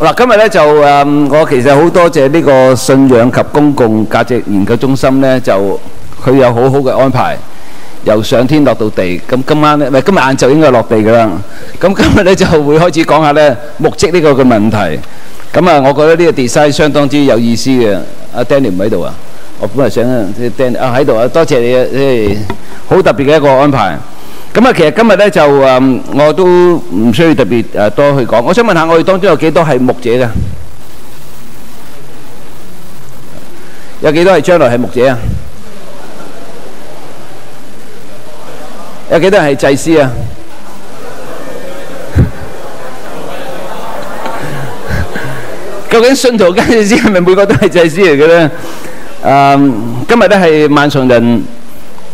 嗱，今日咧就誒，我其實好多謝呢個信仰及公共價值研究中心咧，就佢有好好嘅安排，由上天落到地。咁今晚咧，唔係今日晏晝應該落地㗎啦。咁今日咧就會開始講下咧牧職呢個嘅問題。咁啊，我覺得呢個 design 相當之有意思嘅。阿 Daniel 唔喺度啊，我本來想，即係 Daniel 啊喺度啊，多謝你，即係，好特別嘅一個安排。咁啊，其實今日咧就誒，我都唔需要特別誒多去講。我想問下，我哋當中有幾多係牧者嘅？有幾多係將來係牧者啊？有幾多係祭司啊？究竟信徒皆祭司係咪每個都係祭司嚟嘅咧？誒，今日咧係萬崇仁。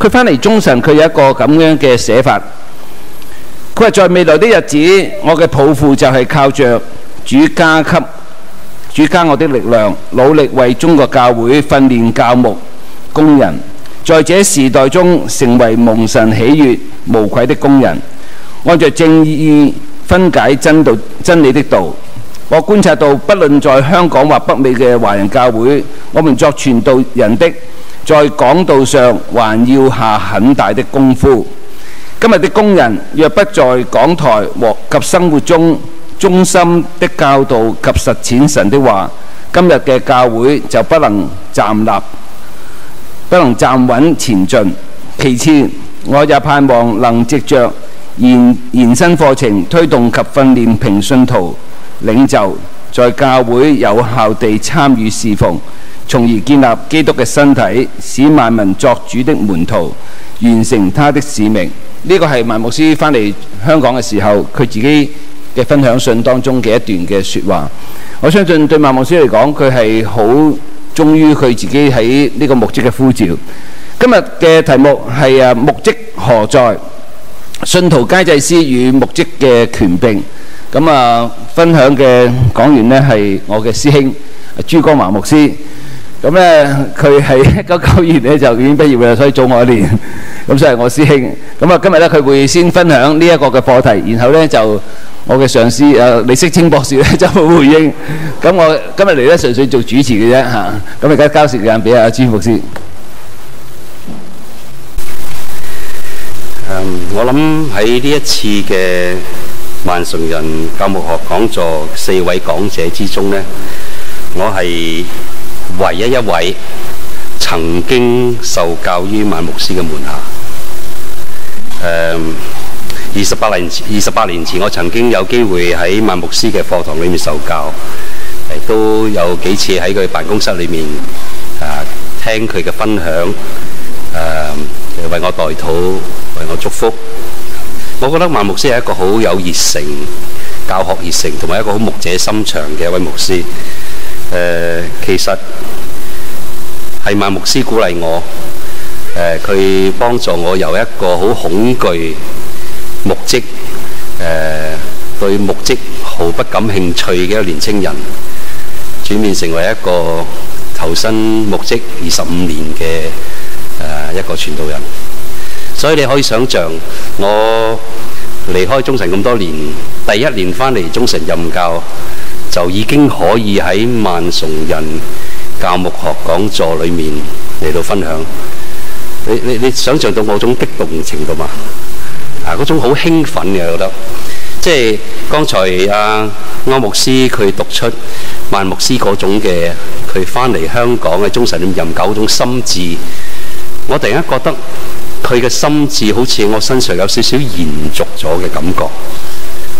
佢翻嚟中神，佢有一個咁樣嘅寫法。佢話：在未來的日子，我嘅抱負就係靠着主加給、主加我的力量，努力為中國教會訓練教牧工人，在這時代中成為蒙神喜悅、無愧的工人。按照正義分解真道、真理的道，我觀察到，不論在香港或北美嘅華人教會，我們作傳道人的。在講道上還要下很大的功夫。今日的工人若不在講台和及生活中忠心的教導及實踐神的話，今日嘅教會就不能站立，不能站穩前進。其次，我也盼望能藉著延延伸課程推動及訓練平信徒領袖，在教會有效地參與侍奉。從而建立基督嘅身體，使萬民作主的門徒，完成他的使命。呢個係萬牧師翻嚟香港嘅時候，佢自己嘅分享信當中嘅一段嘅説話。我相信對萬牧師嚟講，佢係好忠於佢自己喺呢個牧職嘅呼召。今日嘅題目係啊，牧權何在？信徒皆祭司與牧職嘅權柄。咁啊，分享嘅講員呢，係我嘅師兄朱光華牧師。咁咧，佢係一九九二年咧就已經畢業啦，所以早我一年，咁所以係我師兄。咁啊，今日咧佢會先分享呢一個嘅課題，然後咧就我嘅上司誒李適清博士咧就會回應。咁我今日嚟咧純粹做主持嘅啫嚇。咁而家交時間俾阿朱牧師。誒，我諗喺呢一次嘅萬崇仁教牧學講座四位講者之中咧，我係。唯一一位曾經受教於萬牧師嘅門下。二十八年前，二十八年前我曾經有機會喺萬牧師嘅課堂裏面受教、呃，都有幾次喺佢辦公室裏面啊、呃、聽佢嘅分享，誒、呃、為我代禱，為我祝福。我覺得萬牧師係一個好有熱誠、教學熱誠，同埋一個好牧者心腸嘅一位牧師。誒、呃、其實係萬牧師鼓勵我，佢、呃、幫助我由一個好恐懼牧職，誒、呃、對牧職毫不感興趣嘅一個年青人，轉變成為一個投身牧職二十五年嘅誒、呃、一個傳道人。所以你可以想象我離開中神咁多年，第一年翻嚟中神任教。就已經可以喺萬崇仁教牧學講座裏面嚟到分享，你你你想象到嗰種激動程度嘛？啊，嗰種好興奮嘅，覺得即係剛才、啊、阿安牧師佢讀出萬牧師嗰種嘅佢翻嚟香港嘅忠實領任教種心志。我突然間覺得佢嘅心志好似我身上有少少延續咗嘅感覺。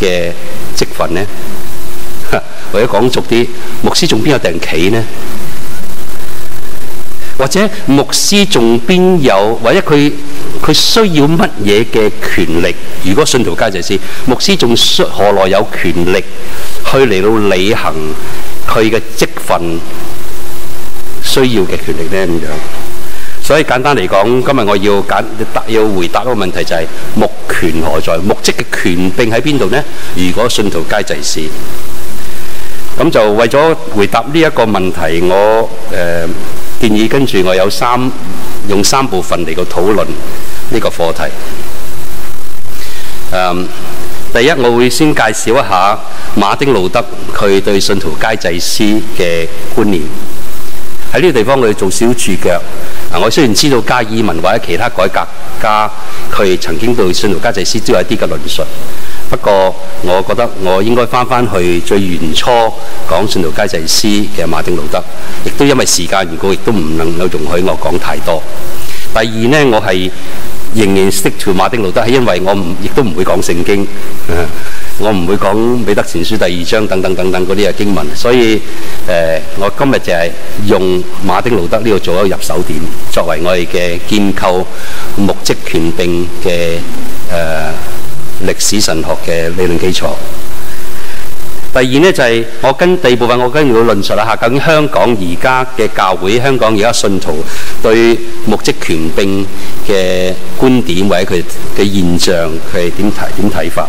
嘅職分呢， 或者講俗啲，牧師仲邊有埞企呢？或者牧師仲邊有，或者佢佢需要乜嘢嘅權力？如果信徒皆祭司，牧師仲何來有權力去嚟到履行佢嘅職分需要嘅權力呢？咁樣。所以簡單嚟講，今日我要簡要回答嗰個問題就係、是：牧權何在？牧職嘅權柄喺邊度呢？如果信徒皆祭司，咁就為咗回答呢一個問題，我誒、呃、建議跟住我有三用三部分嚟到討論呢個課題。誒、呃，第一，我會先介紹一下馬丁路德佢對信徒皆祭司嘅觀念。喺呢個地方，我哋做小注腳。啊，我雖然知道加爾文或者其他改革家佢曾經對信徒皆祭司都有啲嘅論述，不過我覺得我應該翻翻去最原初講信徒皆祭司嘅馬丁路德。亦都因為時間，如果亦都唔能夠容許我講太多。第二呢，我係仍然識住馬丁路德，係因為我唔亦都唔會講聖經。 我唔會講《彼得前書》第二章等等等等嗰啲嘅經文，所以誒，我今日就係用馬丁路德呢度做一個入手點，作為我哋嘅建構牧職權柄嘅誒歷史神學嘅理論基礎。第二咧就係我跟第二部分，我跟住會論述一下究竟香港而家嘅教會、香港而家信徒對牧職權柄嘅觀點或者佢嘅現象，佢係點睇點睇法？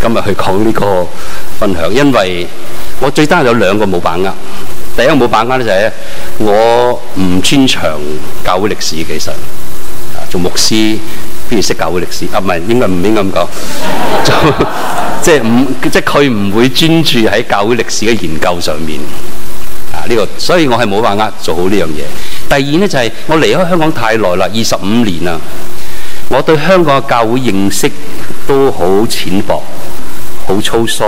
今日去講呢個分享，因為我最得有兩個冇把握。第一個冇把握咧就係我唔專長教會歷史，其實做牧師邊識教會歷史？啊唔係，應該唔應該咁講？即係唔即係佢唔會專注喺教會歷史嘅研究上面。啊呢個，所以我係冇把握做好呢樣嘢。第二呢，就係我離開香港太耐啦，二十五年啦，我對香港嘅教會認識都好淺薄。好粗疏，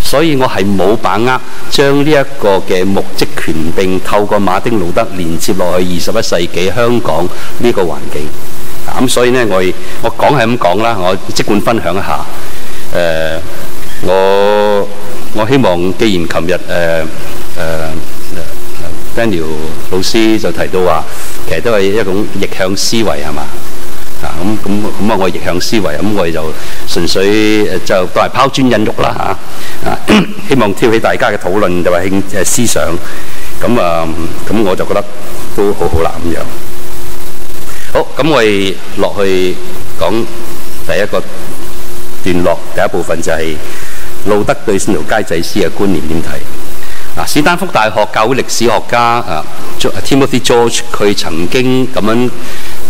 所以我係冇把握將呢一個嘅牧職權柄透過馬丁路德連接落去二十一世紀香港呢個環境。咁、啊、所以呢，我我講係咁講啦，我即管分享一下。誒、呃，我我希望，既然琴日誒誒 Daniel 老師就提到話，其實都係一種逆向思維係嘛？啊咁咁咁啊！我逆向思維，咁我哋就純粹就當係拋磚引玉啦嚇啊！希望挑起大家嘅討論，就係興嘅思想。咁啊咁，我就覺得都好好啦咁樣。好，咁我哋落去講第一個段落，第一部分就係路德對信徒皆祭司嘅觀念點睇。啊，史丹福大學教會歷史學家啊，Timothy George 佢曾經咁樣。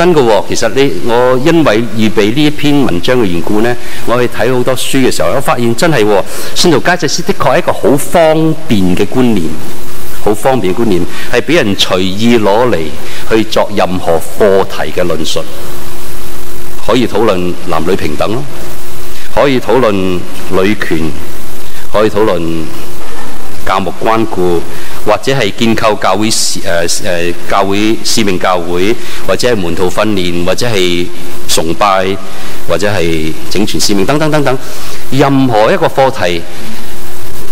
真嘅喎，其實你我因為預備呢一篇文章嘅緣故呢，我去睇好多書嘅時候，我發現真係、哦、信徒皆祭司的確係一個好方便嘅觀念，好方便嘅觀念係俾人隨意攞嚟去作任何課題嘅論述，可以討論男女平等咯，可以討論女權，可以討論教牧關顧。或者係建構教會，誒誒、教會使命、教會，或者係門徒訓練，或者係崇拜，或者係整全使命，等等等等，任何一個課題，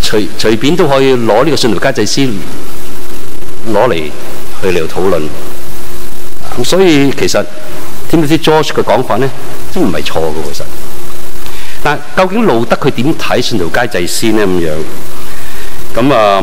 隨隨便都可以攞呢個信徒皆祭司攞嚟去嚟度討論。咁所以其實 Timothy George 嘅講法呢，都唔係錯嘅，其實。但，究竟路德佢點睇信徒皆祭司呢？咁樣咁啊？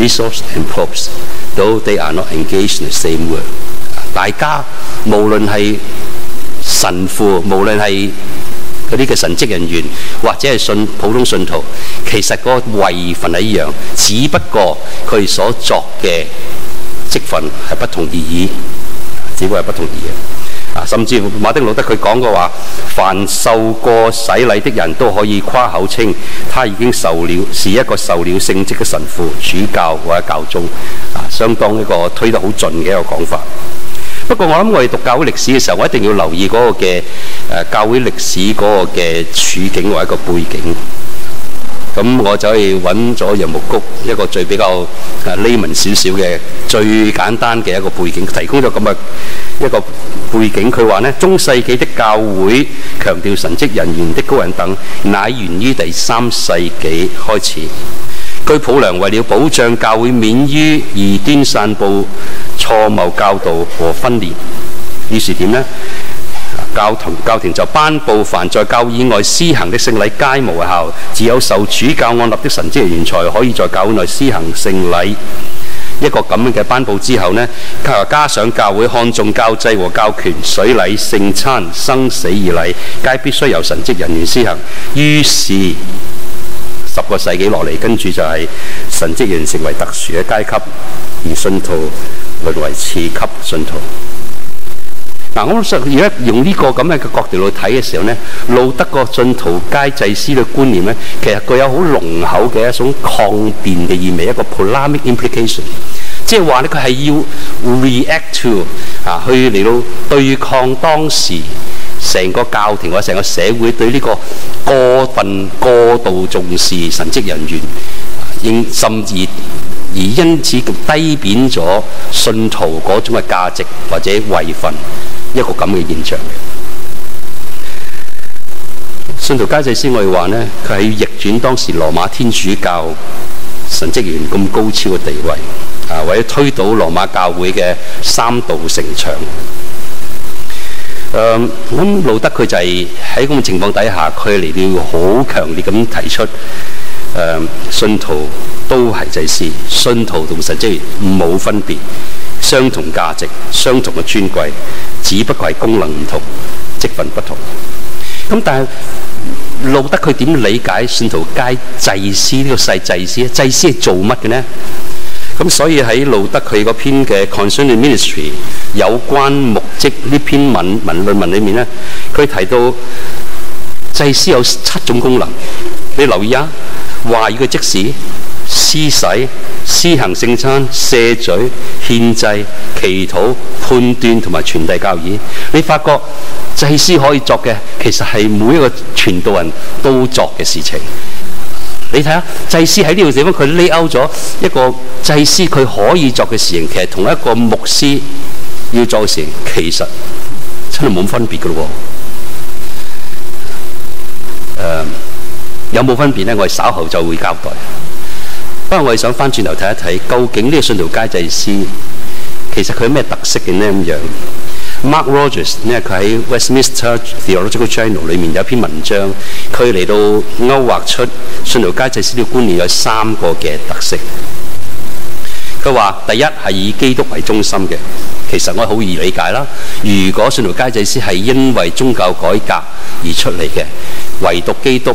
resource and props，though，they are not engaged in the same work。大家無論係神父，無論係嗰啲嘅神職人員，或者係信普通信徒，其實嗰個位份係一樣，只不過佢哋所作嘅職份係不同而已，只不過係不同而已。啊，甚至乎馬丁路德佢講過話，凡受過洗禮的人都可以誇口稱，他已經受了，是一個受了聖職嘅神父、主教或者教宗，啊，相當一個推得好盡嘅一個講法。不過我諗我哋讀教會歷史嘅時候，我一定要留意嗰個嘅誒教會歷史嗰個嘅處境或者一個背景。咁我就去揾咗楊牧谷，一個最比較 layman 少少嘅最簡單嘅一個背景，提供咗咁嘅一個背景。佢話呢，中世紀的教會強調神職人員的高人等，乃源於第三世紀開始。居普良為了保障教會免於異端散佈、錯謬教導和分裂，於是點呢？教堂教廷就頒布，凡在教以外施行的聖禮皆無效，只有受主教按立的神職人員，才可以在教內施行聖禮。一個咁樣嘅頒布之後呢？加上教會看重教制和教權水，水禮、聖餐、生死而禮，皆必須由神職人員施行。於是十個世紀落嚟，跟住就係神職人成為特殊嘅階級，而信徒淪為次級信徒。嗱，我想而家用呢個咁樣嘅角度去睇嘅時候呢，路德嘅信徒皆祭司嘅觀念呢，其實佢有好濃厚嘅一種抗辯嘅意味，一個 polemic implication，即係話呢，佢係要 react to 啊，去嚟到對抗當時成個教廷或者成個社會對呢個過分過度重視神職人員，應甚至而因此低貶咗信徒嗰種嘅價值或者位份。一個咁嘅現象嘅，信徒皆祭司，我哋話呢，佢係要逆轉當時羅馬天主教神職員咁高超嘅地位，啊，為咗推倒羅馬教會嘅三道城牆。誒，咁路德佢就係喺咁嘅情況底下，佢嚟到好強烈咁提出，誒，信徒都係祭司，信徒同神職員冇分別。相同價值、相同嘅尊貴，只不過係功能唔同、積分不同。咁但係路德佢點理解信徒皆祭司呢個細祭司？祭司係做乜嘅呢？咁所以喺路德佢嗰篇嘅《Concerning Ministry》有關牧職呢篇文文論文裡面咧，佢提到祭司有七種功能。你留意啊，話語嘅即時施洗。施行聖餐、赦罪、獻祭、祈禱、判斷同埋傳遞教義，你發覺祭司可以作嘅，其實係每一個傳道人都作嘅事情。你睇下祭司喺呢度地方，佢拉勾咗一個祭司，佢可以作嘅事情，其實同一個牧師要做嘅事情，其實真係冇分別噶咯。誒、呃，有冇分別咧？我哋稍後就會交代。不過我哋想翻轉頭睇一睇，究竟呢個信徒皆祭司其實佢有咩特色嘅呢？咁樣，Mark Rogers 咧，佢喺《Westminster Theological Journal》裏面有篇文章，佢嚟到勾畫出信徒皆祭司呢個觀念有三個嘅特色。佢話：第一係以基督為中心嘅，其實我好易理解啦。如果信徒皆祭司係因為宗教改革而出嚟嘅，唯獨基督。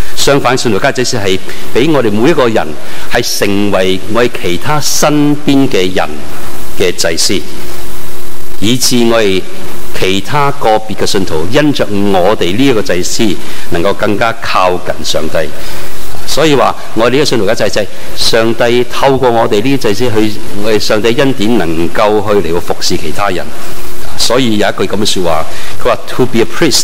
相反，信徒皆祭司係俾我哋每一個人，係成為我哋其他身邊嘅人嘅祭司，以致我哋其他個別嘅信徒因着我哋呢一個祭司，能夠更加靠近上帝。所以話我哋呢個信徒皆祭司，上帝透過我哋呢啲祭司去，我哋上帝恩典能夠去嚟到服侍其他人。所以有一句咁嘅說話，佢話 To be a priest。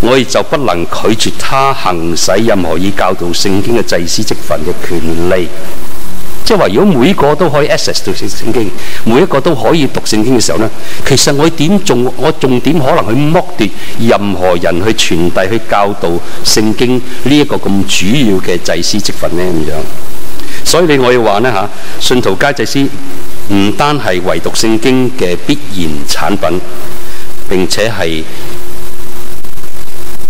我哋就不能拒絕他行使任何以教導聖經嘅祭司職份嘅權利。即係話，如果每一個都可以 access 到聖經，每一個都可以讀聖經嘅時候呢，其實我點仲我仲點可能去剝奪任何人去傳遞去教導聖經呢一個咁主要嘅祭司職份呢咁樣。所以你我要話呢嚇，信徒皆祭司唔單係唯獨聖經嘅必然產品，並且係。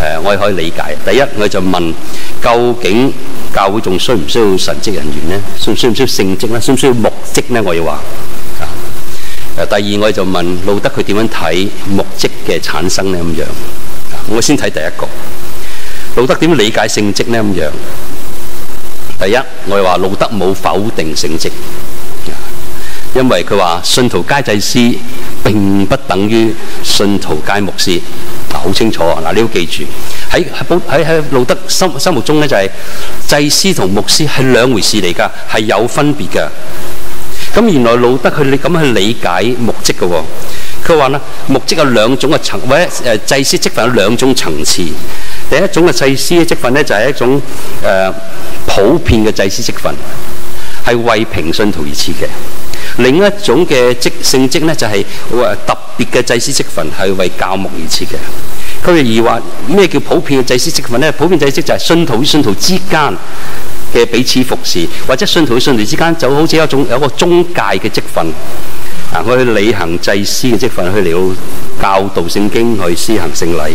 誒，我係可以理解。第一，我就問究竟教會仲需唔需要神職人員呢？需唔需要聖職呢？需唔需要牧職呢？我要話啊。誒，第二，我就問路德佢點樣睇牧職嘅產生呢？咁樣，我先睇第一個路德點理解聖職呢？咁樣，第一，我要話路德冇否定聖職。因為佢話信徒皆祭司並不等於信徒皆牧師，嗱，好清楚啊！嗱，你要記住喺喺喺路德心心目中咧，就係、是、祭司同牧師係兩回事嚟㗎，係有分別㗎。咁原來路德佢咁去理解牧職㗎喎。佢話啦，牧職有兩種嘅層，或者誒、呃、祭司職分有兩種層次。第一種嘅祭司職分咧，就係、是、一種誒、呃、普遍嘅祭司職分，係為平信徒而設嘅。另一種嘅職、聖職咧，就係我話特別嘅祭司職份，係為教牧而設嘅。佢哋而話咩叫普遍嘅祭司職份咧？普遍祭職就係信徒與信徒之間嘅彼此服侍，或者信徒與信徒之間就好似有一種、有一個中介嘅職份。啊，去履行祭司嘅職份去嚟到教導聖經，去施行聖禮。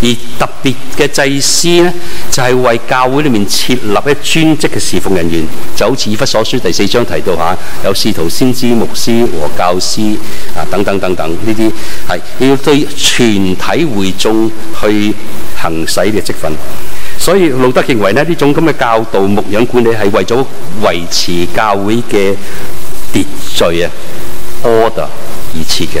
而特別嘅祭司呢，就係為教會裏面設立一專職嘅侍奉人員，就好似《以弗所書》第四章提到吓，有使徒、先知、牧師和教師啊等等等等呢啲，係要對全體會眾去行使嘅職份。所以路德認為呢，呢種咁嘅教導、牧養、管理係為咗維持教會嘅秩序啊 order 而設嘅。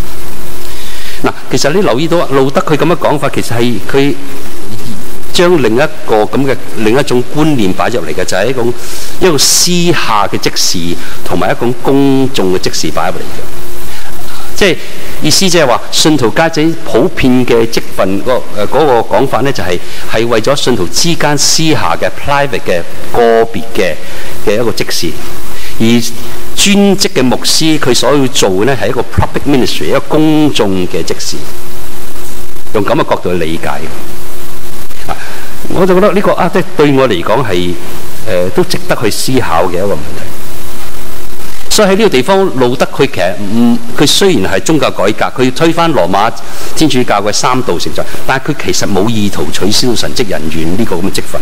嗱，其實你留意到，啊，路德佢咁嘅講法，其實係佢將另一個咁嘅另一種觀念擺入嚟嘅，就係、是、一,一種一個私下嘅即時，同埋一種公眾嘅即時擺入嚟嘅。即係意思即係話，信徒皆祭司普遍嘅祭司個誒嗰個講法咧，就係、是、係為咗信徒之間私下嘅 private 嘅個別嘅嘅一個即時。而專職嘅牧師佢所要做呢係一個 public ministry，一個公眾嘅職事，用咁嘅角度去理解。我就覺得呢個啊，即係對我嚟講係誒都值得去思考嘅一個問題。所以喺呢個地方，路德佢其實唔，佢雖然係宗教改革，佢推翻羅馬天主教嘅三道成就，但係佢其實冇意圖取消神職人員呢、這個咁嘅職份。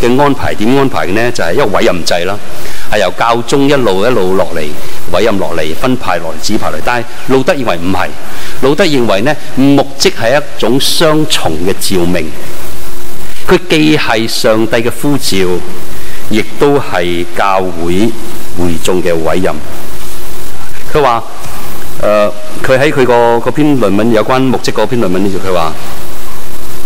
嘅安排點安排嘅呢，就係一個委任制啦，係由教宗一路一路落嚟，委任落嚟，分派落嚟，指派落嚟。但係路德認為唔係，路德認為呢，牧職係一種雙重嘅照明，佢既係上帝嘅呼召，亦都係教會會眾嘅委任。佢話，誒，佢喺佢個嗰篇論文有關牧職嗰篇論文裏邊，佢話。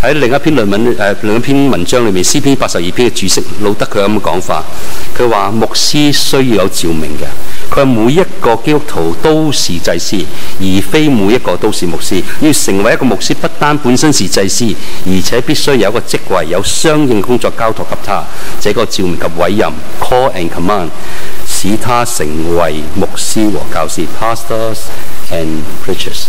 喺另一篇論文誒、呃、另一篇文章裏面，詩篇八十二篇嘅注釋，路德佢咁嘅講法，佢話牧師需要有照明嘅。佢話每一個基督徒都是祭司，而非每一個都是牧師。要成為一個牧師，不單本身是祭司，而且必須有個職位，有相應工作交託給他，這個照明及委任 （call and command） 使他成為牧師和教師 （pastors and preachers）。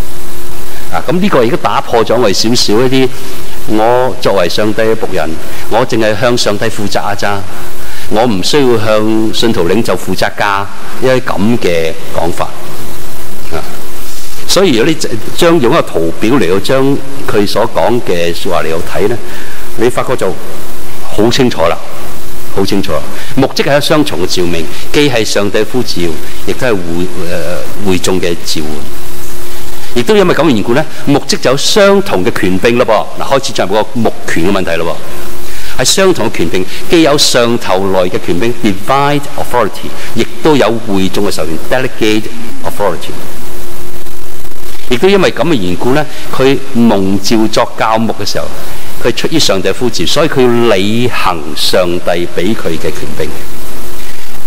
啊！咁呢個亦都打破咗我少少一啲，我作為上帝嘅僕人，我淨係向上帝負責啊！咋？我唔需要向信徒領袖負責噶，因為咁嘅講法啊、嗯。所以如果你將用一個圖表嚟到將佢所講嘅説話嚟到睇咧，你發覺就好清楚啦，好清楚啦。目的係一雙重嘅召命，既係上帝呼召，亦都係會誒、呃、會眾嘅召喚。亦都因為咁嘅緣故咧，目職就有相同嘅權柄咯噃。嗱，開始進入個目權嘅問題咯。喺相同嘅權柄，既有上頭來嘅權柄 d i v i d e authority），亦都有會眾嘅授權 （delegate authority）。亦都因為咁嘅緣故咧，佢蒙召作教牧嘅時候，佢出於上帝呼召，所以佢要履行上帝俾佢嘅權柄。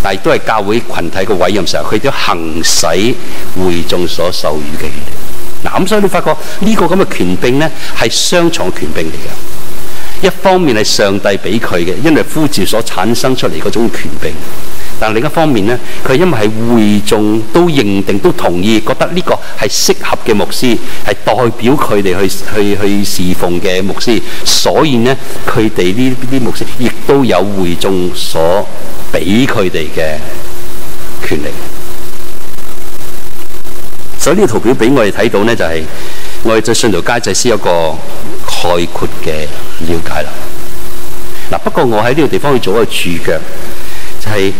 但係都係教會群體嘅委任時候，佢都行使會眾所授予嘅。嗱、啊，所以你發覺呢個咁嘅權柄呢，係雙重權柄嚟嘅。一方面係上帝俾佢嘅，因為呼召所產生出嚟嗰種權柄；但另一方面呢，佢因為係會眾都認定、都同意，覺得呢個係適合嘅牧師，係代表佢哋去去去侍奉嘅牧師，所以呢，佢哋呢啲牧師亦都有會眾所俾佢哋嘅權力。所以呢個圖表俾我哋睇到呢，就係我哋在信徒皆祭司先一個概括嘅了解啦。嗱，不過我喺呢個地方去做一個注腳，就係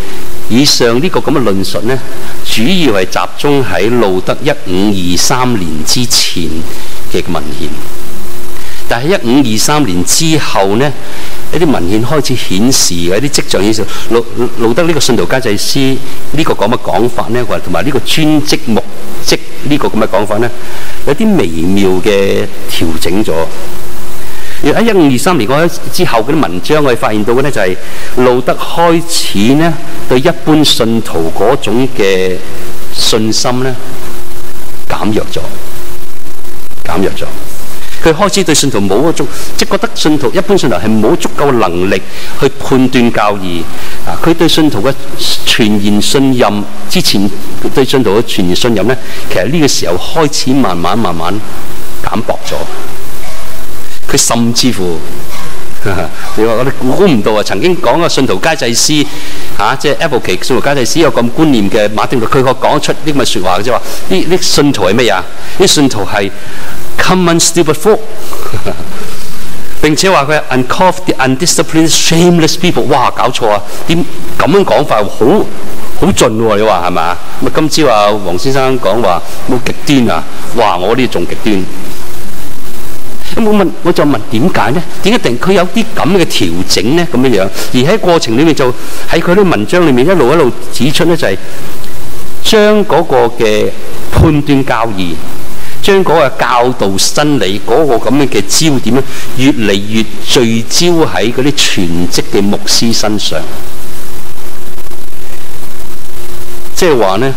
以上呢個咁嘅論述呢，主要係集中喺路德一五二三年之前嘅文獻。但喺一五二三年之後呢，一啲文獻開始顯示一啲跡象，顯示路路德呢個信徒皆祭司呢個咁嘅講法呢，或同埋呢個專職牧職呢個咁嘅講法呢，有啲微妙嘅調整咗。而喺一五二三年之後嘅啲文章，我哋發現到嘅呢，就係路德開始呢對一般信徒嗰種嘅信心呢，減弱咗，減弱咗。佢開始對信徒冇一種，即覺得信徒一般信徒係冇足夠能力去判斷教義。啊，佢對信徒嘅全然信任，之前對信徒嘅全然信任咧，其實呢個時候開始慢慢慢慢減薄咗。佢甚至乎，你話我哋估唔到啊！曾經講個信徒皆祭司嚇，即係阿伯奇信徒皆祭司有咁觀念嘅馬丁路，佢可講出呢啲咁嘅說話嘅啫。話呢呢信徒係咩啊？呢啲信徒係。common stupid fool，並且話佢 uncoffed、undisciplined、shameless people，哇，搞錯啊！點咁樣講法，好好盡喎，你話係咪？咁今朝啊黃先生講話冇極端啊，話我呢啲仲極端。咁我問，我就問點解咧？點解突然佢有啲咁嘅調整咧？咁樣樣，而喺過程裏面就喺佢啲文章裏面一路一路指出咧，就係將嗰個嘅判斷教義。將嗰個教導真理嗰個咁樣嘅焦點咧，越嚟越聚焦喺嗰啲全職嘅牧師身上。即係話呢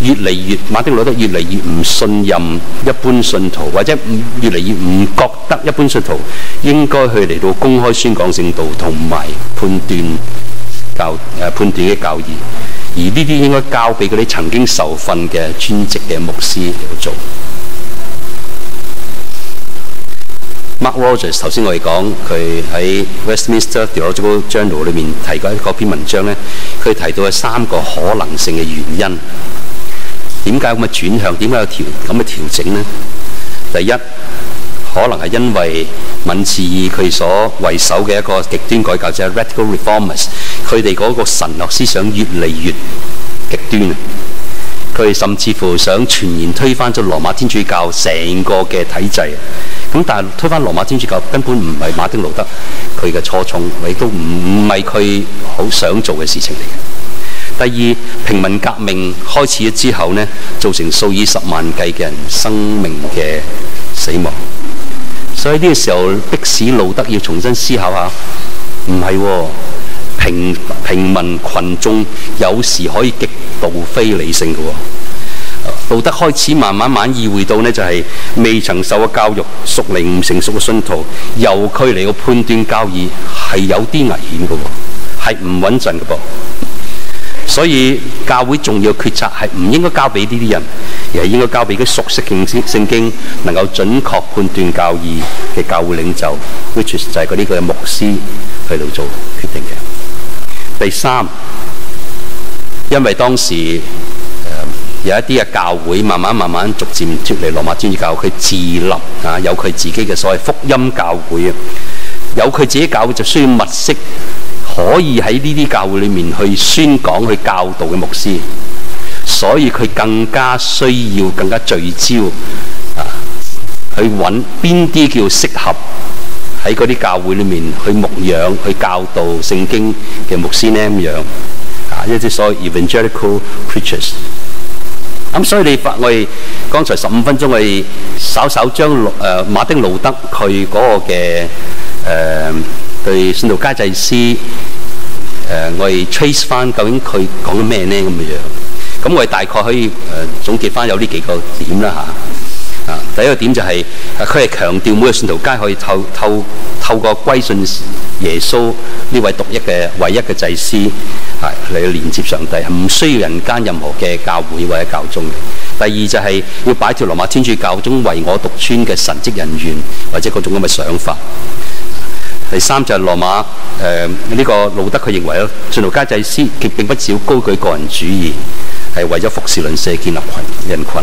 越嚟越馬丁路德，越嚟越唔信任一般信徒，或者越嚟越唔覺得一般信徒應該去嚟到公開宣講聖道，同埋判斷教誒、呃、判斷嘅教義。而呢啲應該交俾嗰啲曾經受訓嘅專職嘅牧師嚟做。Mark Rogers 頭先我哋講佢喺 Westminster Theological Journal 裏面提過一個篇文章咧，佢提到嘅三個可能性嘅原因。點解咁嘅轉向？點解有調咁嘅調整咧？第一，可能係因為敏次以佢所為首嘅一個極端改革者 （Radical Reformers），佢哋嗰個神學思想越嚟越極端，佢哋甚至乎想全然推翻咗羅馬天主教成個嘅體制。咁但係推翻羅馬天主教根本唔係馬丁路德佢嘅初衷，亦都唔唔係佢好想做嘅事情嚟嘅。第二，平民革命開始咗之後呢，造成數以十萬計嘅人生命嘅死亡。所以呢個時候迫使路德要重新思考下，唔係喎，平平民群眾有時可以極度非理性嘅喎、哦。路德開始慢慢慢意會到呢，就係未曾受過教育、熟齡唔成熟嘅信徒，由佢嚟個判斷教義係有啲危險嘅，係唔穩陣嘅噃。所以教會重要決策係唔應該交俾呢啲人，而係應該交俾啲熟悉聖經、能夠準確判斷教義嘅教會領袖，which 就係嗰啲嘅牧師去度做決定嘅。第三，因為當時。有一啲嘅教會，慢慢慢慢逐漸脫離羅馬天主教，佢自立啊，有佢自己嘅所謂福音教會啊，有佢自己教會就需要物色可以喺呢啲教會裏面去宣講、去教導嘅牧師，所以佢更加需要更加聚焦啊，去揾邊啲叫適合喺嗰啲教會裏面去牧養、去教導聖經嘅牧師呢。咁樣啊，一啲所謂 evangelical preachers。咁、嗯、所以你發我哋剛才十五分鐘，我哋稍稍將誒、呃、馬丁路德佢嗰個嘅誒、呃、對信徒皆祭司誒，我哋 trace 翻究竟佢講緊咩呢？咁嘅樣。咁、嗯、我哋大概可以誒、呃、總結翻有呢幾個點啦嚇、啊。啊，第一個點就係佢係強調每個信徒皆可以透透。透過歸信耶穌呢位獨一嘅唯一嘅祭司，係嚟連接上帝，唔需要人間任何嘅教會或者教宗。第二就係、是、要擺脱羅馬天主教中唯我獨尊嘅神職人員或者嗰種咁嘅想法。第三就係羅馬誒呢、呃這個路德佢認為啦，信徒皆祭司並定不少高舉個人主義，係為咗服侍鄰舍建立羣人群。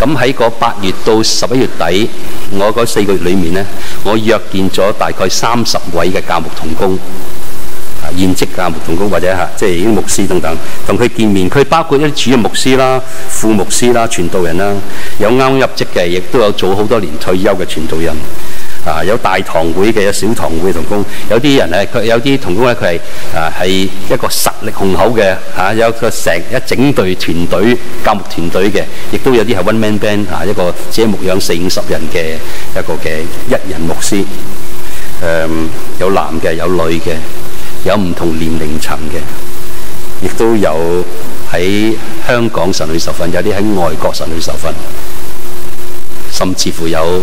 咁喺個八月到十一月底，我嗰四個月裏面呢，我約見咗大概三十位嘅教牧同工，啊，現職教牧同工或者嚇，即係啲牧師等等，同佢見面。佢包括一啲主任牧師啦、副牧師啦、傳道人啦，有啱入職嘅，亦都有做好多年退休嘅傳道人。啊！有大堂會嘅，有小堂會同工。有啲人咧，佢有啲同工咧，佢係啊係一個實力雄厚嘅嚇，有個成一整隊團隊教牧團隊嘅，亦都有啲係 one man band 嚇，一個只係牧養四五十人嘅一個嘅一人牧師。誒，有男嘅，有女嘅，有唔同年齡層嘅，亦都有喺香港神學院受訓，有啲喺外國神學院受訓，甚至乎有。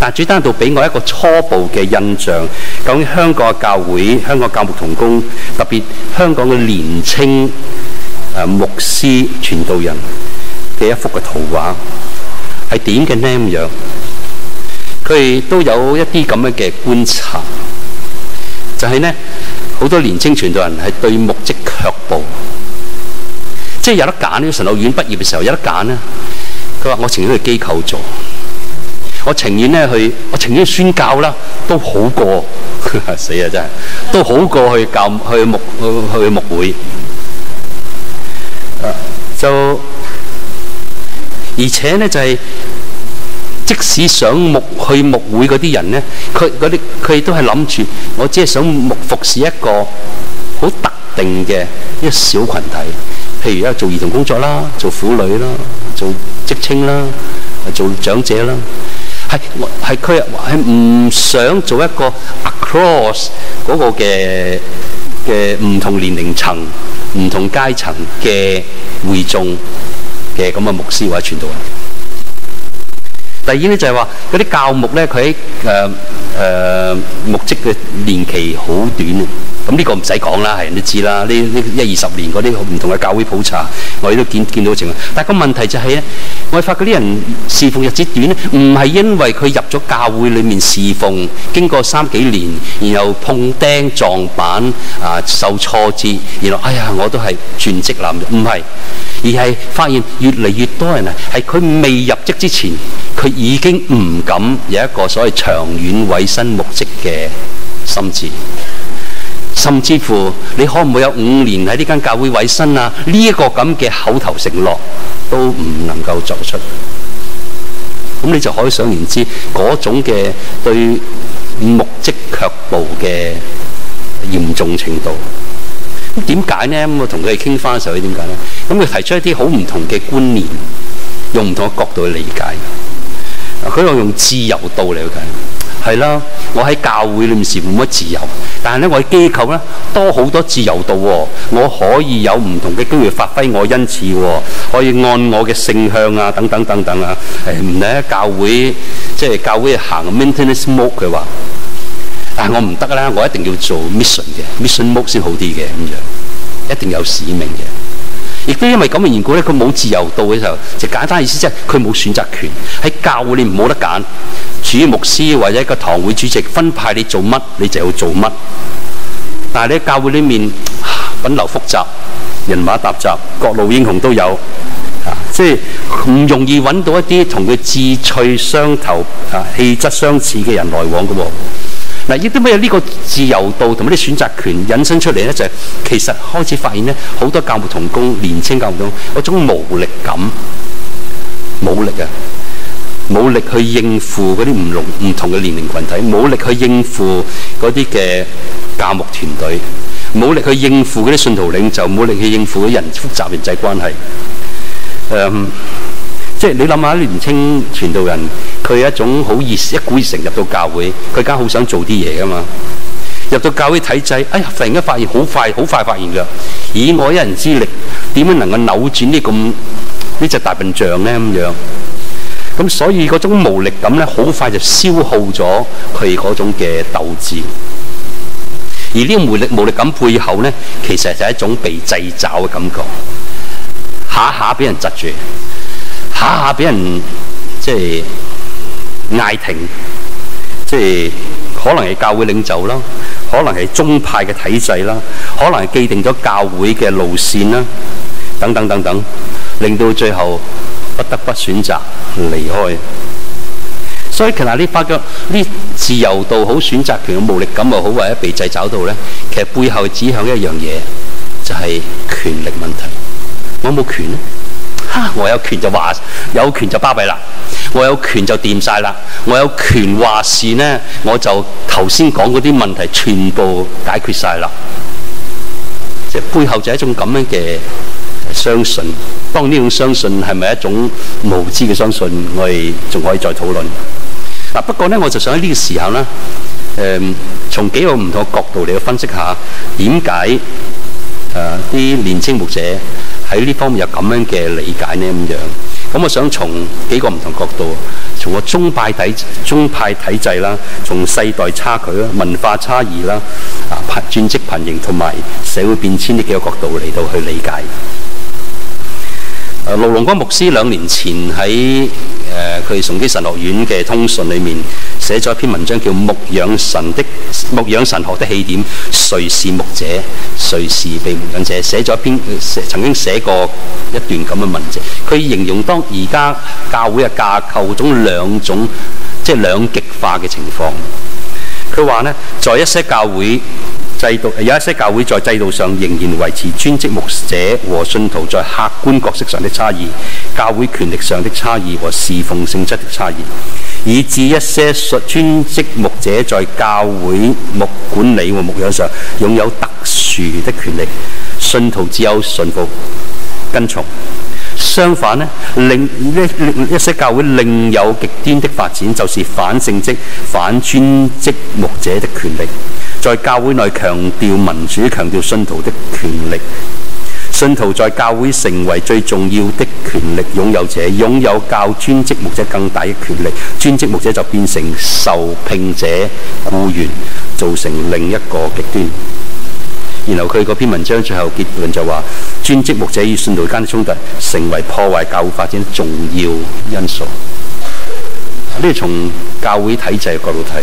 但主單到俾我一個初步嘅印象，究竟香港嘅教會、香港教牧同工，特別香港嘅年青誒、呃、牧師、傳道人嘅一幅嘅圖畫係點嘅呢？咁樣佢哋都有一啲咁樣嘅觀察，就係、是、呢，好多年青傳道人係對牧職卻步，即係有得揀咧。神學院畢業嘅時候有得揀呢，佢話我情願去機構做。我情願咧去，我情願宣教啦，都好過 死啊！真係都好過去教去牧去去牧會，啊、就而且呢，就係、是，即使想牧去牧會嗰啲人呢，佢啲佢都係諗住，我只係想牧服侍一個好特定嘅一個小群體，譬如而、啊、做兒童工作啦，做婦女啦，做職青啦，做長者啦。係，係佢係唔想做一個 across 嗰個嘅嘅唔同年齡層、唔同階層嘅會眾嘅咁嘅牧師或者傳道人。第二咧就係話，嗰啲教牧咧，佢喺誒誒牧職嘅年期好短啊。咁呢個唔使講啦，係人都知啦。呢呢一二十年嗰啲唔同嘅教會普查，我哋都見見到情況。但個問題就係、是、咧，我發覺啲人侍奉日子短咧，唔係因為佢入咗教會裡面侍奉，經過三幾年，然後碰釘撞板啊、呃，受挫折，然後哎呀，我都係轉職男人，唔係，而係發現越嚟越多人啊，係佢未入職之前，佢已經唔敢有一個所謂長遠委身牧職嘅心志。甚至乎你可唔會有五年喺呢間教會委身啊？呢、這、一個咁嘅口頭承諾都唔能夠作出。咁你就可以想而知，嗰種嘅對牧職卻步嘅嚴重程度。咁點解呢？咁我同佢哋傾翻嘅時候，點解呢？咁佢提出一啲好唔同嘅觀念，用唔同嘅角度去理解。佢又用自由度嚟去解。係啦，我喺教會裏面時冇乜自由，但係咧我喺機構咧多好多自由度喎。哦，我可以有唔同嘅機會發揮我恩賜。哦，可以按我嘅性向啊等等等等啊，誒唔喺教會即係、就是、教會行 maintenance mode 佢話，但係我唔得啦，我一定要做 mission 嘅 mission mode 先好啲嘅咁樣，一定有使命嘅。亦都因為咁嘅緣故咧，佢冇自由度嘅時候，就簡單意思即係佢冇選擇權喺教會，你唔冇得揀，處於牧師或者一個堂會主席分派你做乜，你就要做乜。但係喺教會裏面、啊、品流複雜，人馬沓雜，各路英雄都有，啊，即係唔容易揾到一啲同佢志趣相投啊、氣質相似嘅人來往嘅喎。啊嗱，亦都咩呢個自由度同埋啲選擇權引申出嚟咧，就係、是、其實開始發現咧，好多教牧同工年青教牧同工嗰種無力感、冇力啊，冇力去應付嗰啲唔同唔同嘅年齡群體，冇力去應付嗰啲嘅教牧團隊，冇力去應付嗰啲信徒領袖，冇力去應付啲人複雜人際關係，誒、um。即係你諗下，年青傳道人，佢係一種好熱，一股熱誠入到教會，佢而家好想做啲嘢噶嘛。入到教會體制、就是，哎呀，突然間發現好快，好快發現㗎，以我一人之力，點樣能夠扭轉呢咁呢隻大笨象咧咁樣？咁所以嗰種無力感咧，好快就消耗咗佢嗰種嘅鬥志。而呢個無力無力感背後咧，其實就係一種被掣肘嘅感覺，下下俾人窒住。下下俾人即係嗌停，即係可能係教會領袖啦，可能係宗派嘅體制啦，可能係既定咗教會嘅路綫啦，等等等等，令到最後不得不選擇離開。所以其實你發覺呢自由度好、選擇權嘅無力感又好，或者被制裁到咧，其實背後指向一樣嘢，就係權力問題。我有冇權咧？啊、我有權就話，有權就巴庇啦。我有權就掂晒啦。我有權話事呢，我就頭先講嗰啲問題全部解決晒啦。即係背後就一種咁樣嘅相信。當呢種相信係咪一種無知嘅相信，我哋仲可以再討論。嗱、啊，不過呢，我就想喺呢個時候呢，誒、嗯，從幾個唔同嘅角度嚟，去分析下，點解誒啲年青牧者，喺呢方面有咁樣嘅理解呢？咁樣，咁我想從幾個唔同角度，從個宗派體、宗派體制啦，從世代差距啦、文化差異啦、啊專職群型同埋社會變遷呢幾個角度嚟到去理解。盧龍光牧師兩年前喺誒佢崇基神學院嘅通訊裏面寫咗一篇文章，叫《牧養神的牧養神學的起點》，誰是牧者，誰是被牧養者？寫咗一篇，呃、曾經寫過一段咁嘅文字。佢形容當而家教會嘅架構種兩種，即係兩極化嘅情況。佢話呢，在一些教會。制度，有一些教會在制度上仍然維持專職牧者和信徒在客觀角色上的差異，教會權力上的差異和侍奉性質的差異，以致一些專職牧者在教會牧管理和牧養上擁有特殊的權力，信徒只有信服跟從。相反呢，另，另一些教會另有極端的發展，就是反聖職、反專職牧者的權利。在教會內強調民主，強調信徒的權力。信徒在教會成為最重要的權力擁有者，擁有教專職牧者更大的權力。專職牧者就變成受聘者、雇員，造成另一個極端。然後佢嗰篇文章最後結論就話，專職牧者與信徒間的衝突成為破壞教會發展重要因素。呢個從教會體制角度睇。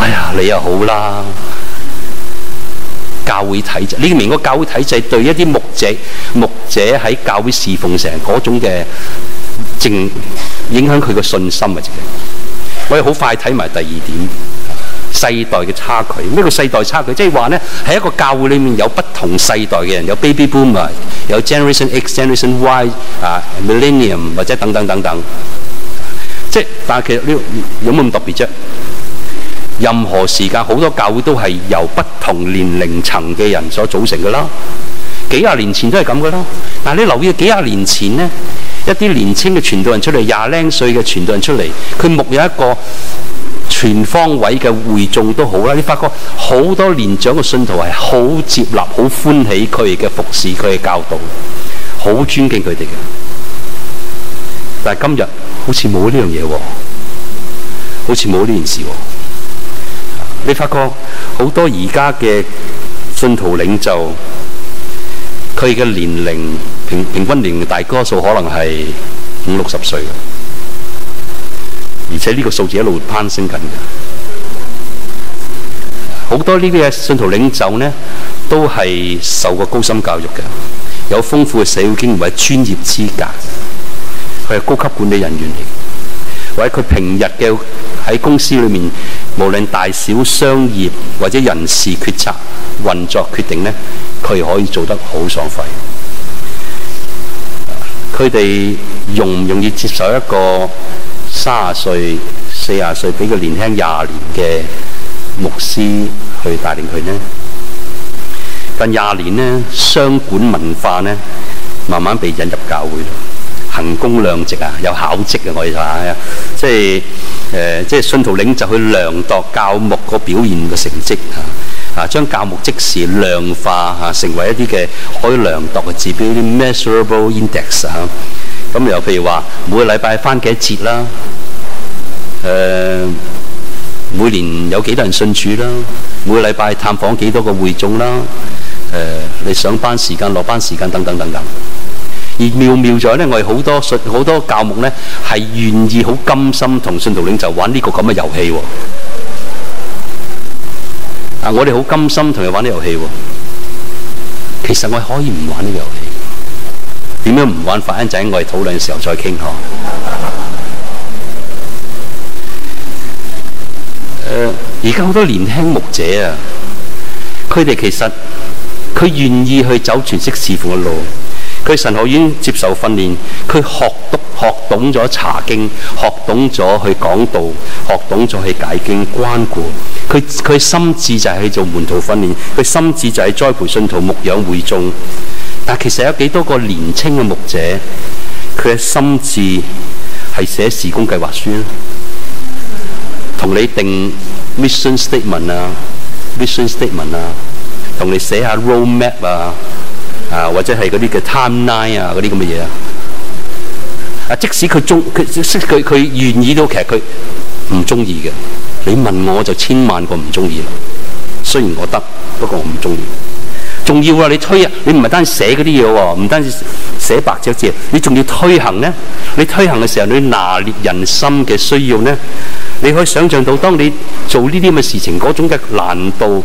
哎呀，你又好啦！教會體制，你明個教會體制對一啲牧者、牧者喺教會侍奉成嗰種嘅正影響佢個信心啊！直情，我哋好快睇埋第二點，世代嘅差距。咩叫世代差距？即係話呢，喺一個教會裏面有不同世代嘅人，有 Baby Boomer，有 Generation X，Generation Y，啊 Millennium 或者等等等等，即係但係其實呢有冇咁特別啫？任何時間，好多教會都係由不同年齡層嘅人所組成嘅啦。幾廿年前都係咁嘅啦。但，你留意幾廿年前呢，一啲年輕嘅傳道人出嚟，廿零歲嘅傳道人出嚟，佢目有一個全方位嘅會眾都好啦。你發覺好多年長嘅信徒係好接納、好歡喜佢嘅服侍、佢嘅教導，好尊敬佢哋嘅。但係今日好似冇呢樣嘢喎，好似冇呢件事喎。你發覺好多而家嘅信徒領袖，佢嘅年齡平平均年齡大多數可能係五六十歲，而且呢個數字一路攀升緊嘅。好多呢啲嘅信徒領袖咧，都係受過高深教育嘅，有豐富嘅社會經驗或者專業資格，佢係高級管理人員嚟。或者佢平日嘅喺公司裏面，無論大小商業或者人事決策、運作決定呢，佢可以做得好爽快。佢哋容唔容易接受一個三十歲、四十歲，比佢年輕廿年嘅牧師去帶領佢呢？近廿年呢，商管文化呢，慢慢被引入教會。行功量值啊，有考績啊，我哋話啊，即係誒、呃，即係信徒領袖去量度教牧個表現嘅成績啊，啊，將教牧即時量化啊，成為一啲嘅可以量度嘅指標，啲 measurable index 嚇、啊。咁、嗯、又譬如話，每個禮拜翻幾多節啦，誒、啊，每年有幾多人信主啦，每個禮拜探訪幾多個會眾啦，誒、啊，你上班時間、落班時間等等等等。等等。而妙妙在呢，我哋好多信好多教牧呢，係願意好甘心同信徒領袖玩呢個咁嘅遊戲。啊，我哋好甘心同佢玩啲遊戲。其實我哋可以唔玩啲遊戲，點樣唔玩法？反正就係我哋討論嘅時候再傾下。誒，而家好多年輕牧者啊，佢哋其實佢願意去走全職事奉嘅路。佢神學院接受訓練，佢學讀學懂咗查經，學懂咗去講道，學懂咗去解經關顧。佢佢心志就係去做門徒訓練，佢心志就係栽培信徒、牧養會眾。但其實有幾多個年青嘅牧者，佢嘅心志係寫事工計劃書同你定 mission statement 啊，vision statement 啊，同你寫下 road map 啊。啊，或者係嗰啲嘅 timeline 啊，嗰啲咁嘅嘢啊。啊，即使佢中佢識佢佢願意到。其實佢唔中意嘅。你問我就千萬個唔中意啦。雖然我得，不過我唔中意。仲要啊！你推啊！你唔係單寫嗰啲嘢喎，唔單止寫白紙字，你仲要推行呢？你推行嘅時候，你拿捏人心嘅需要呢？你可以想象到，當你做呢啲咁嘅事情嗰種嘅難度。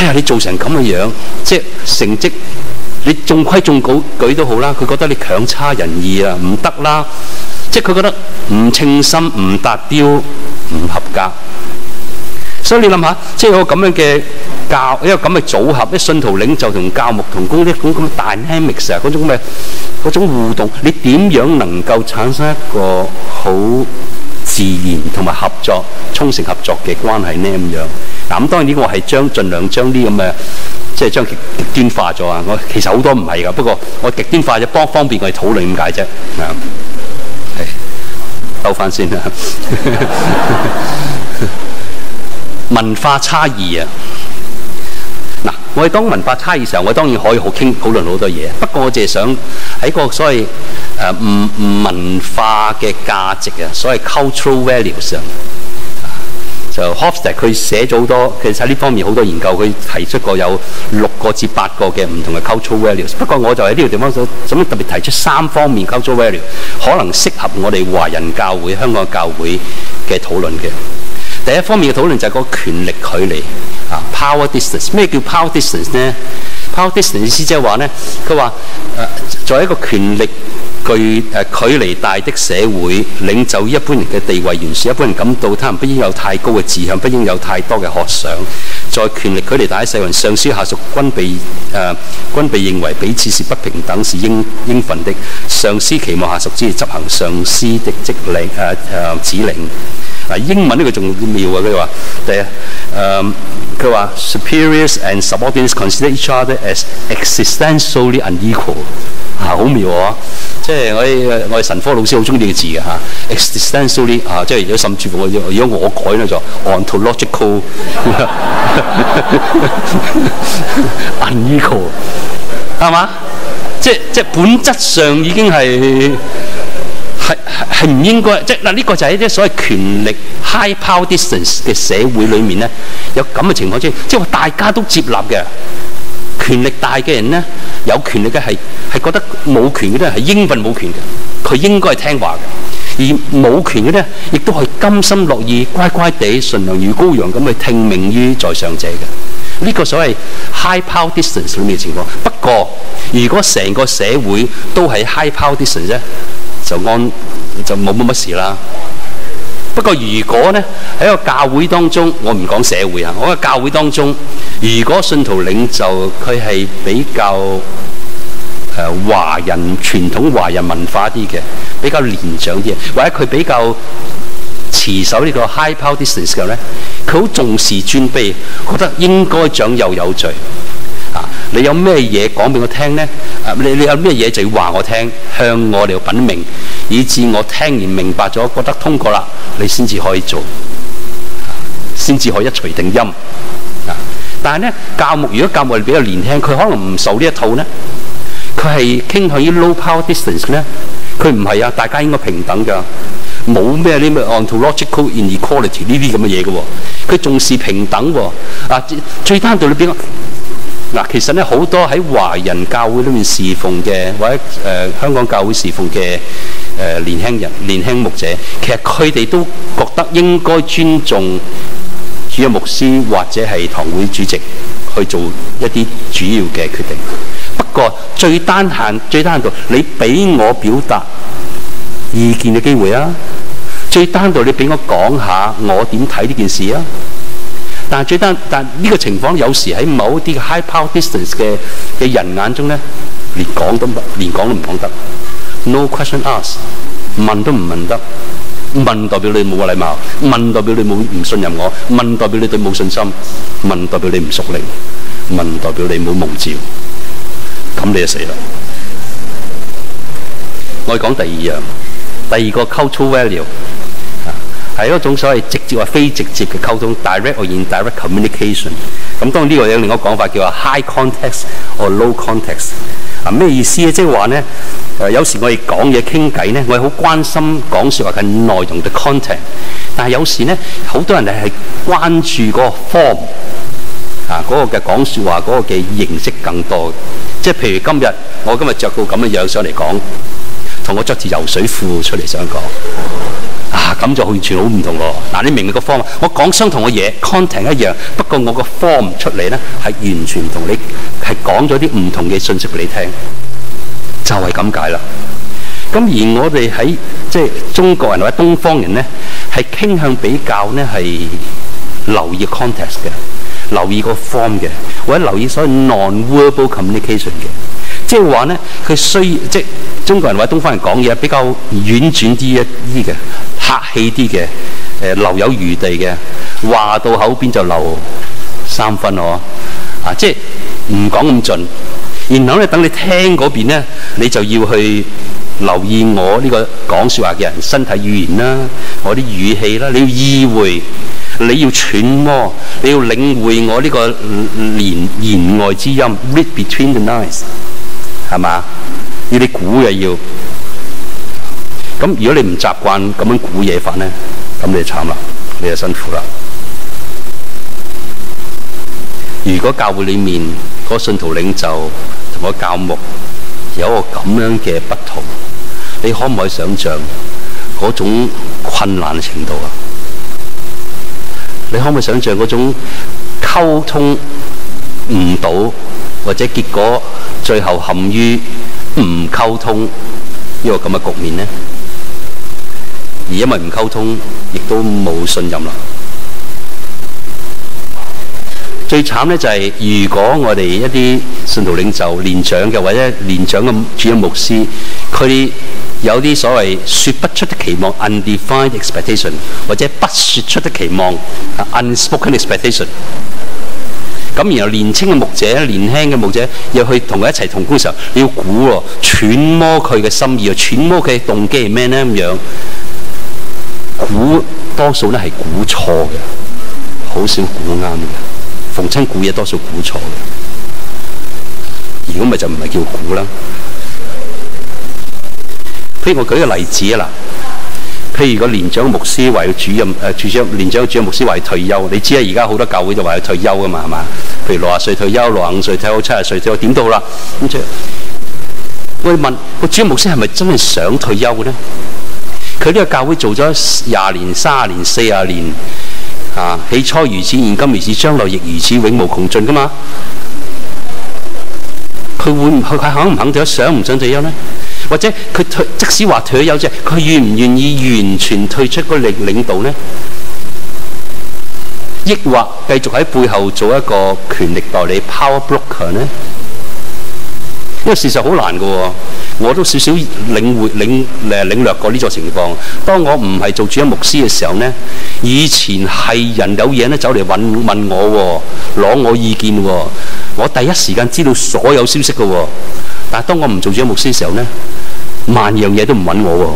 哎呀！你做成咁嘅樣，即係成績，你中規中矩都好啦，佢覺得你強差人意啊，唔得啦！即係佢覺得唔稱心、唔達標、唔合格。所以你諗下，即係有個咁樣嘅教一個咁嘅組合，一信徒領袖同教牧同工呢種咁大 mix 啊，嗰種咁嘅嗰種互動，你點樣能夠產生一個好自然同埋合作、衷誠合作嘅關係呢？咁樣？咁當然呢個係將儘量將啲咁嘅，即係將極極端化咗啊！我其實好多唔係噶，不過我極端化咗，方方便我哋討論點解啫。係兜翻先啊！文化差異啊！嗱，我哋當文化差異上，我當然可以好傾討論好多嘢。不過我淨係想喺個所謂誒唔唔文化嘅價值啊，所謂 cultural values 上。就 Hofstede 佢寫咗好多，其實喺呢方面好多研究，佢提出過有六個至八個嘅唔同嘅 cultural values。不過我就喺呢個地方想，特別提出三方面 cultural values，可能適合我哋華人教會、香港教會嘅討論嘅。第一方面嘅討論就係個權力距離啊，power distance。咩叫 power distance 呢？power distance 意思即係話呢，佢話誒作為一個權力距誒距離大的社會，領袖一般人嘅地位懸殊，原一般人感到他人不應有太高嘅志向，不應有太多嘅學想。在權力距離大的社會，上司下屬均被誒均，呃、被認為彼此是不平等，是應應份的。上司期望下屬只係執行上司的職令誒誒指令。嗱、啊，英文呢個仲妙啊，佢話第一誒佢，嗯、話 superiors and subordinates consider each other as existentially unequal。嚇，好、啊、妙啊，即係我哋我哋係神科老師，好中意呢個字嘅嚇。existentially 嚇，即係如果甚至乎，如果我改咧就係、ontological unequal，係嘛？即即本質上已經係係係唔應該。即嗱呢、呢個就係一啲所謂權力 high power distance 嘅社會裏面咧，有咁嘅情況出現，即係大家都接納嘅。權力大嘅人呢，有權力嘅係係覺得冇權嘅呢係應份冇權嘅，佢應該係聽話嘅；而冇權嘅呢亦都係甘心樂意、乖乖地、順良如羔羊咁去聽命於在上者嘅。呢、這個所謂 high power distance 裏面嘅情況。不過，如果成個社會都係 high power distance 呢，就安就冇乜乜事啦。不過，如果呢，喺個教會當中，我唔講社會啊，我話教會當中，如果信徒領袖佢係比較誒、呃、華人傳統華人文化啲嘅，比較年長啲，嘅，或者佢比較持守呢個 high power distance 嘅，咧，佢好重視尊卑，覺得應該長幼有序。你有咩嘢講俾我聽咧？啊，你你有咩嘢就要話我聽，向我哋稟明，以至我聽完明白咗，覺得通過啦，你先至可以做，先至可以一錘定音。啊，但係咧，教牧如果教牧比較年輕，佢可能唔受呢一套咧。佢係傾向於 low power distance 咧。佢唔係啊，大家應該平等㗎，冇咩啲咩 ontological inequality 呢啲咁嘅嘢㗎喎。佢重視平等喎。啊，最單獨裏邊。嗱，其實咧好多喺華人教會裏面侍奉嘅，或者誒、呃、香港教會侍奉嘅誒、呃、年輕人、年輕牧者，其實佢哋都覺得應該尊重主日牧師或者係堂會主席去做一啲主要嘅決定。不過最單限、最單限度，你俾我表達意見嘅機會啊！最單限度，你俾我講下我點睇呢件事啊！但係最得，但係呢個情況有時喺某一啲 high power distance 嘅嘅人眼中咧，連講都唔連講都唔講得，No question asked 問都唔問得，問代表你冇個禮貌，問代表你冇唔信任我，問代表你對冇信心，問代表你唔屬靈，問代表你冇蒙召，咁你就死啦！我講第二樣，第二個 cultural value。係一種所謂直接或非直接嘅溝通 （direct or indirect communication）。咁當然呢個有另一個講法，叫話 high context or low context。啊，咩意思咧？即係話咧，誒有時我哋講嘢傾偈咧，我係好關心講説話嘅內容嘅 content。但係有時咧，好多人係關注嗰個 form 啊，嗰個嘅講説話嗰個嘅形式更多。即係譬如今日，我今日著到咁嘅樣上嚟講，同我著住游水褲出嚟想講。啊，咁就完全好唔同咯！嗱，你明唔明個 form 嘛？我講相同嘅嘢，content 一樣，不過我個 form 出嚟咧係完全唔同。你係講咗啲唔同嘅信息俾你聽，就係咁解啦。咁而我哋喺即係中國人或者東方人咧，係傾向比較咧係留意 context 嘅，留意個 form 嘅，或者留意所謂 non-verbal communication 嘅。即係話咧，佢需即係中國人或者東方人講嘢比較婉轉啲一啲嘅客氣啲嘅誒，留有餘地嘅，話到口邊就留三分哦，啊，啊，即係唔講咁盡。然後咧，等你聽嗰邊咧，你就要去留意我呢個講説話嘅人身體語言啦，我啲語氣啦，你要意會，你要揣摩，你要領會我呢個言言外之音，read between the lines 係咪？要你估嘅要，咁如果你唔習慣咁樣估嘢法呢，咁你就慘啦，你就辛苦啦。如果教會裏面嗰個信徒領袖同個教牧有一個咁樣嘅不同，你可唔可以想象嗰種困難嘅程度啊？你可唔可以想象嗰種溝通唔到？或者結果最後陷於唔溝通呢個咁嘅局面呢，而因為唔溝通，亦都冇信任啦。最慘呢，就係，如果我哋一啲信徒領袖連、年長嘅或者年長嘅主要牧師，佢哋有啲所謂説不出的期望 （undefined expectation） 或者不説出的期望 （unspoken expectation）。咁然後年輕嘅牧者，年輕嘅牧者，入去同佢一齊同工嘅時候，你要估喎，揣摩佢嘅心意，揣摩佢嘅動機係咩咧咁樣？估多數咧係估錯嘅，好少估啱嘅。逢親估嘢多數估錯嘅，如果咪就唔係叫估啦。譬如我舉個例子啊嗱。譬如如果年長牧師為主任誒、呃、主張年長主任牧師為退休，你知啊？而家好多教會就話要退休噶嘛，係嘛？譬如六十歲退休，六十五歲退休，七十歲就點都好啦。咁就我問個主任牧師係咪真係想退休嘅呢？佢呢個教會做咗廿年、三十年、四十年啊，起初如此，現今如此，將來亦如此，永無窮盡噶嘛。佢會佢肯唔肯就想唔想退休呢？或者佢退，即使話退咗休啫，佢願唔願意完全退出個領領導呢？抑或繼續喺背後做一個權力代理 （power b l o c k e r 呢？因為事實好難嘅，我都少少領活領,領略過呢座情況。當我唔係做主張牧師嘅時候呢，以前係人有嘢呢，走嚟問問我，攞我意見喎。我第一時間知道所有消息嘅、哦，但係當我唔做咗牧師嘅時候咧，萬樣嘢都唔揾我、哦。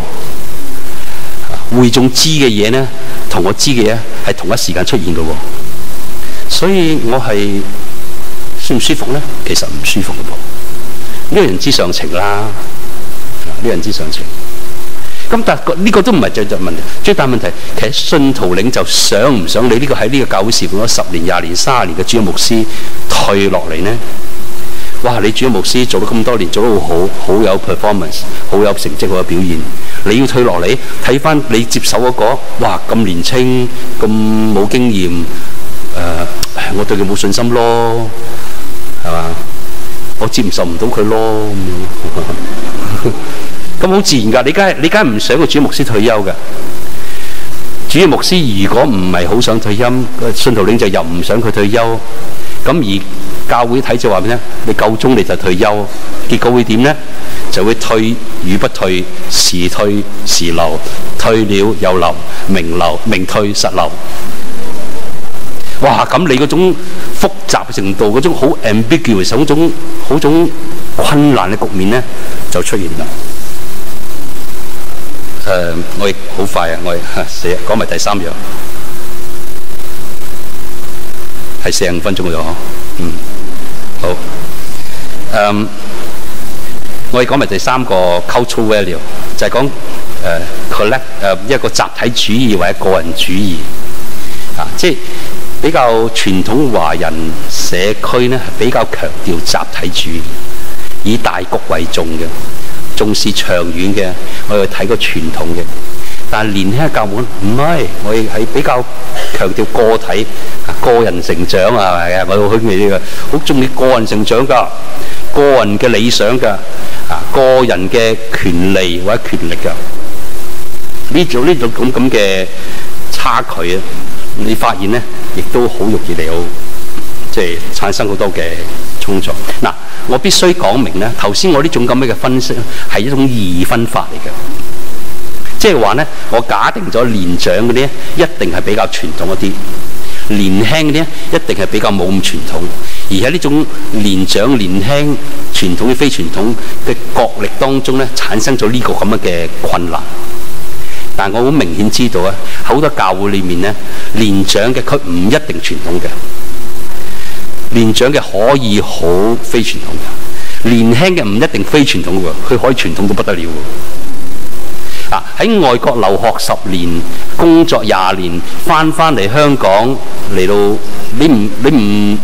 會眾知嘅嘢咧，同我知嘅嘢係同一時間出現嘅、哦，所以我係舒唔舒服咧？其實唔舒服嘅噃，呢個人知上情啦，呢個人知上情。咁但係呢個都唔係最大問題，最大問題其實信徒領袖想唔想你呢個喺呢個教會事奉咗十年、廿年、三十年嘅主要牧師退落嚟呢？哇！你主要牧師做咗咁多年，做得好好，好有 performance，好有成績，好有表現。你要退落嚟，睇翻你接手嗰個，哇！咁年輕，咁冇經驗，誒，我對佢冇信心咯，係嘛？我接受唔到佢咯咁樣。咁好自然噶，你梗係你梗係唔想個主牧師退休嘅。主牧師如果唔係好想退休，信徒領袖又唔想佢退休，咁而教會體制就話咩咧？你夠鐘你就退休，結果會點咧？就會退與不退，時退時留，退了又留，名留名退實留。哇！咁你嗰種複雜程度，嗰種好 ambiguous，嗰種好種困難嘅局面咧，就出現喇。誒，uh, 我亦好快啊！我哋寫、啊、講埋第三樣，係四五分鐘嘅咗、啊，嗯，好。誒、um，我哋講埋第三個 cultural value，就係講誒、呃、collect 誒、呃、一個集體主義或者個人主義啊，即係比較傳統華人社區呢，係比較強調集體主義，以大局為重嘅。重視長遠嘅，我哋睇個傳統嘅，但係年輕教會唔係，我哋係比較強調個體啊、個人成長啊，係咪嘅？我好中意呢個，好中意個人成長噶，個人嘅理想噶啊，個人嘅權利或者權力噶。呢種呢種咁咁嘅差距，你發現咧，亦都好容易嚟到。即係產生好多嘅衝撞嗱，我必須講明咧。頭先我呢種咁樣嘅分析係一種二分法嚟嘅，即係話呢，我假定咗年長嗰啲一定係比較傳統一啲，年輕嗰啲一定係比較冇咁傳統。而喺呢種年長年輕傳統與非傳統嘅角力當中呢，產生咗呢個咁樣嘅困難。但我好明顯知道啊，好多教會裡面呢，年長嘅佢唔一定傳統嘅。年長嘅可以好非傳統嘅，年輕嘅唔一定非傳統嘅喎，佢可以傳統到不得了喎。啊，喺外國留學十年，工作廿年，翻翻嚟香港嚟到，你唔你唔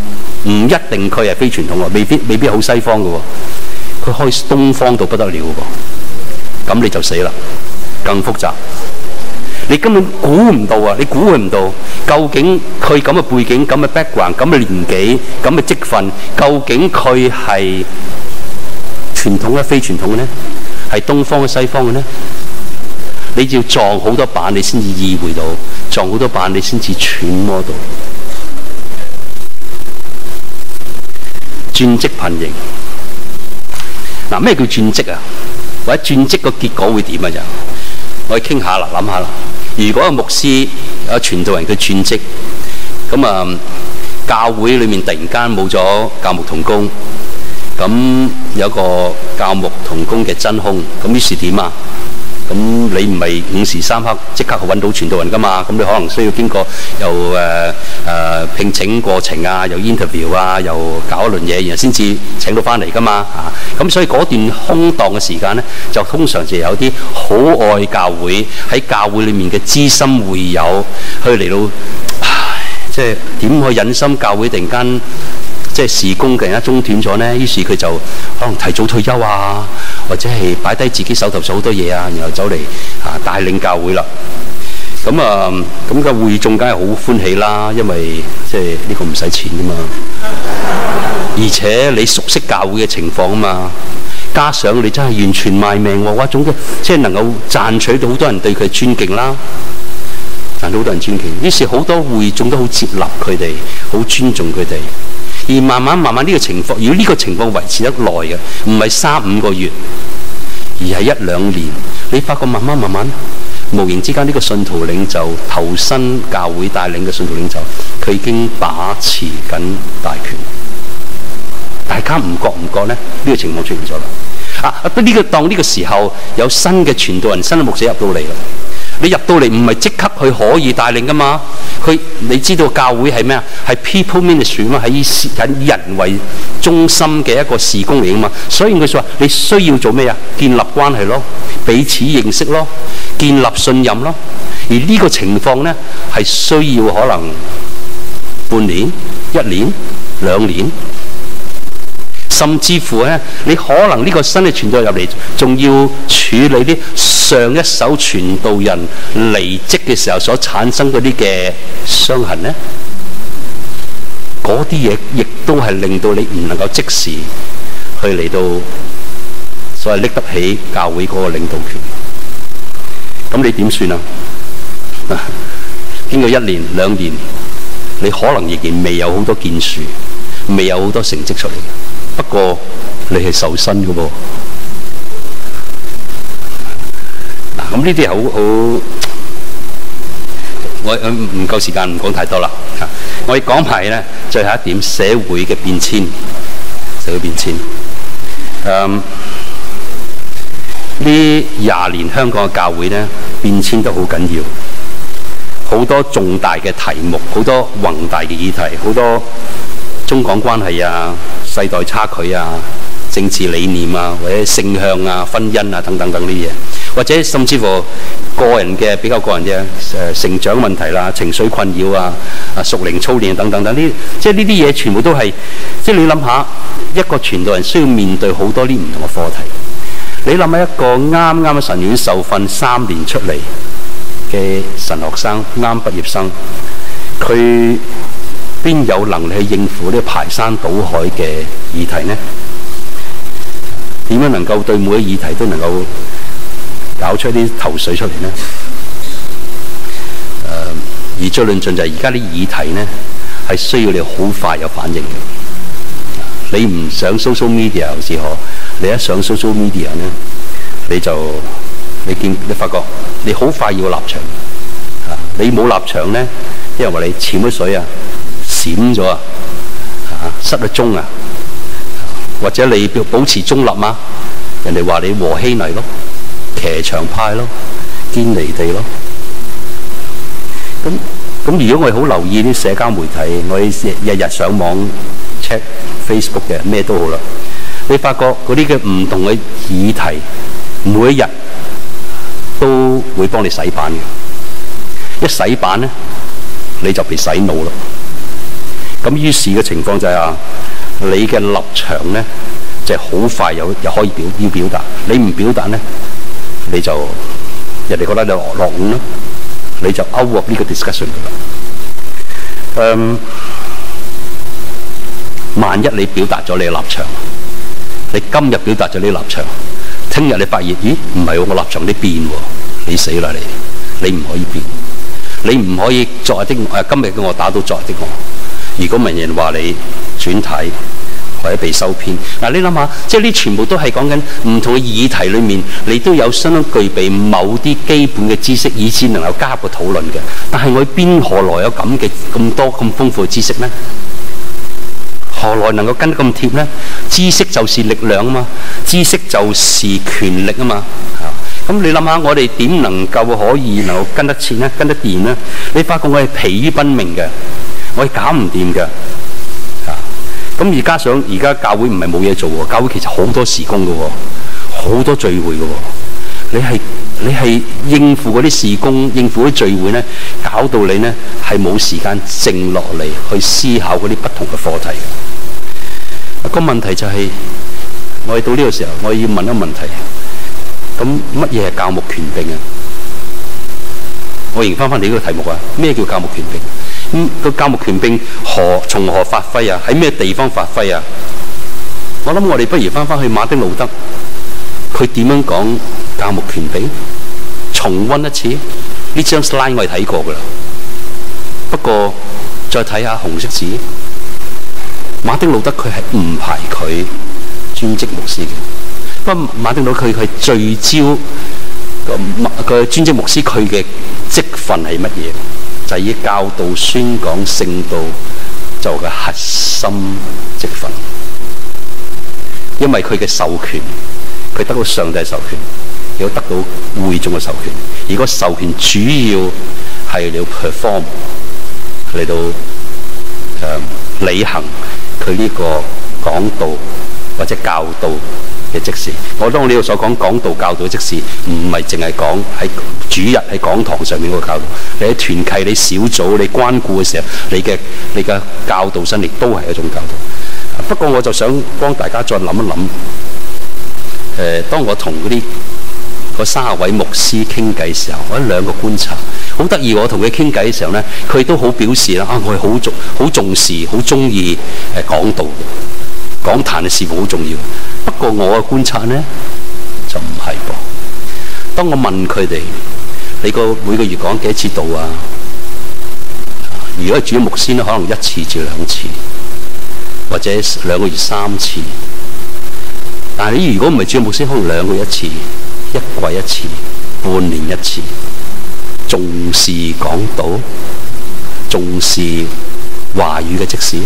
唔一定佢係非傳統喎，未必未必好西方嘅喎，佢可以東方到不得了喎，咁你就死啦，更複雜。你根本估唔到啊！你估佢唔到，究竟佢咁嘅背景、咁嘅 background、咁嘅年紀、咁嘅積分，究竟佢係傳統呀、非傳統嘅呢？係東方嘅、西方嘅呢？你要撞好多板，你先至意會到；撞好多板，你先至揣摩到。轉職貧型嗱，咩叫轉職啊？或者轉職個結果會點啊？就我傾下啦，諗下啦。如果個牧師啊，傳道人佢轉職，咁啊，教會裏面突然間冇咗教牧同工，咁有一個教牧同工嘅真空，咁於是點啊？咁你唔係五時三刻即刻去揾到傳道人㗎嘛。咁你可能需要經過又誒誒、呃呃、聘請過程啊，又 interview 啊，又搞一輪嘢，然後先至請到翻嚟㗎嘛？啊，咁所以嗰段空檔嘅時間呢，就通常就有啲好愛教會喺教會裏面嘅資深會友去嚟到，唉即係點去忍心教會突然間？即係時工嘅人一中斷咗呢，於是佢就可能提早退休啊，或者係擺低自己手頭上好多嘢啊，然後走嚟啊帶領教會啦。咁啊，咁嘅會眾梗係好歡喜啦，因為即係呢個唔使錢㗎嘛，而且你熟悉教會嘅情況啊嘛，加上你真係完全賣命喎、啊，總之即係能夠賺取到好多人對佢嘅尊敬啦，賺到好多人尊敬。於是好多會眾都好接納佢哋，好尊重佢哋。而慢慢慢慢呢個情況，如果呢個情況維持得耐嘅，唔係三五個月，而係一兩年，你發覺慢慢慢慢，無形之間呢個信徒領袖、投身教會帶領嘅信徒領袖，佢已經把持緊大權。大家唔覺唔覺呢，呢個情況出現咗啦。啊，不過呢個當呢個時候有新嘅傳道人、新嘅牧者入到嚟。你入到嚟唔係即刻佢可以帶領噶嘛？佢你知道教會係咩啊？係 people ministry 嘛？係以以人為中心嘅一個事工嚟噶嘛？所以佢就話你需要做咩啊？建立關係咯，彼此認識咯，建立信任咯。而呢個情況咧係需要可能半年、一年、兩年。甚至乎咧，你可能呢個新嘅傳道入嚟，仲要處理啲上一手傳道人離職嘅時候所產生嗰啲嘅傷痕咧，嗰啲嘢亦都係令到你唔能夠即時去嚟到，所謂拎得起教會嗰個領導權。咁你點算啊？經過一年兩年，你可能仍然未有好多建樹，未有好多成績出嚟。不過你係受身嘅噃，嗱咁呢啲好好，我我唔夠時間，唔講太多啦。我要講埋咧最後一點，社會嘅變遷，社會變遷，誒呢廿年香港嘅教會咧變遷都好緊要，好多重大嘅題目，好多宏大嘅議題，好多。中港關係啊、世代差距啊、政治理念啊、或者性向啊、婚姻啊等等等啲嘢，或者甚至乎個人嘅比較個人嘅誒成長問題啦、情緒困擾啊、啊屬靈操練等等等啲，即係呢啲嘢全部都係，即係你諗下一個傳道人需要面對好多啲唔同嘅課題。你諗下一個啱啱喺神院受訓三年出嚟嘅神學生、啱畢業生，佢邊有能力去應付呢排山倒海嘅議題呢？點樣能夠對每一個議題都能夠搞出一啲頭水出嚟呢？誒、呃，而最論盡就係而家啲議題呢，係需要你好快有反應嘅。你唔上 social media 有時候，你一上 social media 呢，你就你見你發覺你好快要立場。啊，你冇立場呢，啲人話你潛咗水啊！閃咗啊！失咗蹤啊！或者你保持中立啊，人哋話你和稀泥咯，騎牆派咯，堅離地咯。咁咁，如果我哋好留意啲社交媒體，我哋日日上網 check Facebook 嘅咩都好啦，你發覺嗰啲嘅唔同嘅議題，每一日都會幫你洗版嘅。一洗版咧，你就被洗腦咯。咁於是嘅情況就係啊，你嘅立場咧，就係好快又又可以表要表達。你唔表達咧，你就人哋覺得你落落伍咯。你就 out 咗呢個 discussion 㗎啦。誒，萬一你表達咗你嘅立場，你今日表達咗你立場，聽日你發現咦，唔係喎，我立場啲變喎，你死啦你！你唔可以變，你唔可以作啲誒，今日嘅我打到作啲我。如果文人話你轉體或者被收編，嗱，你諗下，即係呢全部都係講緊唔同嘅議題裏面，你都有相當具備某啲基本嘅知識，以至能夠加入個討論嘅。但係我邊何來有咁嘅咁多咁豐富嘅知識呢？何來能夠跟得咁貼呢？知識就是力量啊嘛，知識就是權力啊嘛。嚇，咁你諗下，我哋點能夠可以能夠跟得切呢？跟得掂呢？你發覺我係疲於奔命嘅。我係搞唔掂嘅啊！咁而家想，而家教會唔係冇嘢做喎，教會其實好多時工嘅，好多聚會嘅。你係你係應付嗰啲時工，應付啲聚會咧，搞到你咧係冇時間靜落嚟去思考嗰啲不同嘅課題。一、啊、個問題就係、是、我哋到呢個時候，我要問一個問,問題：咁乜嘢係教牧權柄啊？我迎翻翻你呢個題目啊！咩叫教牧權柄？咁個教牧權柄何從何發揮啊？喺咩地方發揮啊？我諗我哋不如翻翻去馬丁路德，佢點樣講教牧權柄？重温一次呢張 slide 我係睇過噶啦，不過再睇下紅色字，馬丁路德佢係唔排佢專職牧師嘅。不過馬丁路佢係聚焦個個專職牧師佢嘅職份係乜嘢？就以教導、宣講聖道做嘅核心職份，因為佢嘅授權，佢得到上帝授權，又得到會眾嘅授權。而個授權主要係你要 perform 嚟到誒履、呃、行佢呢個講道或者教導。嘅即係，我當我呢度所講講道教導嘅，即係，唔唔係淨係講喺主日喺講堂上面嗰個教導，你喺團契、你小組、你關顧嘅時候，你嘅你嘅教導身亦都係一種教導。不過我就想幫大家再諗一諗。誒、呃，當我同嗰啲三十位牧師傾偈時候，我一兩個觀察好得意。我同佢傾偈嘅時候呢，佢都好表示啦，啊，我係好重好重視、好鍾意誒講道嘅。講壇嘅事務好重要，不過我嘅觀察呢，就唔係噃。當我問佢哋，你個每個月講幾次道啊？如果主牧先，可能一次至兩次，或者兩個月三次。但係你如果唔係主牧先，可能兩個月一次，一季一次，半年一次，重視講道，重視話語嘅即時。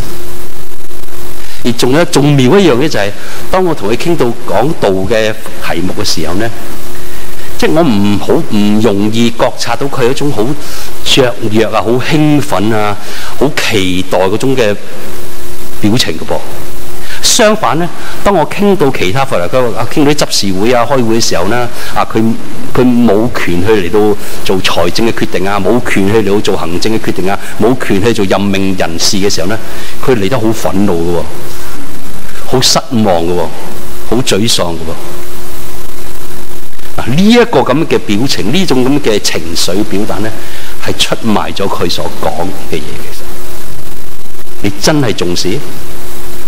而仲有仲妙一樣嘅就係、是，當我同佢傾到講道嘅題目嘅時候咧，即係我唔好唔容易覺察到佢一種好雀躍啊、好興奮啊、好期待嗰種嘅表情嘅噃。相反咧，當我傾到其他法律，佢傾到啲執事會啊、開會嘅時候咧，啊，佢佢冇權去嚟到做財政嘅決定啊，冇權去嚟到做行政嘅決定啊，冇權去做任命人事嘅時候咧，佢嚟得好憤怒嘅啊，好失望嘅啊，好沮喪嘅啊。啊，呢一個咁嘅表情，呢種咁嘅情緒表達咧，係出賣咗佢所講嘅嘢。其實你真係重視？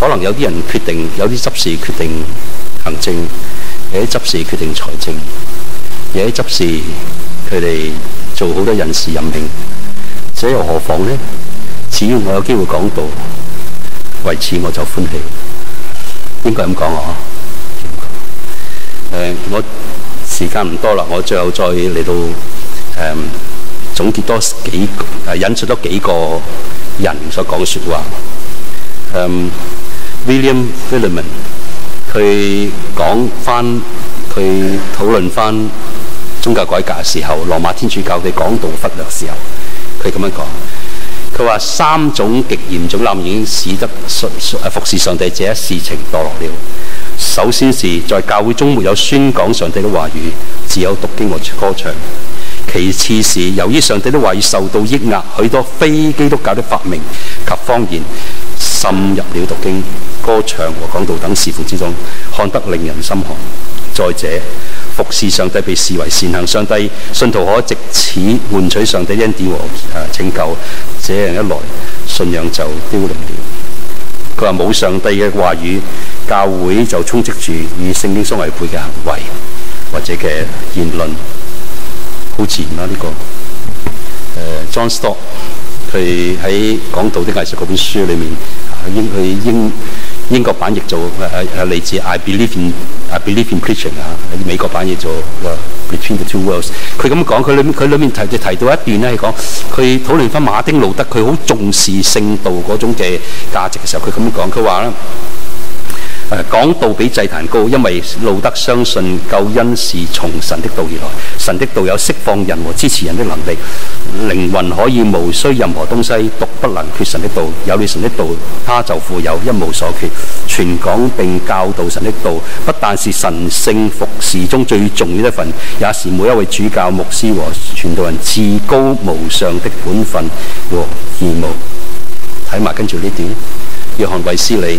可能有啲人決定，有啲執事決定行政，有啲執事決定財政，有啲執事佢哋做好多人事任命，這又何妨呢？只要我有機會講道，為此我就歡喜。應該咁講我啊。誒，我時間唔多啦，我最後再嚟到誒總結多幾誒引述多幾個人所講嘅説話。嗯。William Filament 佢講翻佢討論翻宗教改革嘅時候，羅馬天主教嘅講道忽略時候，佢咁樣講：佢話三種極嚴重嘅陰影已經使得服侍上帝這一事情墮落了。首先是在教會中沒有宣講上帝嘅話語，只有讀經和歌唱；其次是由於上帝的話語受到抑壓，許多非基督教的發明及方言滲入了讀經。歌唱和講道等事奉之中，看得令人心寒。再者，服侍上帝被視為善行，上帝信徒可藉此換取上帝恩典和拯救。這樣一來，信仰就凋零了。佢話冇上帝嘅話語，教會就充斥住與聖經相違背嘅行為或者嘅言論。好自然啦、啊，呢、這個誒、呃、John Stott 佢喺講道的藝術嗰本書裡面，應佢應。應英國版亦做啊啊啊！來自 I believe in I believe in preaching 啊！美國版亦做 Between the Two Worlds。佢咁講，佢裏面佢裏面提就提到一段咧，係講佢討論翻馬丁路德，佢好重視聖道嗰種嘅價值嘅時候，佢咁講，佢話。誒講道比祭壇高，因為路德相信救恩是從神的道而來。神的道有釋放人和支持人的能力，靈魂可以無需任何東西，獨不能缺神的道。有了神的道，他就富有，一無所缺。傳講並教導神的道，不但是神聖服侍中最重要一份，也是每一位主教、牧師和傳道人至高無上的本分和義務。睇埋跟住呢段，約翰衛斯理。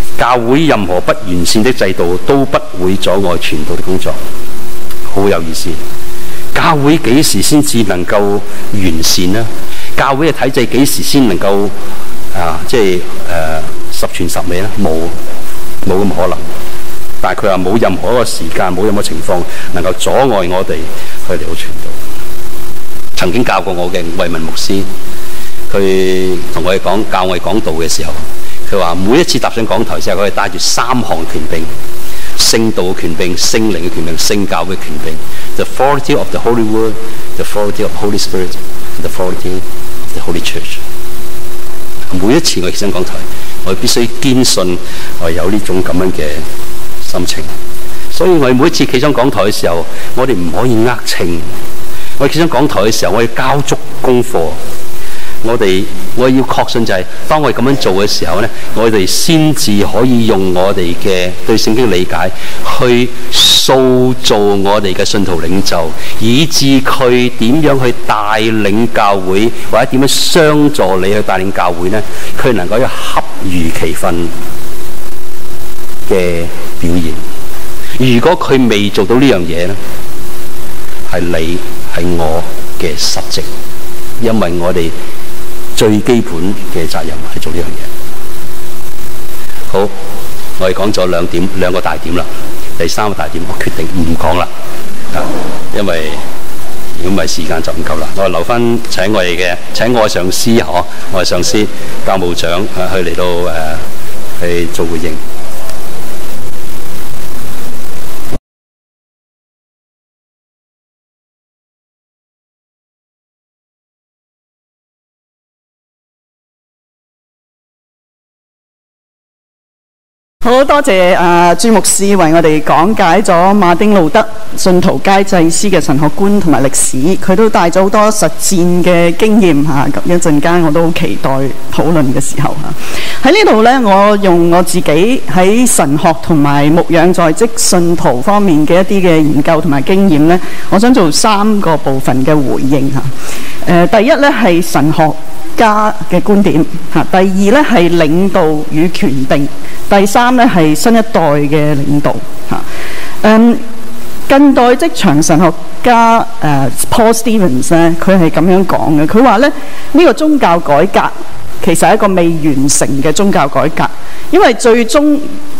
教會任何不完善的制度都不會阻礙傳道的工作，好有意思。教會幾時先至能夠完善呢？教會嘅體制幾時先能夠啊？即係誒、啊、十全十美呢？冇冇咁可能。但係佢話冇任何一個時間，冇任何情況能夠阻礙我哋去嚟到傳道。曾經教過我嘅為民牧師，佢同我哋講，教我哋講道嘅時候。佢話：每一次踏上講台嘅時候，我係帶住三項權柄，聖道嘅權柄、聖靈嘅權柄、聖教嘅權柄。The authority of the Holy Word，the authority of Holy Spirit，the authority of the Holy Church。每一次我起身講台，我必須堅信我有呢種咁樣嘅心情。所以，我每一次企上講台嘅時候，我哋唔可以呃秤。我企上講台嘅時候，我要交足功課。我哋我要確信就係、是、當我哋咁樣做嘅時候呢，我哋先至可以用我哋嘅對聖經理解去塑造我哋嘅信徒領袖，以致佢點樣去帶領教會，或者點樣相助你去帶領教會呢？佢能夠有恰如其分嘅表現。如果佢未做到呢樣嘢呢，係你係我嘅失職，因為我哋。最基本嘅責任去做呢樣嘢。好，我哋講咗兩點兩個大點啦，第三個大點我決定唔講啦，啊，因為如果唔係時間就唔夠啦。我係留翻請我哋嘅請我上司呵，我上司教務長去嚟到誒去做回應。好多謝阿、啊、朱牧師為我哋講解咗馬丁路德信徒皆祭司嘅神學觀同埋歷史，佢都帶咗好多實戰嘅經驗吓，咁、啊、一陣間我都好期待討論嘅時候吓。喺、啊、呢度咧，我用我自己喺神學同埋牧養在職信徒方面嘅一啲嘅研究同埋經驗咧，我想做三個部分嘅回應吓。誒、啊呃，第一咧係神學。家嘅觀點吓，第二咧係領導與權柄，第三咧係新一代嘅領導吓。誒、嗯，近代職場神學家誒、啊、Paul Stevens 咧，佢係咁樣講嘅。佢話咧呢、呢個宗教改革。其實係一個未完成嘅宗教改革，因為最終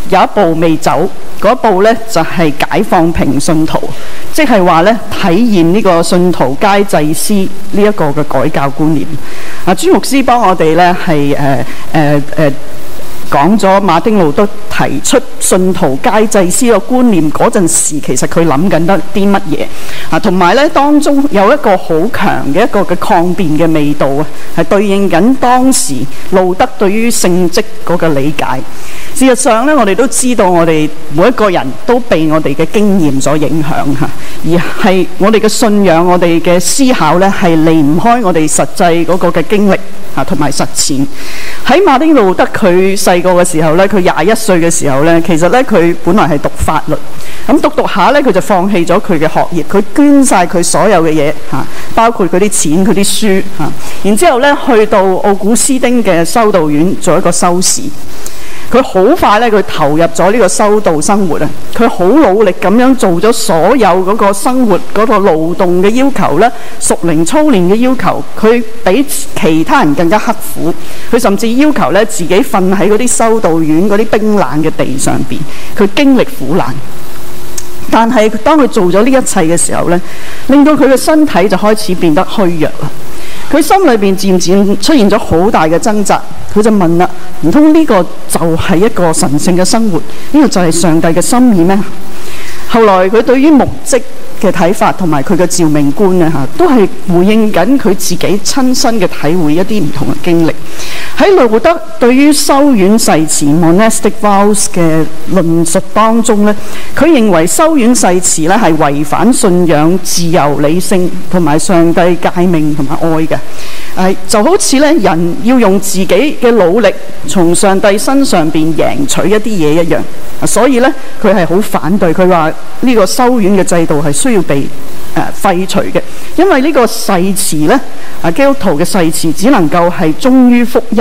有一步未走，嗰一步呢，就係、是、解放平信徒，即係話呢，體現呢個信徒皆祭司呢一個嘅改教觀念。啊，朱牧師幫我哋呢，係誒誒誒。呃呃呃講咗馬丁路德提出信徒皆祭司個觀念嗰陣時，其實佢諗緊得啲乜嘢啊？同埋咧，當中有一個好強嘅一個嘅抗辯嘅味道啊，係對應緊當時路德對於聖職嗰個理解。事實上咧，我哋都知道，我哋每一個人都被我哋嘅經驗所影響嚇，而係我哋嘅信仰、我哋嘅思考咧，係離唔開我哋實際嗰個嘅經歷啊，同埋實踐。喺馬丁路德佢細過嘅時候咧，佢廿一歲嘅時候咧，其實咧佢本來係讀法律，咁讀讀下咧，佢就放棄咗佢嘅學業，佢捐晒佢所有嘅嘢吓，包括佢啲錢、佢啲書吓，然之後咧去到奧古斯丁嘅修道院做一個修士。佢好快咧，佢投入咗呢個修道生活啊！佢好努力咁樣做咗所有嗰個生活嗰個勞動嘅要求咧，屬靈操練嘅要求，佢比其他人更加刻苦。佢甚至要求咧自己瞓喺嗰啲修道院嗰啲冰冷嘅地上面，佢經歷苦難。但係當佢做咗呢一切嘅時候咧，令到佢嘅身體就開始變得虛弱啦。佢心裏邊漸漸出現咗好大嘅掙扎，佢就問啦：唔通呢個就係一個神聖嘅生活，呢、這個就係上帝嘅心意咩？後來佢對於牧職嘅睇法同埋佢嘅召命觀啊，嚇都係回應緊佢自己親身嘅體會一啲唔同嘅經歷。喺路德對於修院誓詞 monastic vows 嘅論述當中咧，佢認為修院誓詞咧係違反信仰、自由、理性同埋上帝誡命同埋愛嘅。誒就好似咧人要用自己嘅努力從上帝身上邊贏取一啲嘢一樣，啊，所以咧佢係好反對，佢話呢個修院嘅制度係需要被誒、呃、廢除嘅，因為呢個誓詞咧啊，基督徒嘅誓詞只能夠係忠於福音。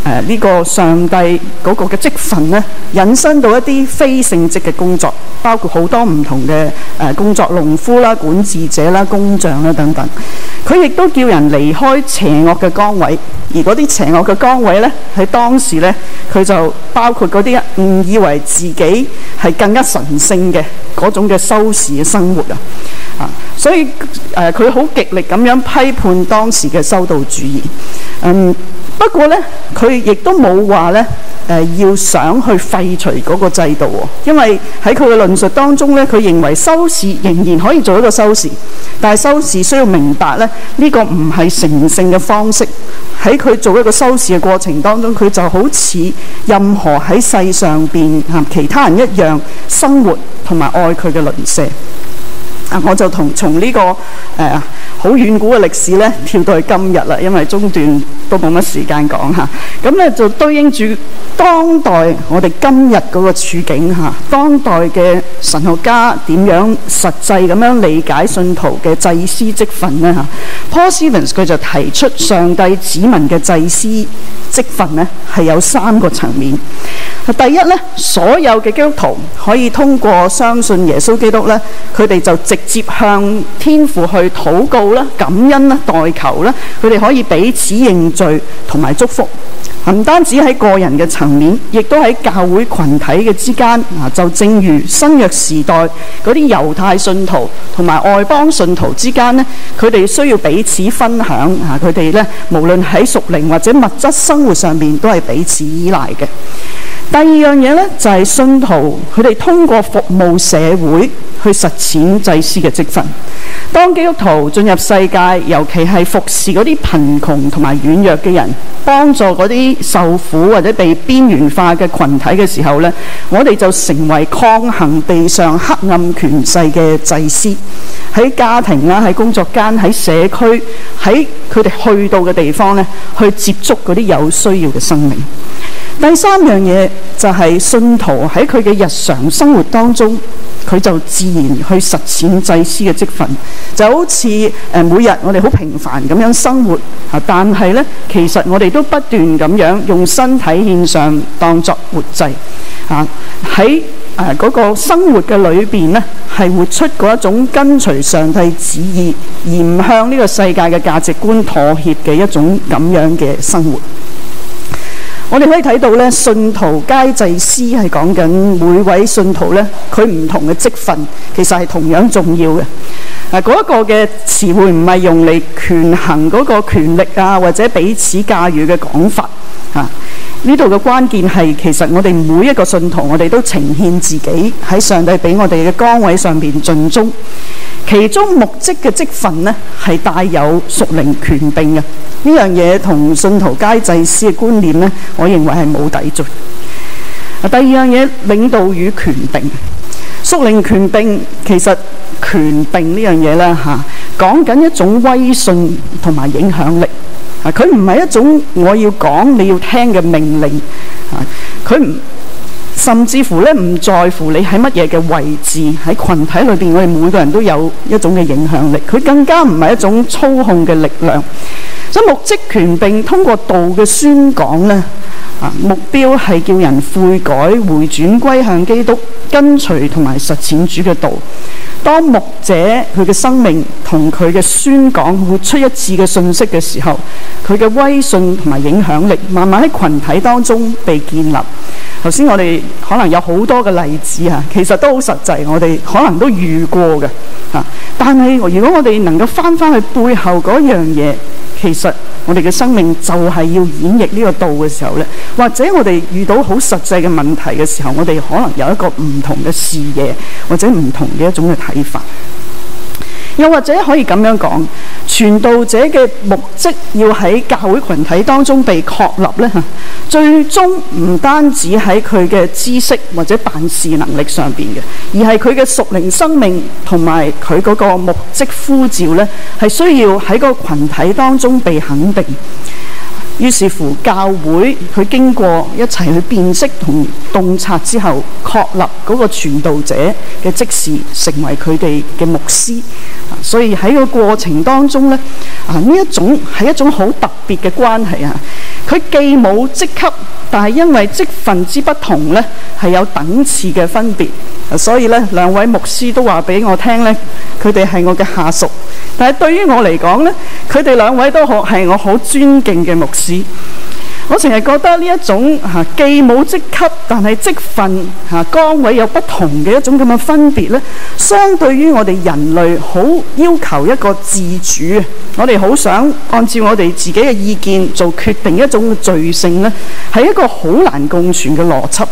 誒呢、呃，這個上帝嗰個嘅職份咧，引申到一啲非聖職嘅工作，包括好多唔同嘅誒、呃、工作，農夫啦、管治者啦、工匠啦、工匠啦等等。佢亦都叫人離開邪惡嘅崗位，而嗰啲邪惡嘅崗位咧，喺當時咧，佢就包括嗰啲誤以為自己係更加神聖嘅嗰種嘅修士嘅生活啊！啊，所以誒，佢好極力咁樣批判當時嘅修道主義，嗯。不過呢，佢亦都冇話呢誒、呃、要想去廢除嗰個制度喎，因為喺佢嘅論述當中呢，佢認為收視仍然可以做一個收視，但係收視需要明白呢，呢、這個唔係成聖嘅方式。喺佢做一個收視嘅過程當中，佢就好似任何喺世上邊啊其他人一樣生活同埋愛佢嘅鄰舍。啊，我就同從呢個誒。呃好遠古嘅歷史咧，跳到去今日啦，因為中段都冇乜時間講吓，咁、啊、咧就對應住當代我哋今日個處境吓、啊，當代嘅神學家點樣實際咁樣理解信徒嘅祭司職份咧吓 Paul Stevens 佢就提出上帝子民嘅祭司職份咧係有三個層面。第一咧，所有嘅基督徒可以通過相信耶穌基督咧，佢哋就直接向天父去禱告。感恩啦，代求啦，佢哋可以彼此認罪同埋祝福。唔單止喺個人嘅層面，亦都喺教會群體嘅之間。啊，就正如新約時代嗰啲猶太信徒同埋外邦信徒之間咧，佢哋需要彼此分享。啊，佢哋咧無論喺屬靈或者物質生活上面都係彼此依賴嘅。第二樣嘢咧就係、是、信徒，佢哋通過服務社會去實踐祭司嘅職分。當基督徒進入世界，尤其係服侍嗰啲貧窮同埋軟弱嘅人，幫助嗰啲受苦或者被邊緣化嘅群體嘅時候呢，我哋就成為抗衡地上黑暗權勢嘅祭司。喺家庭啊，喺工作間，喺社區，喺佢哋去到嘅地方呢，去接觸嗰啲有需要嘅生命。第三樣嘢就係、是、信徒喺佢嘅日常生活當中，佢就自然去實踐祭司嘅職份。就好似誒每日我哋好平凡咁樣生活嚇，但係呢，其實我哋都不斷咁樣用身體獻上，當作活祭啊！喺誒嗰個生活嘅裏邊呢，係活出嗰一種跟隨上帝旨意，而唔向呢個世界嘅價值觀妥協嘅一種咁樣嘅生活。我哋可以睇到咧，信徒皆祭司係講緊每位信徒咧，佢唔同嘅職份其實係同樣重要嘅。嗱、啊，嗰一個嘅詞彙唔係用嚟權衡嗰個權力啊，或者彼此駕馭嘅講法啊。呢度嘅關鍵係，其實我哋每一個信徒，我哋都呈現自己喺上帝俾我哋嘅崗位上邊盡忠。其中牧職嘅職分咧，係帶有屬靈權柄嘅。呢樣嘢同信徒皆祭司嘅觀念咧，我認為係冇抵觸。啊，第二樣嘢，領導與權柄。屬靈權柄，其實權柄呢樣嘢咧，嚇講緊一種威信同埋影響力。啊，佢唔係一種我要講你要聽嘅命令。啊，佢唔。甚至乎咧，唔在乎你喺乜嘢嘅位置，喺群體裏邊，我哋每個人都有一種嘅影響力。佢更加唔係一種操控嘅力量。所以牧職權柄通過道嘅宣講呢，目標係叫人悔改、回轉、歸向基督，跟隨同埋實踐主嘅道。當牧者佢嘅生命同佢嘅宣講會出一致嘅信息嘅時候，佢嘅威信同埋影響力慢慢喺群體當中被建立。頭先我哋可能有好多嘅例子啊，其實都好實際，我哋可能都遇過嘅吓。但係如果我哋能夠返返去背後嗰樣嘢，其實我哋嘅生命就係要演繹呢個道嘅時候咧，或者我哋遇到好實際嘅問題嘅時候，我哋可能有一個唔同嘅視野，或者唔同嘅一種嘅睇法。又或者可以咁樣講，傳道者嘅牧職要喺教會群體當中被確立咧，最終唔單止喺佢嘅知識或者辦事能力上邊嘅，而係佢嘅屬靈生命同埋佢嗰個牧職呼召咧，係需要喺個群體當中被肯定。於是乎，教會佢經過一齊去辨識同洞察之後，確立嗰個傳道者嘅職事成為佢哋嘅牧師。啊、所以喺個過程當中呢，啊呢一種係一種好特別嘅關係啊！佢既冇職級，但係因為職份之不同呢，係有等次嘅分別，啊。所以呢，兩位牧師都話俾我聽呢，佢哋係我嘅下屬，但係對於我嚟講呢，佢哋兩位都好係我好尊敬嘅牧師。我成日覺得呢一種嚇既冇職級，但係職份嚇崗位有不同嘅一種咁嘅分別呢。相對於我哋人類好要求一個自主，我哋好想按照我哋自己嘅意見做決定一種罪性呢，係一個好難共存嘅邏輯。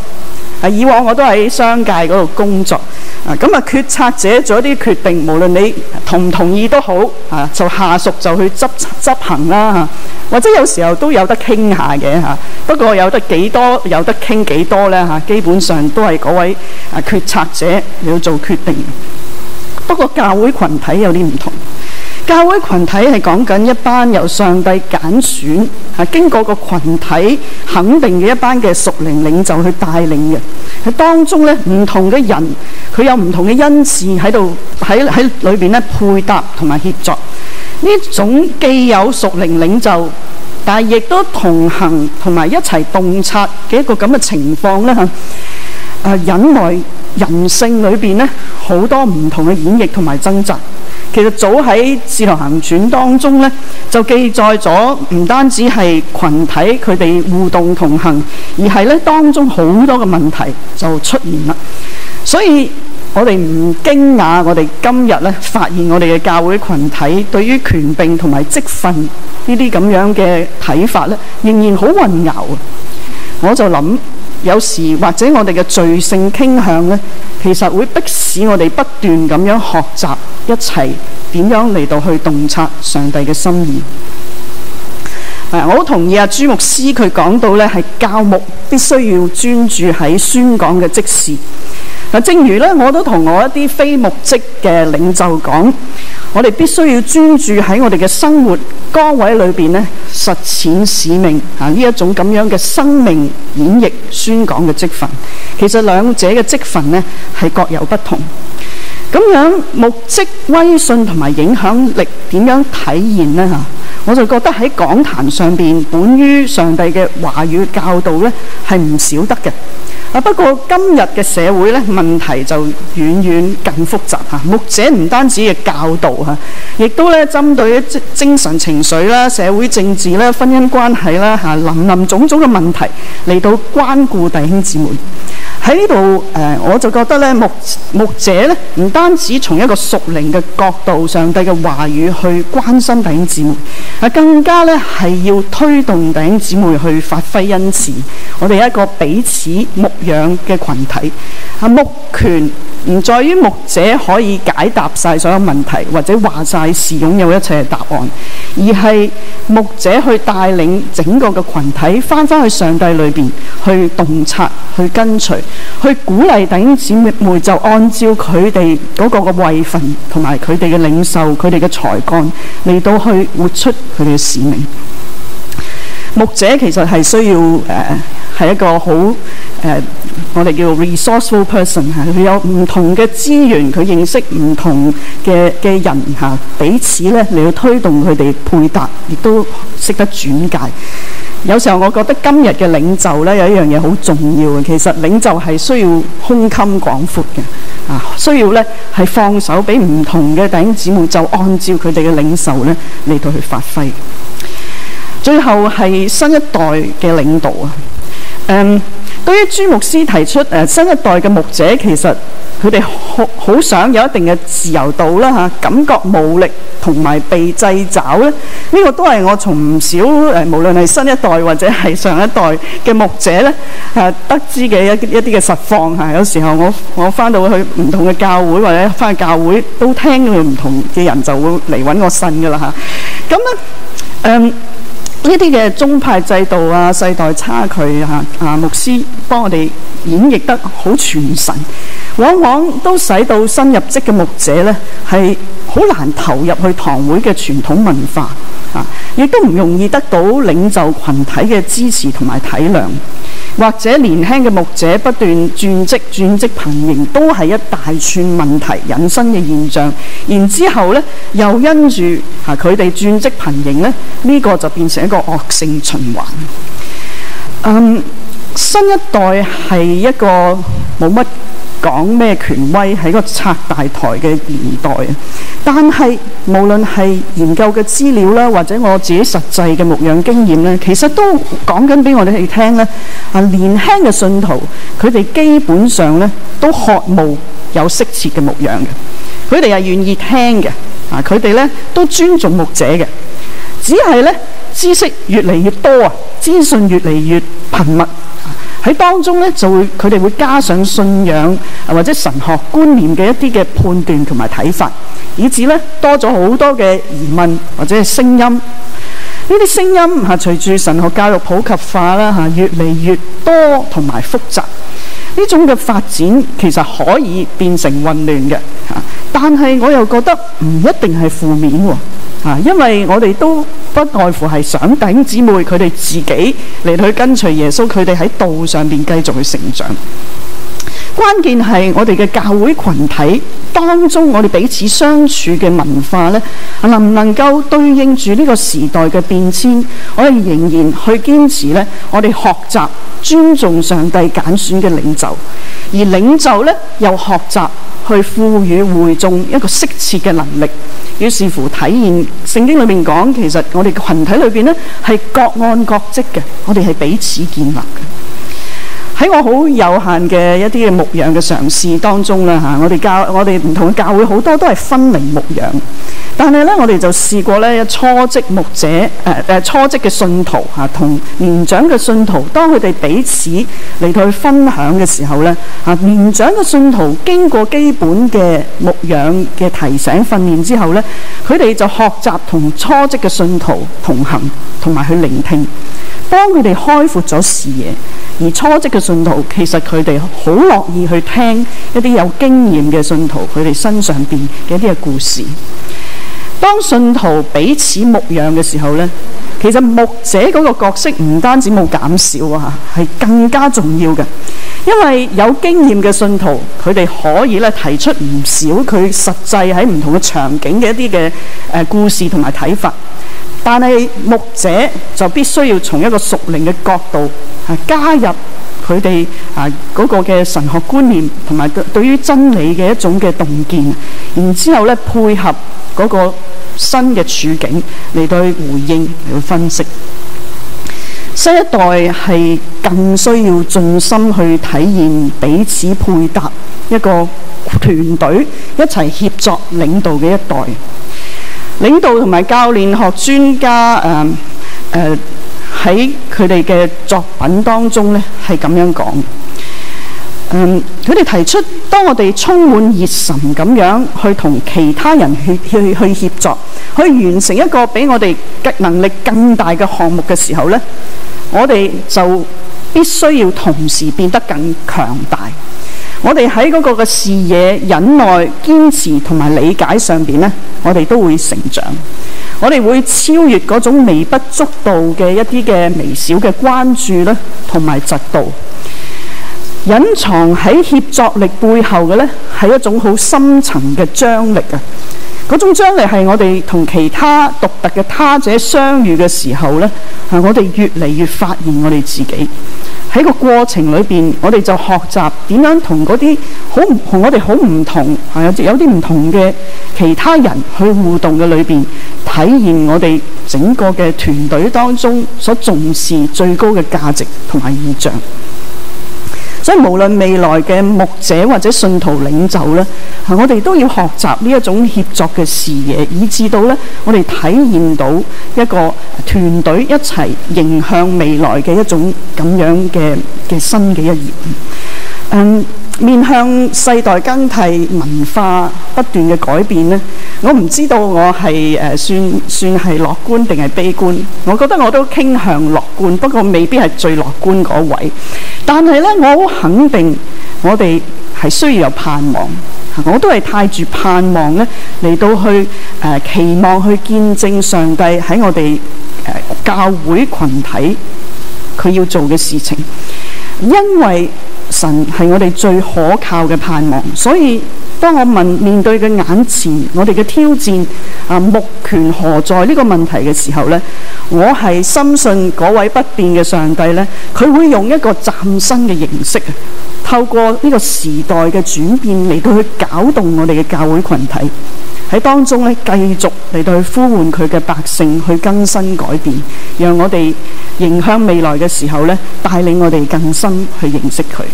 以往我都喺商界嗰度工作啊，咁啊，決策者做一啲決定，無論你同唔同意都好啊，就下屬就去執執行啦。或者有時候都有得傾下嘅嚇，不過有得幾多，有得傾幾多呢，基本上都係嗰位啊決策者要做決定。不過教會群體有啲唔同。教會羣體係講緊一班由上帝揀選，係經過個羣體肯定嘅一班嘅屬靈領袖去帶領嘅。喺當中咧，唔同嘅人，佢有唔同嘅恩賜喺度，喺喺裏邊咧配搭同埋協助。呢種既有屬靈領袖，但係亦都同行同埋一齊洞察嘅一個咁嘅情況咧，嚇誒引來人性裏邊咧好多唔同嘅演繹同埋掙扎。其實早喺《志同行傳》當中呢，就記載咗唔單止係群體佢哋互動同行，而係咧當中好多嘅問題就出現啦。所以我哋唔驚訝，我哋今日咧發現我哋嘅教會群體對於權柄同埋職分呢啲咁樣嘅睇法咧，仍然好混淆啊！我就諗。有時或者我哋嘅罪性傾向呢，其實會迫使我哋不斷咁樣學習一齊點樣嚟到去洞察上帝嘅心意。啊，我好同意啊，朱牧師佢講到呢，係教牧必須要專注喺宣講嘅即時。嗱，啊，正如呢，我都同我一啲非牧職嘅領袖講。我哋必須要專注喺我哋嘅生活崗位裏邊咧，實踐使命啊！呢一種咁樣嘅生命演繹宣講嘅職分，其實兩者嘅職分呢係各有不同。咁樣牧職威信同埋影響力點樣體現呢？嚇，我就覺得喺講壇上邊，本於上帝嘅話語教導呢係唔少得嘅。啊！不過今日嘅社會咧，問題就遠遠更複雜嚇。牧者唔單止嘅教導嚇，亦都咧針對精神情緒啦、社會政治啦、婚姻關係啦嚇，林林種種嘅問題嚟到關顧弟兄姊妹。喺呢度，誒、呃、我就覺得咧牧牧者咧唔單止從一個屬靈嘅角度，上帝嘅話語去關心弟兄姊妹，啊更加咧係要推動弟兄姊妹去發揮恩賜。我哋一個彼此牧養嘅群體，啊牧權唔在於牧者可以解答晒所有問題，或者話晒事，擁有一切嘅答案，而係牧者去帶領整個嘅群體翻返去上帝裏邊去洞察、去跟隨。去鼓勵弟兄姊妹就按照佢哋嗰個個位份同埋佢哋嘅領袖、佢哋嘅才幹嚟到去活出佢哋嘅使命。牧者其實係需要誒，係、呃、一個好誒。呃我哋叫 resourceful person 嚇、啊，佢有唔同嘅資源，佢認識唔同嘅嘅人嚇、啊，彼此咧嚟到推動佢哋配搭，亦都識得轉介。有時候我覺得今日嘅領袖咧有一樣嘢好重要嘅，其實領袖係需要胸襟廣闊嘅啊，需要咧係放手俾唔同嘅弟兄姊妹，就按照佢哋嘅領袖咧嚟到去發揮。最後係新一代嘅領導啊，誒、um。對於朱牧師提出誒新一代嘅牧者，其實佢哋好好想有一定嘅自由度啦嚇，感覺無力同埋被掣肘咧，呢個都係我從唔少誒，無論係新一代或者係上一代嘅牧者咧，誒得知嘅一啲一啲嘅實況嚇。有時候我我返到去唔同嘅教會或者返去教會都聽到唔同嘅人就會嚟揾我信噶啦嚇。咁咧誒。呢啲嘅宗派制度啊、世代差距啊、啊牧師幫我哋演繹得好傳神，往往都使到新入職嘅牧者呢，係好難投入去堂會嘅傳統文化啊，亦都唔容易得到領袖群體嘅支持同埋體諒。或者年輕嘅牧者不斷轉職，轉職頻仍，都係一大串問題引申嘅現象。然之後呢，又因住嚇佢哋轉職頻仍咧，呢、這個就變成一個惡性循環。嗯，新一代係一個冇乜。講咩權威係一個拆大台嘅年代啊！但係無論係研究嘅資料啦，或者我自己實際嘅牧養經驗咧，其實都講緊俾我哋聽咧。啊，年輕嘅信徒佢哋基本上咧都渴慕有適切嘅牧養嘅，佢哋係願意聽嘅。啊，佢哋咧都尊重牧者嘅，只係咧知識越嚟越多啊，資訊越嚟越頻密。喺當中咧就會佢哋會加上信仰或者神學觀念嘅一啲嘅判斷同埋睇法，以致咧多咗好多嘅疑問或者係聲音，呢啲聲音嚇，隨住、啊、神學教育普及化啦、啊、越嚟越多同埋複雜呢種嘅發展其實可以變成混亂嘅、啊、但係我又覺得唔一定係負面喎。啊，因為我哋都不外乎係想弟兄姊妹佢哋自己嚟，去跟隨耶穌，佢哋喺道上面繼續去成長。關鍵係我哋嘅教會群體當中，我哋彼此相處嘅文化呢，能唔能夠對應住呢個時代嘅變遷？我哋仍然去堅持呢，我哋學習尊重上帝揀選嘅領袖。而領袖咧，又學習去賦予會眾一個適切嘅能力，於是乎體現聖經裏面講，其實我哋群體裏邊咧，係各按各職嘅，我哋係彼此建立的。喺我好有限嘅一啲嘅牧養嘅嘗試當中啦嚇、啊，我哋教我哋唔同嘅教會好多都係分齡牧養。但係咧，我哋就試過咧，初職牧者誒誒、呃、初職嘅信徒嚇、啊、同年長嘅信徒，當佢哋彼此嚟到去分享嘅時候咧嚇、啊，年長嘅信徒經過基本嘅牧養嘅提醒訓練之後咧，佢哋就學習同初職嘅信徒同行同埋去聆聽。當佢哋開闊咗視野，而初職嘅信徒其實佢哋好樂意去聽一啲有經驗嘅信徒佢哋身上邊嘅一啲嘅故事。當信徒彼此牧養嘅時候呢，其實牧者嗰個角色唔單止冇減少啊，係更加重要嘅。因為有經驗嘅信徒佢哋可以咧提出唔少佢實際喺唔同嘅場景嘅一啲嘅誒故事同埋睇法。但係牧者就必須要從一個熟齡嘅角度啊，加入佢哋啊嗰個嘅神學觀念同埋對於真理嘅一種嘅洞見，然之後咧配合嗰個新嘅處境嚟對回應嚟分析。新一代係更需要重心去體驗彼此配搭，一個團隊一齊協作領導嘅一代。領導同埋教練學專家，誒誒喺佢哋嘅作品當中咧，係咁樣講。嗯，佢哋提出，當我哋充滿熱忱咁樣去同其他人去去去協作，去完成一個比我哋嘅能力更大嘅項目嘅時候咧，我哋就必須要同時變得更強大。我哋喺嗰個嘅視野、忍耐、堅持同埋理解上邊呢，我哋都會成長。我哋會超越嗰種微不足道嘅一啲嘅微小嘅關注咧，同埋嫉妒。隱藏喺協作力背後嘅呢，係一種好深層嘅張力啊！嗰種張力係我哋同其他獨特嘅他者相遇嘅時候呢，係，我哋越嚟越發現我哋自己。喺個過程裏邊，我哋就學習點樣同嗰啲好唔同我哋好唔同啊，有有啲唔同嘅其他人去互動嘅裏邊，體驗我哋整個嘅團隊當中所重視最高嘅價值同埋意象。所以無論未來嘅牧者或者信徒領袖咧，我哋都要學習呢一種協作嘅視野，以至到呢，我哋體驗到一個團隊一齊迎向未來嘅一種咁樣嘅新嘅一頁。嗯。面向世代更替、文化不斷嘅改變呢，我唔知道我係算算係樂觀定係悲觀。我覺得我都傾向樂觀，不過未必係最樂觀嗰位。但係咧，我好肯定我哋係需要有盼望。我都係帶住盼望呢嚟到去、呃、期望去見證上帝喺我哋教會群體佢要做嘅事情，因為。神係我哋最可靠嘅盼望，所以當我問面對嘅眼前我哋嘅挑戰啊，牧權何在呢個問題嘅時候呢，我係深信嗰位不變嘅上帝呢，佢會用一個嶄新嘅形式。透過呢個時代嘅轉變嚟到去搞動我哋嘅教會羣體，喺當中咧繼續嚟到去呼喚佢嘅百姓，去更新改變，讓我哋迎向未來嘅時候咧，帶領我哋更深去認識佢。呢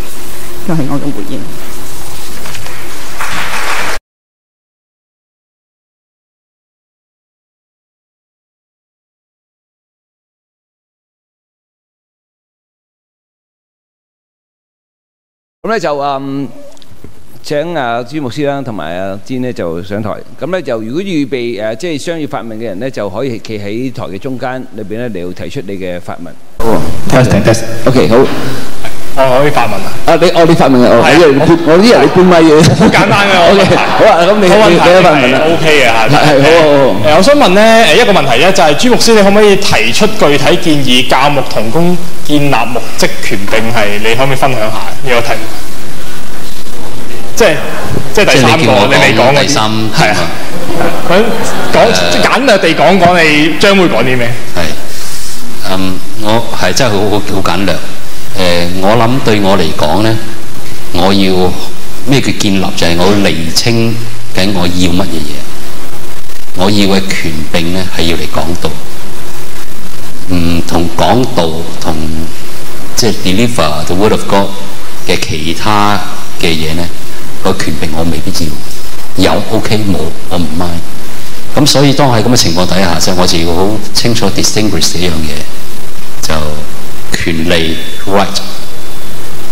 個係我嘅回應。咁咧就嗯，請阿朱牧師啦，同埋阿詹咧就上台。咁咧就如果預備誒，即係商業發問嘅人咧，就可以企喺台嘅中間裏邊咧，你要提出你嘅發問。哦，test test，OK，好。我可以發問啊？啊，你哦，你發問啊，我我啲人你半乜嘢，好簡單嘅，O K，好啊，咁你你你發問啦，O K 嘅嚇，係係，好，好。好我想問咧，誒一個問題咧，就係朱牧師，你可唔可以提出具體建議，教牧同工建立牧職權，定係你可唔可以分享下？如果提，即係即係第三個，你未講嘅，係啊，佢講簡略地講講，你將會講啲咩？係，嗯，我係真係好好好簡略。誒、呃，我諗對我嚟講咧，我要咩叫建立？就係、是、我，我要釐清緊我要乜嘢嘢。我以為權柄咧係要嚟講道，嗯，同講道同即係 deliver the word of God 嘅其他嘅嘢咧，個權柄我未必要。有 OK 冇，我唔 mind。咁所以當係咁嘅情況底下，即係我就要好清楚 distinguish 呢樣嘢就。權利 （right）、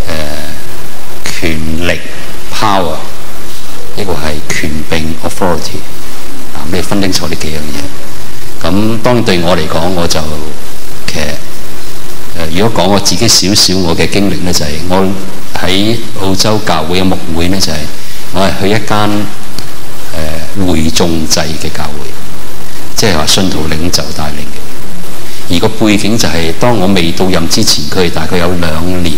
呃、誒權力 （power）、一個係權柄 （authority），啊，你分清楚呢幾樣嘢。咁當然對我嚟講我就其實誒、呃、如果講我自己少少我嘅經歷咧，就係、是、我喺澳洲教會嘅牧會咧，就係、是、我係去一間誒、呃、會眾制嘅教會，即係話信徒領袖帶領嘅。而個背景就係、是，當我未到任之前，佢哋大概有兩年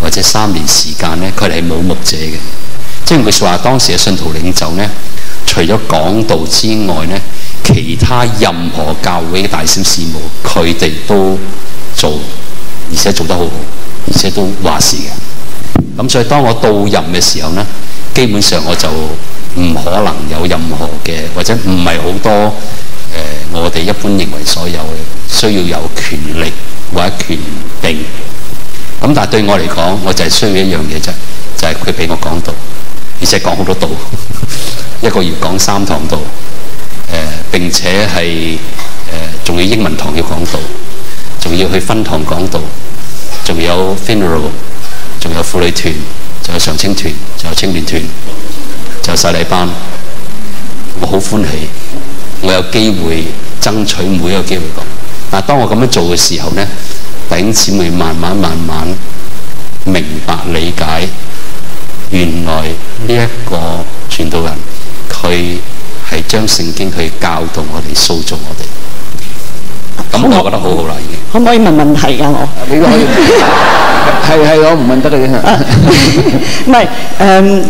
或者三年時間呢，佢哋係冇牧者嘅。即係佢哋話，當時嘅信徒領袖呢，除咗講道之外呢，其他任何教會嘅大小事務，佢哋都做，而且做得好好，而且都話事嘅。咁所以，當我到任嘅時候呢，基本上我就唔可能有任何嘅，或者唔係好多誒、呃，我哋一般認為所有嘅，，需要有權力或者權柄，咁但係對我嚟講，我就係需要一樣嘢啫，就係佢俾我講道，而且講好多道，一個月講三堂道，誒、呃、並且係誒仲要英文堂要講道，仲要去分堂講道，仲有 funeral，仲有婦女團，仲有常青團，仲有青年團，仲有細禮班，我好歡喜，我有機會爭取每一個機會講。嗱，當我咁樣做嘅時候咧，弟兄姊妹慢慢慢慢明白理解，原來呢一個傳道人佢係將聖經去教導我哋、塑造我哋。咁我覺得好好啦，已經，可唔可以問問題噶我？你可以，係係我唔問得嘅，唔係誒，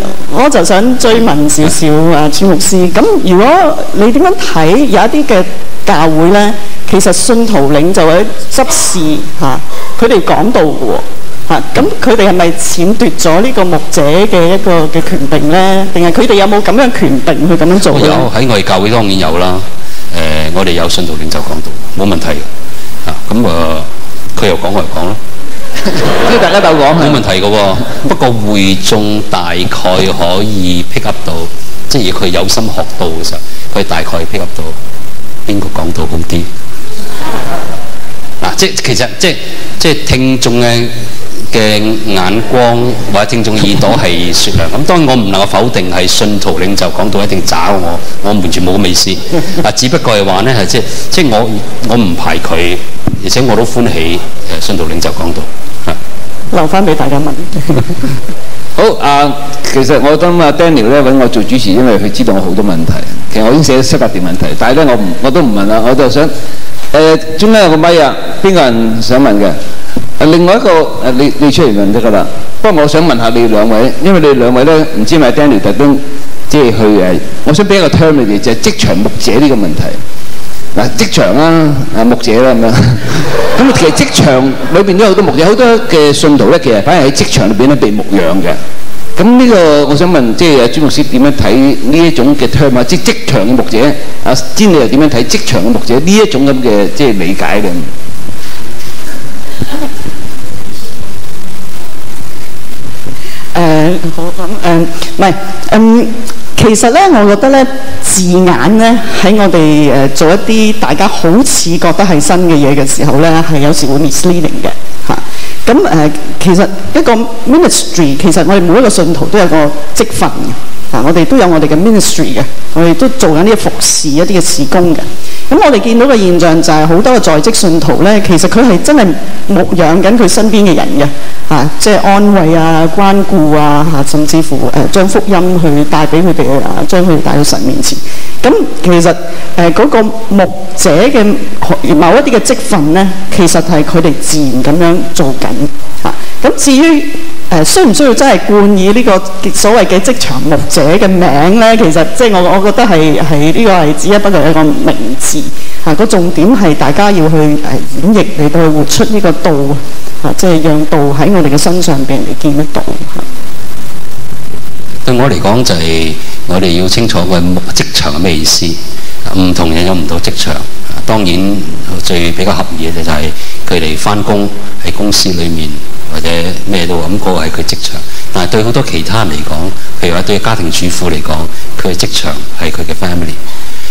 我就想追問少少啊，朱牧師。咁如果你點樣睇有一啲嘅教會咧，其實信徒領袖或者執事吓，佢哋講道嘅吓，咁佢哋係咪僭奪咗呢個牧者嘅一個嘅權柄咧？定係佢哋有冇咁樣權柄去咁樣做咧？有喺外教會當然有啦。誒、呃，我哋有信徒領袖講到，冇問題啊，咁啊，佢、呃、又講我又講咯，即係大家都講。冇 問題嘅喎、哦，不過會眾大概可以 pick up 到，即係佢有心學到嘅時候，佢大概 pick up 到邊個講到好啲。嗱、 啊，即係其實即係即係聽眾嘅嘅眼光或者聽眾耳朵係雪亮，咁當然我唔能夠否定係信徒領袖講到一定找我，我完全冇咁嘅意思。啊，只不過係話咧係即即我我唔排佢，而且我都歡喜誒信徒領袖講到嚇。留翻俾大家問。好啊，其實我今啊 Daniel 咧揾我做主持，因為佢知道我好多問題。其實我已經寫咗七八點問題，但係咧我唔我都唔問啦，我就想誒中間有個咪啊，邊個人想問嘅？啊，另外一個啊，你你出嚟問得噶啦。不過我想問下你兩位，因為你兩位咧，唔知咪 Danny 特登即係去誒，我想畀一個 term 你哋就係職場牧者呢個問題。嗱，職場啦，啊牧者啦咁樣。咁啊，其實職場裏邊都有好多牧者，好多嘅信徒咧，其實反而喺職場裏邊咧被牧養嘅。咁呢個我想問，即係阿朱牧師點樣睇呢一種嘅 term，即係職場嘅牧者。阿詹你又點樣睇職場嘅牧者呢一種咁嘅即係理解嘅？誒，好咁。誒，唔係，嗯，其實咧，我覺得咧，字眼咧，喺我哋誒做一啲大家好似覺得係新嘅嘢嘅時候咧，係有時會 misleading 嘅，吓、uh。咁誒，其實一個 ministry，其實我哋每一個信徒都有個職份嘅，啊，我哋都有我哋嘅 ministry 嘅，我哋都做緊啲服事一啲嘅事工嘅。咁我哋見到嘅現象就係好多嘅在職信徒咧，其實佢係真係牧養緊佢身邊嘅人嘅，啊，即係安慰啊、關顧啊，甚至乎誒將福音去帶俾佢哋啊，將佢哋帶到神面前。咁其實誒嗰個牧者嘅某一啲嘅職份咧，其實係佢哋自然咁樣做緊。吓，咁至於誒、呃，需唔需要真係冠以呢個所謂嘅職場牧者嘅名咧？其實即係我我覺得係係呢個係只不，就係一個名字吓。個、啊、重點係大家要去誒演繹，嚟到去活出呢個道啊，即係讓道喺我哋嘅身上，俾人哋見得到吓。啊、對我嚟講就係、是、我哋要清楚個職場係咩意思，唔同人有唔到職場、啊。當然最比較合意嘅就係、是。佢哋翻工喺公司裏面或者咩都咁，嗰個係佢職場，但係對好多其他人嚟講，譬如話對家庭主婦嚟講，佢嘅職場係佢嘅 family。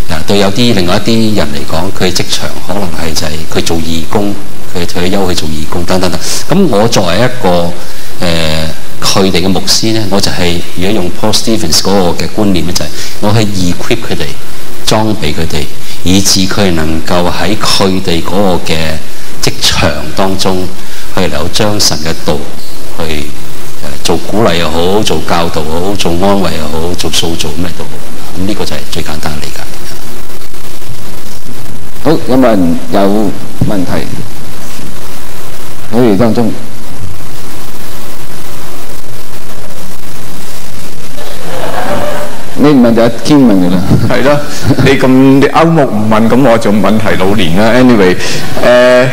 嗱、啊，對有啲另外一啲人嚟講，佢嘅職場可能係就係佢做義工，佢退休去做義工等、等等等。咁、嗯、我作為一個誒佢哋嘅牧師呢，我就係、是、如果用 Paul Stevens 嗰個嘅觀念呢、就是，就係我係 equip 佢哋裝備佢哋，以至佢能夠喺佢哋嗰個嘅職場當中，去嚟有將神嘅道去誒做鼓勵又好，做教導又好，做安慰又好，做塑造咩都好，咁、這、呢個就係最簡單嘅理解。好，有冇人有問題？可以講中。你唔問就一兼問㗎啦，係、啊、咯？ 你咁啲歐目唔問，咁我就問。題老年啦。anyway，誒、呃、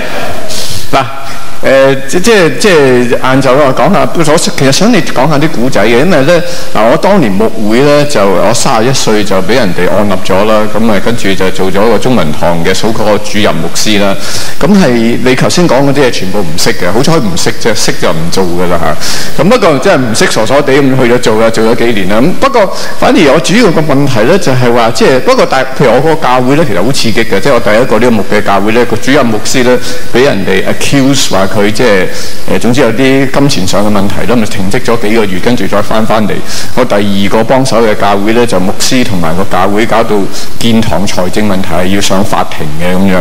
嗱。誒、呃、即即即晏晝啦，講下，下，我其實想你講下啲古仔嘅，因為咧嗱，我當年牧會咧就我三十一歲就俾人哋按立咗啦，咁啊跟住就做咗個中文堂嘅數個主任牧師啦。咁、嗯、係你頭先講嗰啲嘢全部唔識嘅，好彩唔識啫，識就唔做噶啦嚇。咁、嗯、不過真係唔識傻傻地咁去咗做啦，做咗幾年啦、嗯。不過反而我主要個問題咧就係、是、話，即係不過大譬如我嗰個教會咧，其實好刺激嘅，即係我第一個呢個牧嘅教會咧，個主任牧師咧俾人哋 accuse 話。佢即係誒，總之有啲金錢上嘅問題啦，咁咪停職咗幾個月，跟住再翻翻嚟。我第二個幫手嘅教會咧，就牧師同埋個教會搞到建堂財政問題，要上法庭嘅咁樣。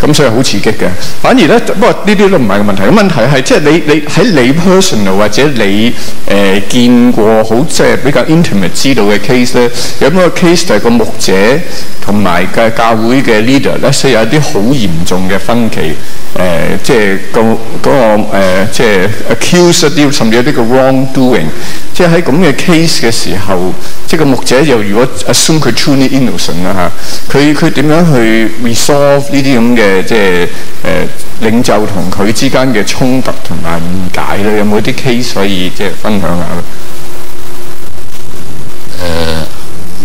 咁所以好刺激嘅。反而咧，不過呢啲都唔係個問題。個問題係即係你你喺你 personal 或者你誒、呃、見過好即係比較 intimate 知道嘅 case 咧，有冇個 case 就係個牧者同埋嘅教會嘅 leader 咧，所以有啲好嚴重嘅分歧誒，即、呃、係、就是、個。嗰、那個、呃、即係 accuse 一啲，accused，甚至有啲個 wrongdoing。即係喺咁嘅 case 嘅時候，即係個牧者又如果 assume 佢 truly innocent 啦嚇，佢佢點樣去 resolve 呢啲咁嘅即係誒、呃、領袖同佢之間嘅衝突同埋誤解咧？有冇啲 case 可以即係分享下？誒、呃，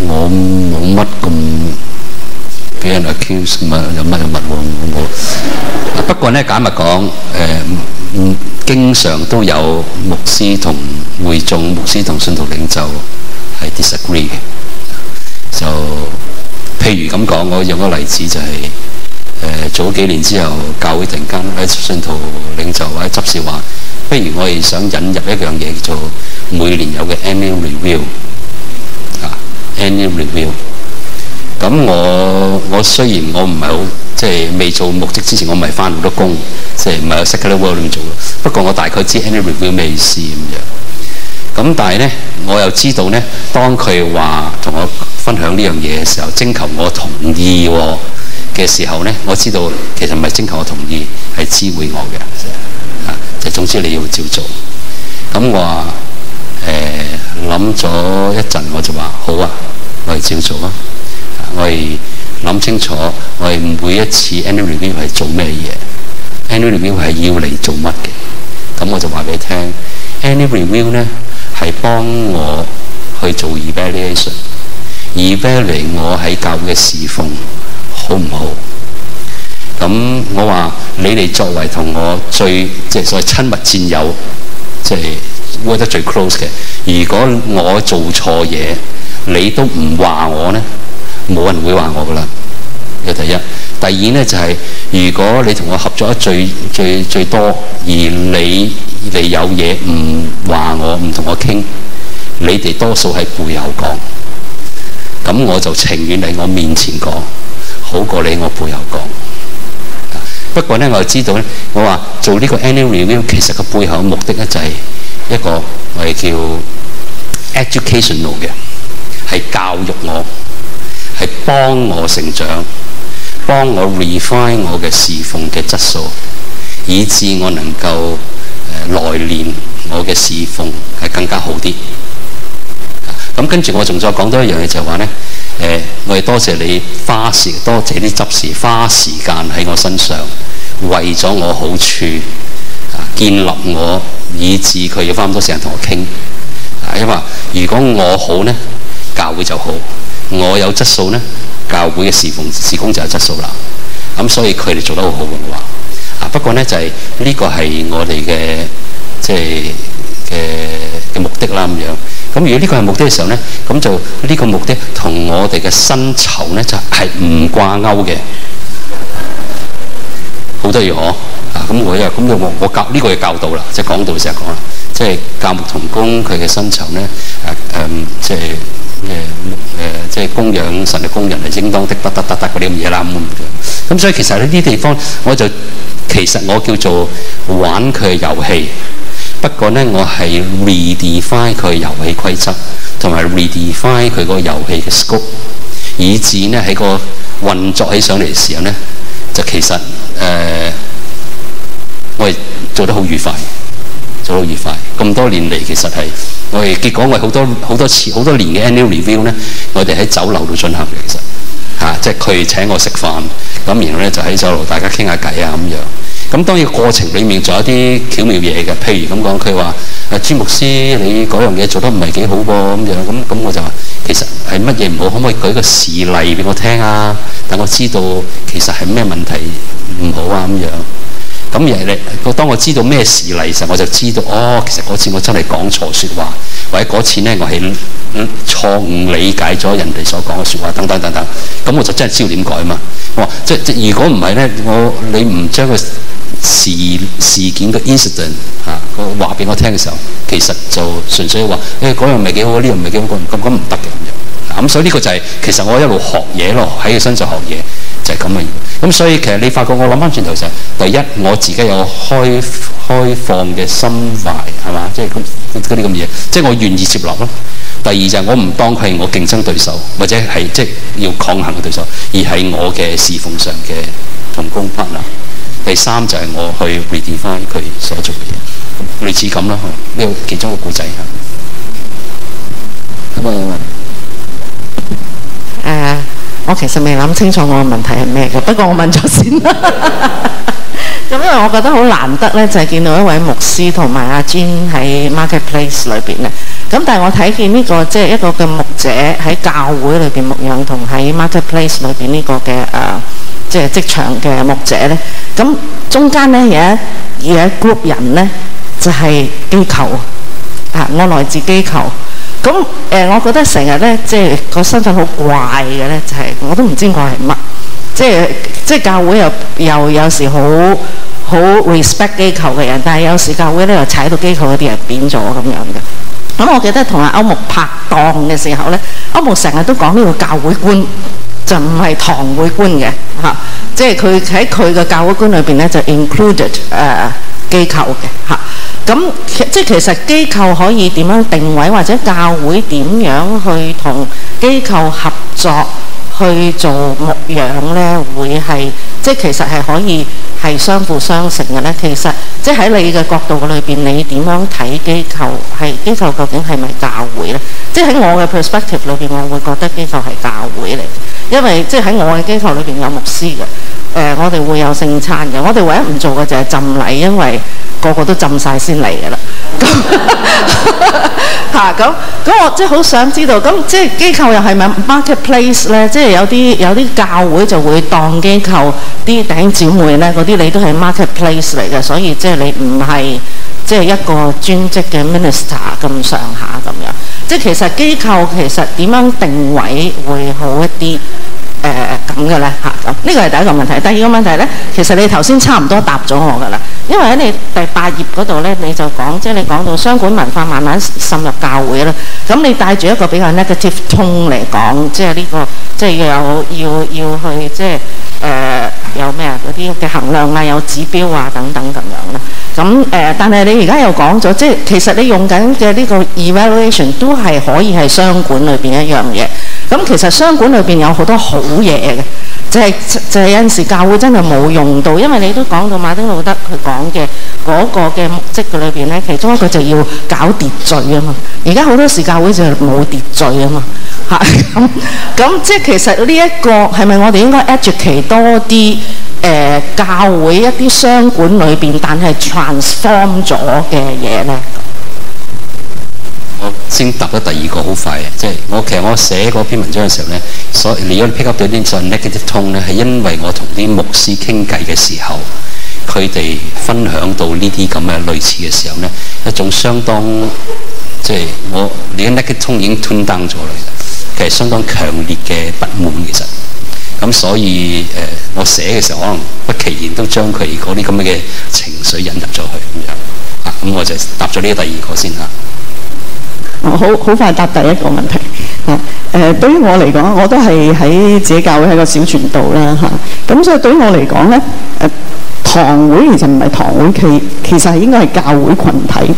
我冇乜咁俾人 accuse 嘛，有乜有乜喎？我。我不過呢，簡白講，誒，經常都有牧師同會眾、牧師同信徒領袖係 disagree 嘅。就譬如咁講，我用個例子就係，誒，早幾年之後，教會突然間喺信徒領袖或者執事話，不如我哋想引入一樣嘢，叫做每年有嘅 annual review 啊，annual review。咁我我雖然我唔係好，即係未做目的之前，我唔係翻好多工，即係唔係喺 secular world 裏面做。不過我大概知 any review 咩意思咁樣。咁但係咧，我又知道咧，當佢話同我分享呢樣嘢嘅時候，徵求我同意嘅、哦、時候咧，我知道其實唔係徵求我同意，係知會我嘅。啊，就總之你要照做。咁我話，誒諗咗一陣，我就話好啊，我係照做啊。我哋諗清楚，我係每一次 any review 係做咩嘢？any review 係要嚟做乜嘅？咁我就話你聽，any review 咧係幫我去做 evaluation，evaluate 我喺舊嘅侍奉好唔好？咁我話你哋作為同我最即係最親密戰友，即係握得最 close 嘅，如果我做錯嘢，你都唔話我咧？冇人會話我噶啦，呢個第一。第二呢，就係、是，如果你同我合作得最最最多，而你你有嘢唔話我，唔同我傾，你哋多數喺背後講，咁我就情願喺我面前講，好過你喺我背後講。不過呢，我又知道呢，我話做呢個 annual review 其實個背後的目的呢，就係一個我哋叫 educational 嘅，係教育我。係幫我成長，幫我 refine 我嘅侍奉嘅質素，以致我能夠誒、呃、來年我嘅侍奉係更加好啲。咁、啊、跟住我仲再講多一樣嘢就係話咧，誒、呃、我哋多謝你花時，多謝啲執事花時間喺我身上，為咗我好處啊，建立我，以致佢要花咁多時間同我傾、啊。因為如果我好呢，教會就好。我有質素呢，教會嘅事奉事工就有質素啦。咁、嗯、所以佢哋做得好好嘅話，啊不過呢就係、是、呢、這個係我哋嘅即係嘅嘅目的啦咁樣。咁、嗯、如果呢個係目的嘅時候呢，咁就呢、這個目的同我哋嘅薪酬呢就係唔掛鈎嘅。好多嘢嗬、哦。咁、啊嗯我,嗯、我教呢、這個嘢教到啦，即係講到成日講啦，即係教牧同工佢嘅薪酬呢，誒、啊嗯、即係。誒誒、呃呃，即係供養神嘅工人係應當的，得得得得嗰啲咁嘢啦，咁樣。咁所以其實呢啲地方，我就其實我叫做玩佢嘅遊戲，不過呢，我係 redefine 佢遊戲規則，同埋 redefine 佢個遊戲嘅 scope，以至呢喺個運作起上嚟嘅時候呢，就其實誒、呃，我係做得好愉快。做到愉快，咁多年嚟其實係，我哋結果我好多好多次好多年嘅 annual review 咧，我哋喺酒樓度進行嘅，其實嚇、啊，即係佢請我食飯，咁然後咧就喺酒樓大家傾下偈啊咁樣，咁當然過程裡面仲有啲巧妙嘢嘅，譬如咁講，佢話、啊、朱牧師你嗰樣嘢做得唔係幾好噃、啊、咁樣，咁咁我就話其實係乜嘢唔好，可唔可以舉個示例俾我聽啊？等我知道其實係咩問題唔好啊咁樣。咁而係你，當我知道咩事嚟時候，我就知道哦，其實嗰次我真係講錯說話，或者嗰次咧我係錯誤理解咗人哋所講嘅說話等等等等。咁我就真係知道點改嘛。哇、哦！即係即係如果唔係咧，我你唔將個事事件個 incident 嚇、啊、個話俾我聽嘅時候，其實就純粹話誒、欸、樣唔係幾好，呢樣唔係幾好，嗰樣咁咁唔得嘅咁樣。咁所以呢個就係、是、其實我一路學嘢咯，喺佢身上學嘢就係咁嘅樣。咁所以其實你發覺我諗翻轉頭就第一我自己有開開放嘅心懷係嘛，即係咁嗰啲咁嘢，即係我願意接納咯。第二就係我唔當佢係我競爭對手，或者係即係要抗衡嘅對手，而係我嘅侍奉上嘅同工分享。第三就係我去 mitigate 佢所做嘅嘢，類似咁咯。呢個其中嘅故仔咁啊？誒，uh, 我其實未諗清楚我嘅問題係咩嘅，不過我問咗先啦。咁因為我覺得好難得咧，就係、是、見到一位牧師同埋阿 Gin 喺 Marketplace 裏邊咧。咁但係我睇見呢、這個即係一個嘅牧者喺教會裏邊牧養，同喺 Marketplace 裏邊呢個嘅誒、呃，即係職場嘅牧者咧。咁中間咧有一有一 group 人咧，就係機構啊，我來自機構。咁誒、呃，我覺得成日咧，即係個身份好怪嘅咧，就係、是、我都唔知怪係乜，即係即係教會又又有時好好 respect 機構嘅人，但係有時教會咧又踩到機構嗰啲人扁咗咁樣嘅。咁我記得同阿歐木拍檔嘅時候咧，歐木成日都講呢個教會觀就唔係堂會觀嘅嚇，即係佢喺佢嘅教會觀裏邊咧就 included 誒、uh, 機構嘅嚇，咁即係其實機構可以點樣定位，或者教會點樣去同機構合作去做牧養呢？會係即係其實係可以係相輔相成嘅呢。其實，相相其實即係喺你嘅角度裏邊，你點樣睇機構係機構究竟係咪教會呢？即係喺我嘅 perspective 裏邊，我會覺得機構係教會嚟。因為即係喺我嘅機構裏邊有牧師嘅，誒、呃、我哋會有聖餐嘅，我哋唯一唔做嘅就係浸禮，因為個個都浸晒先嚟嘅啦。嚇 咁、 啊，咁我即係好想知道，咁即係機構又係咪 marketplace 咧？即係有啲有啲教會就會當機構啲頂姊妹咧，嗰啲你都係 marketplace 嚟嘅，所以即係你唔係即係一個專職嘅 minister 咁上下咁樣。即係其實機構其實點樣定位會好一啲誒，咁嘅咧？嚇，咁呢、啊呢個係第一個問題，第二個問題咧，其實你頭先差唔多答咗我㗎啦，因為喺你第八頁嗰度咧，你就講即係你講到商管文化慢慢滲入教會啦，咁、嗯、你帶住一個比較 negative tone 嚟講，即係呢、呢個即係要有要要去即係誒、呃、有咩啊嗰啲嘅衡量啊，有指標啊等等等等啦。咁誒、呃，但係你而家又講咗，即係其實你用緊嘅呢個 evaluation 都係可以係商管裏邊一樣嘅。咁其實商管裏邊有好多好嘢嘅，就係、是、就係、是、有陣時教會真係冇用到，因為你都講到馬丁路德佢講嘅嗰個嘅目的嘅裏邊咧，其中一個就要搞秩序啊嘛。而家好多時教會就冇秩序啊嘛，嚇咁咁即係其實呢、這、一個係咪我哋應該 educate 多啲誒、呃、教會一啲商管裏邊但係 transform 咗嘅嘢咧？我先答咗第二個好快嘅，即係我其實我寫嗰篇文章嘅時候咧，所你要 pick up 到呢啲 negative tone 咧，係因為我同啲牧師傾偈嘅時候，佢哋分享到呢啲咁嘅類似嘅時候咧，一種相當即係我你 negative tone 已經 turn down 咗啦，其實相當強烈嘅不滿其實，咁所以誒、呃、我寫嘅時候可能不其然都將佢嗰啲咁嘅情緒引入咗去咁樣，啊咁、嗯、我就答咗呢個第二個先啦。哦、好好快答第一個問題。啊，誒、呃，對於我嚟講，我都係喺自己教會係個小傳道啦，嚇、啊。咁所以對於我嚟講咧，誒、啊、堂會其實唔係堂會企，其其實係應該係教會群體，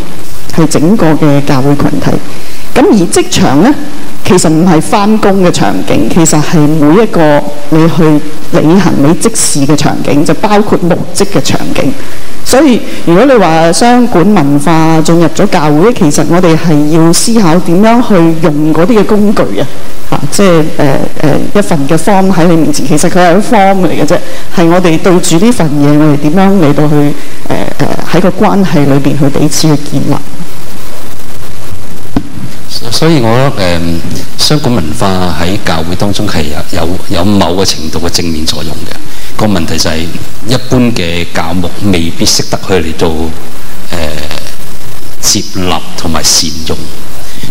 係整個嘅教會群體。咁而職場呢，其實唔係返工嘅場景，其實係每一個你去履行你職事嘅場景，就包括牧職嘅場景。所以如果你話商管文化進入咗教會，其實我哋係要思考點樣去用嗰啲嘅工具啊，嚇，即係誒誒一份嘅 form 喺你面前，其實佢係一 form 嚟嘅啫，係我哋對住呢份嘢，我哋點樣嚟到去誒誒喺個關係裏邊去彼此去建立。所以我覺得，我誒香港文化喺教會當中係有有有某個程度嘅正面作用嘅。個問題就係、是、一般嘅教牧未必識得去嚟做誒接納同埋善用。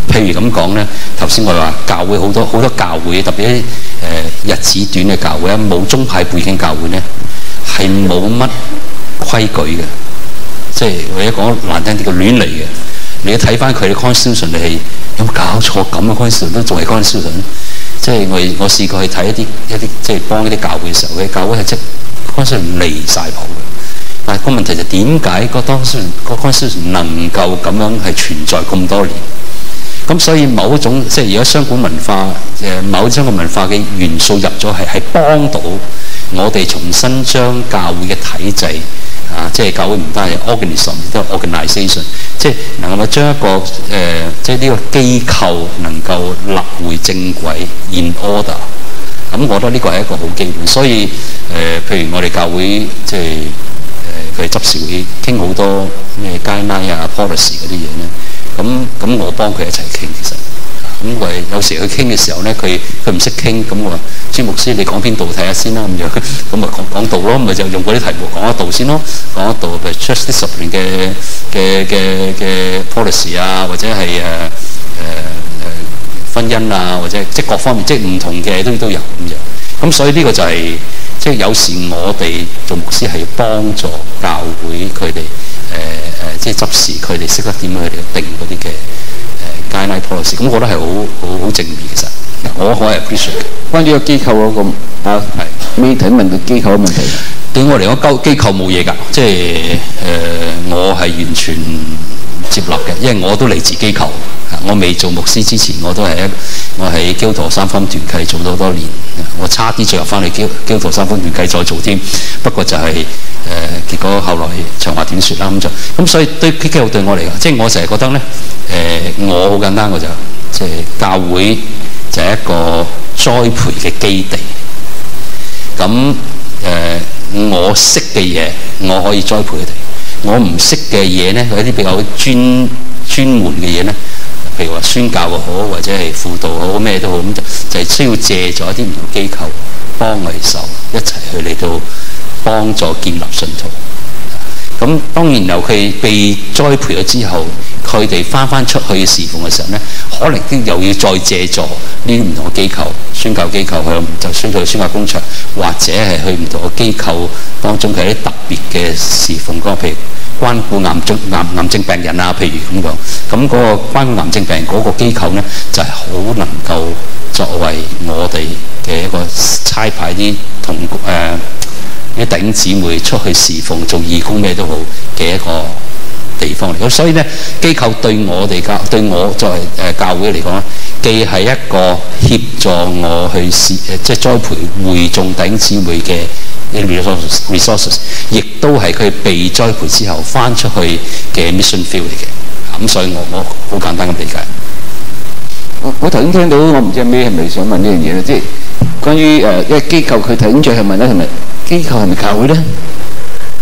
譬如咁講咧，頭先我話教會好多好多教會，特別啲、呃、日子短嘅教會啊，冇宗派背景教會咧，係冇乜規矩嘅，即係我一講難聽啲叫亂嚟嘅。你睇翻佢嘅 constitution，係有冇搞錯咁嘅、啊、constitution 都仲係 constitution？即係我我試過去睇一啲一啲，即係幫一啲教會嘅時候，佢教會係即 constitution 離晒譜嘅。但係個問題就點解個 constitution 個 constitution 能夠咁樣係存在咁多年？咁所以某一種即係而家商管文化誒，某一種嘅文化嘅元素入咗係係幫到我哋重新將教會嘅體制。啊！即係教會唔單係 organism，亦都係即係 organisation，即係能夠將一個誒、呃，即係呢個機構能夠立回正軌，in order、嗯。咁，我覺得呢個係一個好基本。所以誒、呃，譬如我哋教會即係誒，佢、呃、執事會傾好多咩 guideline 啊 policy 嗰啲嘢咧。咁、嗯、咁、嗯，我幫佢一齊傾其實。咁我有時佢傾嘅時候咧，佢佢唔識傾，咁我話：，孫牧師，你講篇道睇下先啦，咁樣，咁咪講講道咯，咪、嗯、就用嗰啲題目講一道先咯，講一道，譬如出呢十年嘅嘅嘅嘅 policy 啊，或者係誒誒誒婚姻啊，或者即係各方面，即係唔同嘅都都有咁樣。咁、嗯、所以呢個就係、是、即係有時我哋做牧師係要幫助教會佢哋誒誒，即係執事佢哋識得點樣去定嗰啲嘅。誒，誒界內措施，咁我覺得係好好好正面，其實我可係 appreciate。關於個機構嗰個啊，係咪請問機構嘅問題？是問題對我嚟講，交機構冇嘢㗎，即係誒、呃，我係完全接納嘅，因為我都嚟自機構。我未做牧師之前，我都係一我喺教徒三分團契做咗好多年，我差啲最後翻去教教三分團契再做添。不過就係、是、誒、呃，結果後來長話點説啦咁就咁，所以對基督教對我嚟講，即係我成日覺得咧誒、呃，我好簡單、就是，我就即、是、係教會就係一個栽培嘅基地。咁誒、呃，我識嘅嘢我可以栽培佢哋，我唔識嘅嘢咧，有一啲比較專專門嘅嘢咧。譬如話宣教好，或者係輔導好，咩都好，咁就就係、係需要借助一啲唔同機構幫佢手，一齊去嚟到幫助建立信徒。咁、嗯、當然由佢被栽培咗之後，佢哋翻翻出去侍奉嘅時候咧，可能又要再借助呢啲唔同嘅機構宣教機構響，就去宣教工場，或者係去唔同嘅機構當中嘅一啲特別嘅侍奉譬如。關顧癌症癌癌，癌症病人啊，譬如咁樣，咁嗰個關顧癌症病人嗰個機構咧，就係、是、好能夠作為我哋嘅一個差派啲同誒啲弟兄姊妹出去侍奉做義工咩都好嘅一個地方嚟。咁所以咧，機構對我哋教對我作為誒教會嚟講，既係一個協助我去侍誒、呃、即係栽培會眾弟兄姊妹嘅。resources resources, resources 亦都係佢被栽培之後翻出去嘅 mission field 嚟嘅，咁所以我我好簡單咁理解。我我頭先聽到我唔知係咩係咪想問呢樣嘢啦，即係關於誒一個機構佢頭先最後問咧，係咪機構係咪教會咧？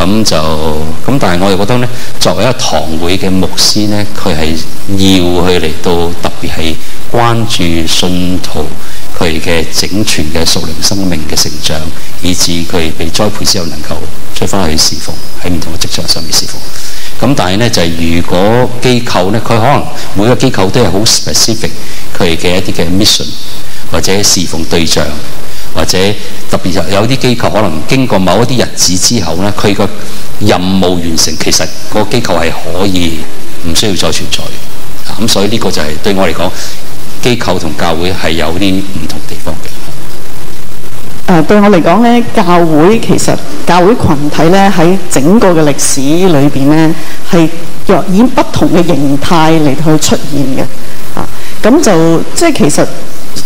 咁、嗯、就咁，但係我又覺得呢，作為一個堂會嘅牧師呢，佢係要去嚟到特別係關注信徒佢嘅整全嘅屬靈生命嘅成長，以至佢被栽培之後能夠出翻去侍奉喺唔同嘅職場上面侍奉。咁、嗯、但係呢，就係、是、如果機構呢，佢可能每個機構都係好 specific 佢嘅一啲嘅 mission 或者侍奉對象。或者特別有有啲機構，可能經過某一啲日子之後呢，佢個任務完成，其實個機構係可以唔需要再存在嘅。咁、嗯、所以呢個就係、是、對我嚟講，機構同教會係有啲唔同地方嘅。誒、呃、對我嚟講呢，教會其實教會群體呢，喺整個嘅歷史裏邊呢，係若以不同嘅形態嚟去出現嘅。咁就即係其實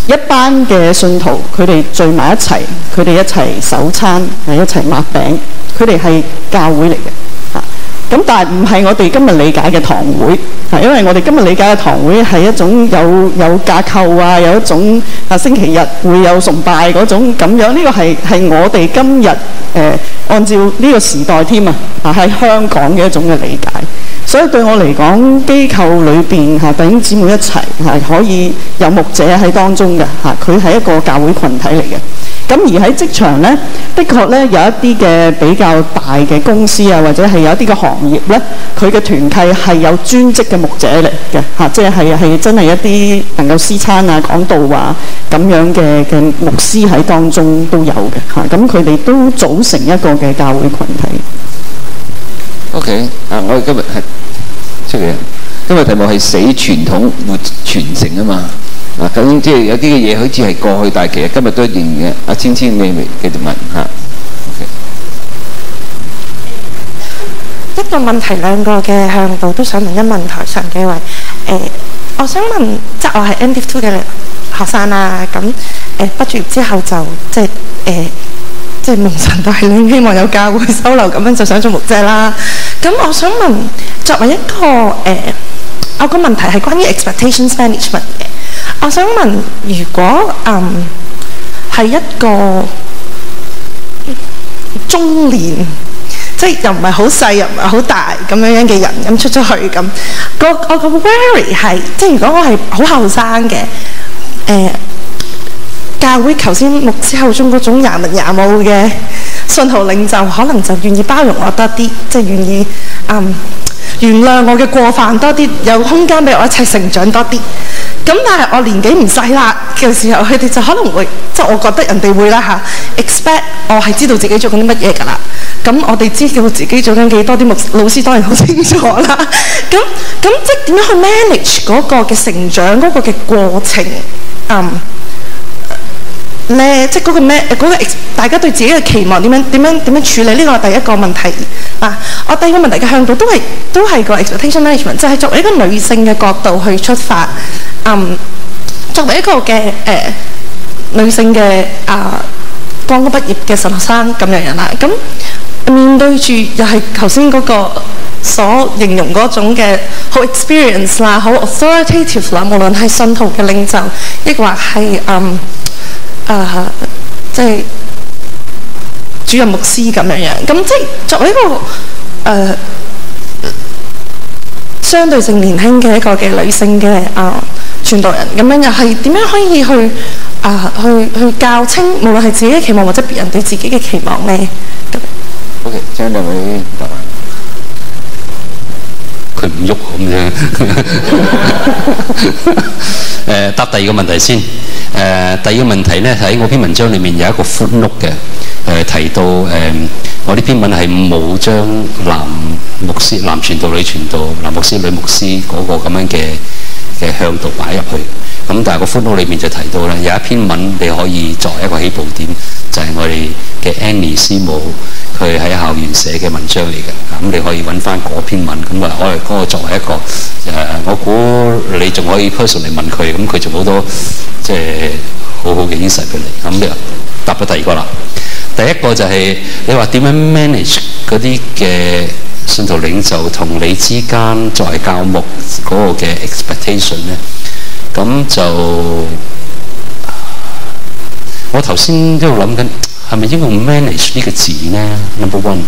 一班嘅信徒，佢哋聚埋一齊，佢哋一齊守餐，係一齊擘餅，佢哋係教會嚟嘅啊！咁但係唔係我哋今日理解嘅堂會啊，因為我哋今日理解嘅堂會係一種有有架構啊，有一種啊星期日會有崇拜嗰種咁樣，呢個係係我哋今日誒、呃、按照呢個時代添啊啊，喺香港嘅一種嘅理解。所以對我嚟講，機構裏邊嚇弟兄姊妹一齊係、啊、可以有牧者喺當中嘅嚇，佢、啊、係一個教會群體嚟嘅。咁、啊、而喺職場呢，的確呢，有一啲嘅比較大嘅公司啊，或者係有一啲嘅行業呢，佢嘅團契係有專職嘅牧者嚟嘅嚇，即係係真係一啲能夠施餐啊、講道話啊咁樣嘅嘅牧師喺當中都有嘅嚇，咁佢哋都組成一個嘅教會群體。O.K. 啊，我哋今日係出嚟啊。今日題目係死傳統活傳承啊嘛。嗱，咁即係有啲嘅嘢好似係過去，但係其實今日都一樣嘅。阿千千，你咪繼續問嚇。O.K. 一個問題，兩個嘅向度都想問一問台上幾位。誒，我想問，即係我係 N.D.2 嘅學生啦。咁誒，畢業之後就即係誒。即係蒙神帶領，希望有教會收留，咁樣就想做牧者啦。咁我想問，作為一個誒，我個問題係關於 expectation management 嘅。我想問，如果嗯係一個中年，即係又唔係好細又唔係好大咁樣樣嘅人，咁出咗去咁，個我個 worry 係，即係如果我係好後生嘅，誒。教會頭先目之後中嗰種允文允武嘅信徒領袖，可能就願意包容我多啲，即係願意嗯原諒我嘅過犯多啲，有空間俾我一齊成長多啲。咁、嗯、但係我年紀唔細啦嘅時候，佢哋就可能會即係我覺得人哋會啦嚇、啊。expect 我係知道自己做緊啲乜嘢噶啦。咁、嗯、我哋知道自己做緊幾多啲，老師當然好清楚啦。咁咁 即點樣去 manage 嗰個嘅成長嗰個嘅過程嗯？咧，即係嗰個咩？嗰個大家對自己嘅期望點樣？點樣點樣處理，呢個係第一個問題啊？我第二個問題嘅向度都係都係個 expectation management，就係作為一個女性嘅角度去出發。嗯，作為一個嘅誒女性嘅啊，剛剛畢業嘅神學生咁樣人啦。咁面對住又係頭先嗰個所形容嗰種嘅好 experience 啦，好 authoritative 啦，無論係信徒嘅領袖，亦或係嗯。啊，uh, 即係主任牧師咁樣樣，咁即係作為一個誒、uh, 相對性年輕嘅一個嘅女性嘅啊、uh, 傳道人，咁樣又係點樣可以去啊、uh, 去去較清，無論係自己嘅期望或者別人對自己嘅期望咧？O.K.，請兩位唔喐咁啫。誒、 呃，答第二個問題先。誒、呃，第二個問題咧喺、就是、我篇文章裏面有一個 footnote 嘅誒，提到誒、呃，我呢篇文係冇將男牧師、男傳道、女傳道、男牧師、女牧師嗰個咁樣嘅嘅向度擺入去。咁、嗯、但係個 footnote 裏面就提到咧，有一篇文你可以作一個起步點，就係、是、我哋嘅安妮師母。佢喺校園寫嘅文章嚟嘅，咁、嗯、你可以揾返嗰篇文，咁、嗯、啊，我哋嗰、那個作為一個，誒、呃，我估你仲可以 personally 嚟問佢，咁佢仲好多即係、呃、好好嘅 insight 畀你。咁、嗯、又答咗第二個啦。第一個就係、是、你話點樣 manage 嗰啲嘅信徒領袖同你之間作為教牧嗰個嘅 expectation 咧？咁就我頭先都諗緊。係咪應該用 manage 呢個字呢？Number one，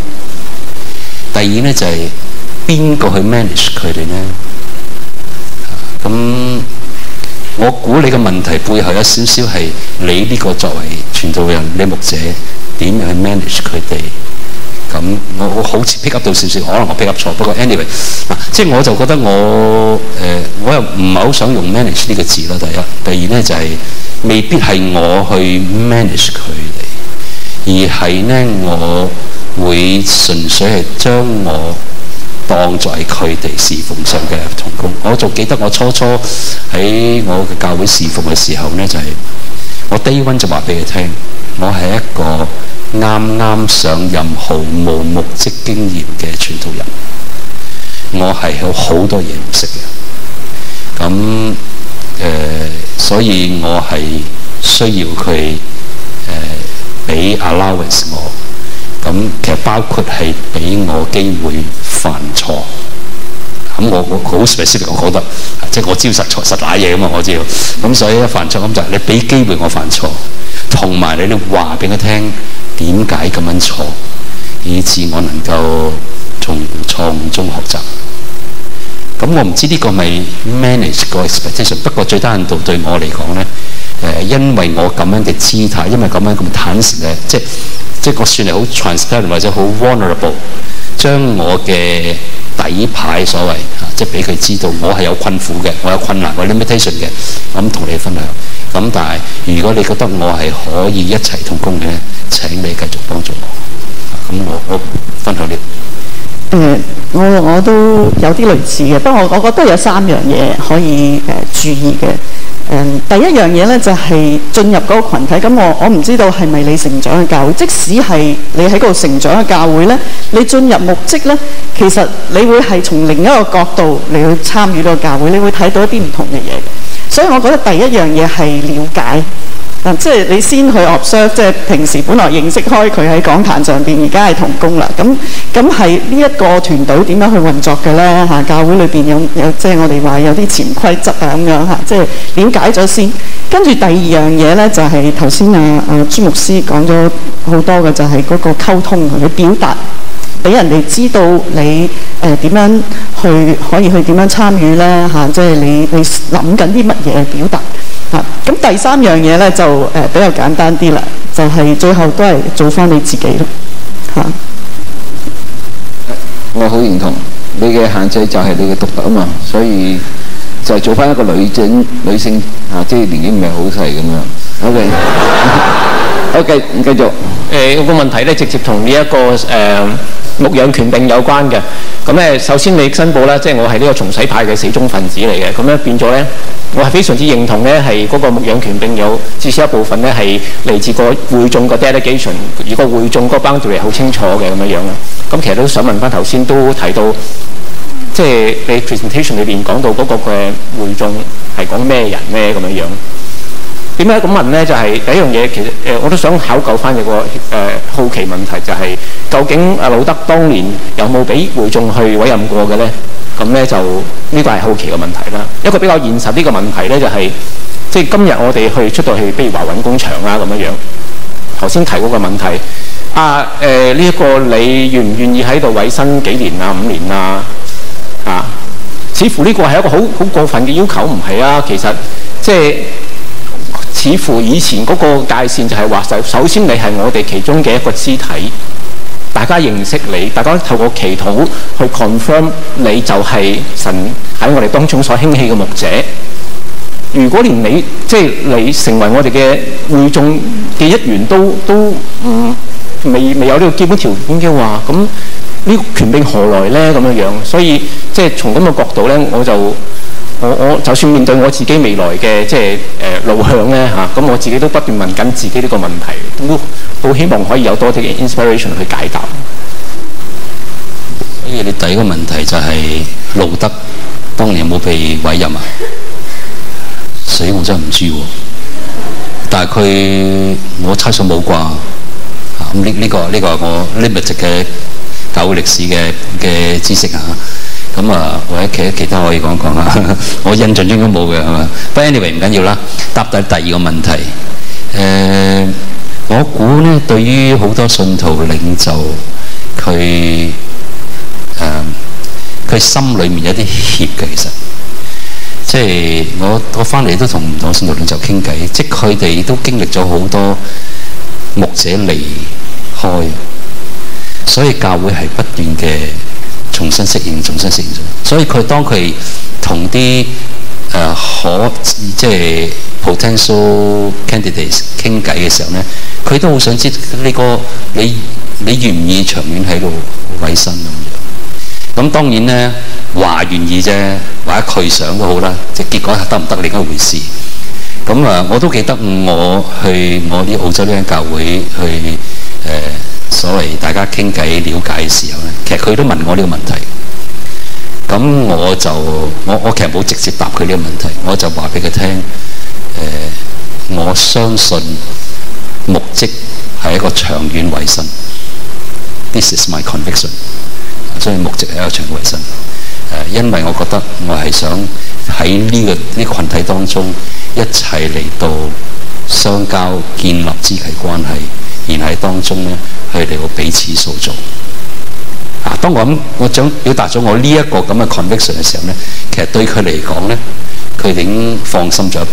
第二呢，就係邊個去 manage 佢哋呢？咁我估你嘅問題背後有少少係你呢個作為傳道人、你牧者點樣去 manage 佢哋？咁我我好似 pick up 到少少，可能我 pick up 錯。不過 anyway，嗱，即係我就覺得我誒、呃、我又唔係好想用 manage 呢個字啦。第一，第二呢，就係、是、未必係我去 manage 佢哋。而係呢，我會純粹係將我當作佢哋侍奉上嘅同工。我仲記得我初初喺我嘅教會侍奉嘅時候呢就係、是、我 Day One 就話俾佢聽，我係一個啱啱上任、毫無牧職經驗嘅傳道人，我係有好多嘢唔識嘅。咁誒、呃，所以我係需要佢誒、呃俾 allowance 我，咁其實包括係俾我機會犯錯，咁我 specific，我好特別我覺得，即係我招要實錯實打嘢啊嘛，我知道。咁所以一犯錯咁就係你俾機會我犯錯，同埋你都話俾我聽點解咁樣錯，以至我能夠從錯誤中學習。咁、嗯、我唔知呢個咪 manage 個 expectation，不過最低限度對我嚟講咧，誒、呃，因為我咁樣嘅姿態，因為咁樣咁坦誠嘅，即即係我算係好 transparent 或者好 vulnerable，將我嘅底牌所謂啊，即係俾佢知道我係有困苦嘅，我有困難，我 limitation 嘅，咁同你分享。咁、嗯、但係如果你覺得我係可以一齊同工嘅，請你繼續幫助我。咁、啊、我 ok，歡迎你。哦。誒、嗯，我我都有啲類似嘅，不過我覺得有三樣嘢可以誒、呃、注意嘅。誒、呃，第一樣嘢咧就係、是、進入嗰個群體。咁、嗯、我我唔知道係咪你成長嘅教會，即使係你喺度成長嘅教會咧，你進入牧職咧，其實你會係從另一個角度嚟去參與個教會，你會睇到一啲唔同嘅嘢。所以我覺得第一樣嘢係了解。即係你先去 observe，即係平時本來認識開佢喺講壇上邊，而家係同工啦。咁咁係呢一個團隊點樣去運作嘅咧？嚇、啊，教會裏邊有有，即係我哋話有啲潛規則啊咁樣嚇，即係了解咗先？跟住第二樣嘢咧，就係頭先啊啊朱牧師講咗好多嘅，就係、是、嗰個溝通同埋表達，俾人哋知道你誒點、呃、樣去可以去點樣參與咧？嚇、啊，即係你你諗緊啲乜嘢表達？啊！咁第三樣嘢咧就誒、呃、比較簡單啲啦，就係、是、最後都係做翻你自己咯。嚇、啊！我好認同你嘅限制就係你嘅獨特啊嘛，所以就係做翻一個女性、就是、女，女性嚇，即、啊、係、就是、年紀唔係好細咁樣。O K，好繼繼續。誒、呃，有個問題咧，直接同呢一個誒，呃牧養權柄有關嘅，咁咧首先你申報啦，即係我係呢個重洗派嘅死忠分子嚟嘅，咁咧變咗咧，我係非常之認同咧，係嗰個牧養權柄有至少一部分咧係嚟自個會眾 de 個 delegation，如果會眾個 boundary 好清楚嘅咁樣樣啦，咁其實都想問翻頭先都提到，即係你 presentation 裏邊講到嗰個嘅會眾係講咩人咩咁樣樣。點解咁問呢？就係、是、第一樣嘢，其實誒、呃，我都想考究返一個誒、呃、好奇問題，就係、是、究竟阿路德當年有冇俾會眾去委任過嘅呢？咁呢，就呢個係好奇嘅問題啦。一個比較現實啲嘅問題呢，就係、是、即係今日我哋去出到去比如華運工場啦咁樣樣。頭先提嗰個問題啊誒，呢、呃、一、這個你願唔願意喺度委身幾年啊五年啊啊？似乎呢個係一個好好過分嘅要求，唔係啊？其實即係。似乎以前嗰個界線就係話，首首先你係我哋其中嘅一個肢體，大家認識你，大家透過祈禱去 confirm 你就係神喺我哋當中所興起嘅牧者。如果連你即係、就是、你成為我哋嘅會眾嘅一員都都唔未未有呢個基本條件嘅話，咁呢個權柄何來咧？咁樣樣，所以即係、就是、從咁嘅角度咧，我就。我我就算面對我自己未來嘅即係誒、呃、路向咧嚇，咁、啊、我自己都不斷問緊自己呢個問題，都好希望可以有多啲嘅 inspiration 去解答。所以你第一個問題就係、是、路德當年有冇被委任啊，死我真係唔知喎、啊，但係佢我猜想冇啩嚇咁呢呢個呢、這個我呢 limited 嘅教會歷史嘅嘅知識啊。咁啊，或者其其他可以講講啊。我印象中都冇嘅係嘛？不 anyway 唔緊要啦。答第第二個問題。誒，我估呢，對於好多信徒領袖，佢誒佢心裏面有啲怯嘅其實。即係我我翻嚟都同唔同信徒領袖傾偈，即係佢哋都經歷咗好多牧者離開，所以教會係不斷嘅。重新適應，重新適應咗。所以佢當佢同啲誒可即係 potential candidates 傾偈嘅時候咧，佢都好想知呢個，你你願意長遠喺度委身咁樣。咁當然咧，話願意啫，話佢想都好啦。即係結果係得唔得另一回事。咁啊，我都記得我去我啲澳洲呢間教會去誒。所謂大家傾偈了解嘅時候咧，其實佢都問我呢個問題，咁我就我我其實冇直接答佢呢個問題，我就話俾佢聽，誒、呃，我相信牧職係一個長遠委身 This is my conviction，所以牧職係一個長遠委身。誒、呃，因為我覺得我係想喺呢、這個啲羣、這個、體當中一齊嚟到相交建立肢體關係。然後喺當中呢，佢哋會彼此訴説。啊，當我我想表達咗我呢、這、一個咁嘅 conviction 嘅時候呢，其實對佢嚟講呢，佢已經放心咗一半。誒、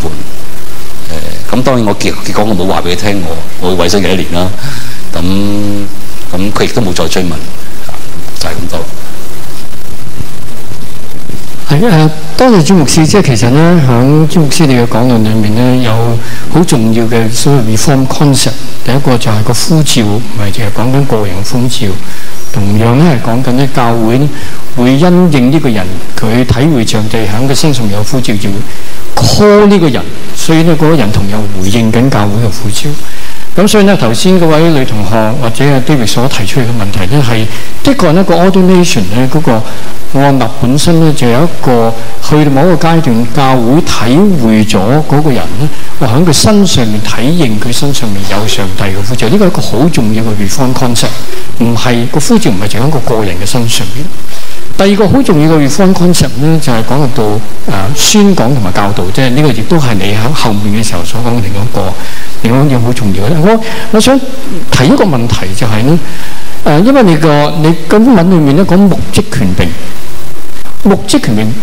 呃，咁、啊、當然我結結果我冇話俾佢聽，我我會委身幾年啦。咁、嗯、咁，佢亦都冇再追問。嗯、就係、是、咁多。係誒、啊，多謝詹牧師。即係其實咧，響詹牧師你嘅講論裏面咧，有好重要嘅所謂 reform concept。第一個就係個呼召，唔係淨係講緊個人呼召。同樣咧係講緊咧教會咧，會因應呢個人佢體會上帝響佢身上有呼召，就會 call 呢個人，所以咧嗰個人同樣回應緊教會嘅呼召。咁所以咧，頭先嗰位女同學或者阿 David 所提出嘅問題咧，係的確咧個 ordination 咧，嗰個按立本身咧，就有一個去到某一個階段，教會體會咗嗰個人咧，我喺佢身上面體認佢身上面有上帝嘅呼召，呢個係一個好重要嘅 reformconcept，唔係個呼召唔係就喺個個人嘅身上邊。第二個好重要嘅 reform concept 咧，就係、是、講到誒、呃、宣講同埋教導，即係呢、這個亦都係你喺後面嘅時候所講嘅嗰個，亦都係好重要嘅。我我想提一個問題、就是，就係咧誒，因為你個你經文裏面咧講牧職權柄，牧職權柄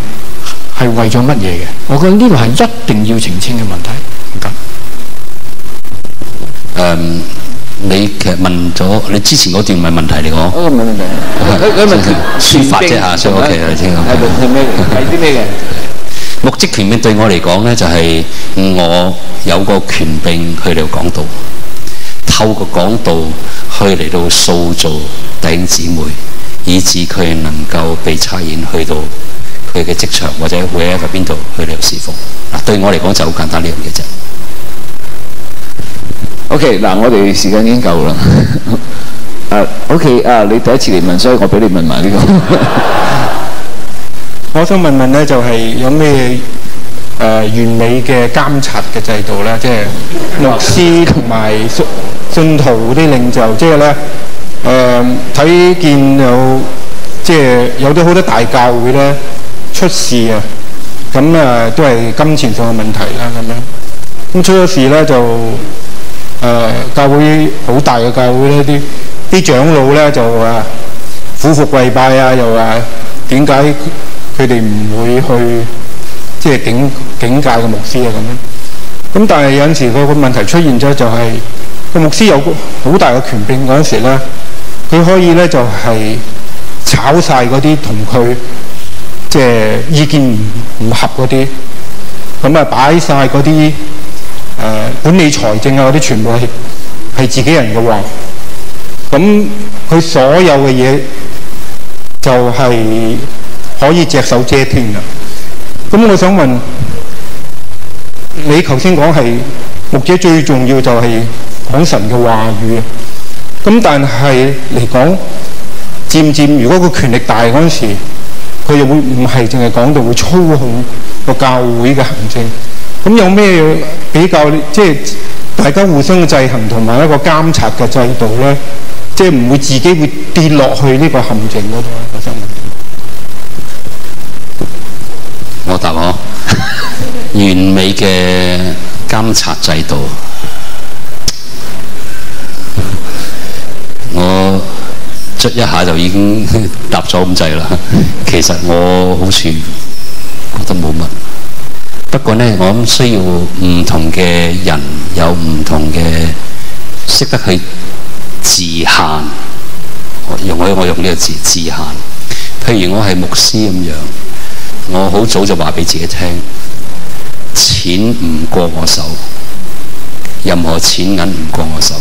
係為咗乜嘢嘅？我覺得呢個係一定要澄清嘅問題。嗯。Um, 你其實問咗你之前嗰段唔係問題嚟講，嗰個唔係問題，嗰嗰個叫抒發啫嚇，上個劇嚟聽啊，係目係咩嘅？係啲咩嘅？牧職權面對我嚟講咧，就係我有個權柄去嚟講道，透過講道去嚟到塑造弟兄姊妹，以至佢能夠被差遣去到佢嘅職場或者會喺佢邊度去嚟侍奉。嗱，對我嚟講就好簡單呢樣嘢啫。OK，嗱，我哋時間已經夠啦。誒、 uh,，OK，啊、uh,，你第一次嚟問，所以我俾你問埋呢、這個。 我想問問咧，就係、是、有咩誒、呃、完美嘅監察嘅制度咧？即、就、係、是、牧師同埋信徒啲領袖，即係咧誒睇見有即係、就是、有啲好多大教會咧，出事啊，咁誒、呃、都係金錢上嘅問題啦咁樣。咁出咗事咧就～誒、呃、教會好大嘅教會咧，啲啲長老咧就誒俯伏跪拜啊，又話點解佢哋唔會去即係警警戒嘅牧師啊咁咧？咁但係有陣時個個問題出現咗、就是，就係個牧師有好大嘅權柄嗰陣時咧，佢可以咧就係、是、炒晒嗰啲同佢即係意見唔唔合嗰啲，咁啊擺晒嗰啲。誒，管理財政啊，嗰啲全部係係自己人嘅話，咁佢所有嘅嘢就係可以隻手遮天啦。咁我想問你，頭先講係，或者最重要就係講神嘅話語。咁但係嚟講，漸漸如果個權力大嗰陣時，佢又會唔係淨係講道會操控個教會嘅行政。咁有咩比較即係大家互相制衡同埋一個監察嘅制度咧？即係唔會自己會跌落去呢個陷阱嗰度啊。我想問，我答我哈哈完美嘅監察制度，我捽一下就已經答咗咁滯啦。其實我好似覺得冇乜。不過呢，我諗需要唔同嘅人有唔同嘅識得去自限，用我用呢個字自限。譬如我係牧師咁樣，我好早就話俾自己聽，錢唔過我手，任何錢銀唔過我手。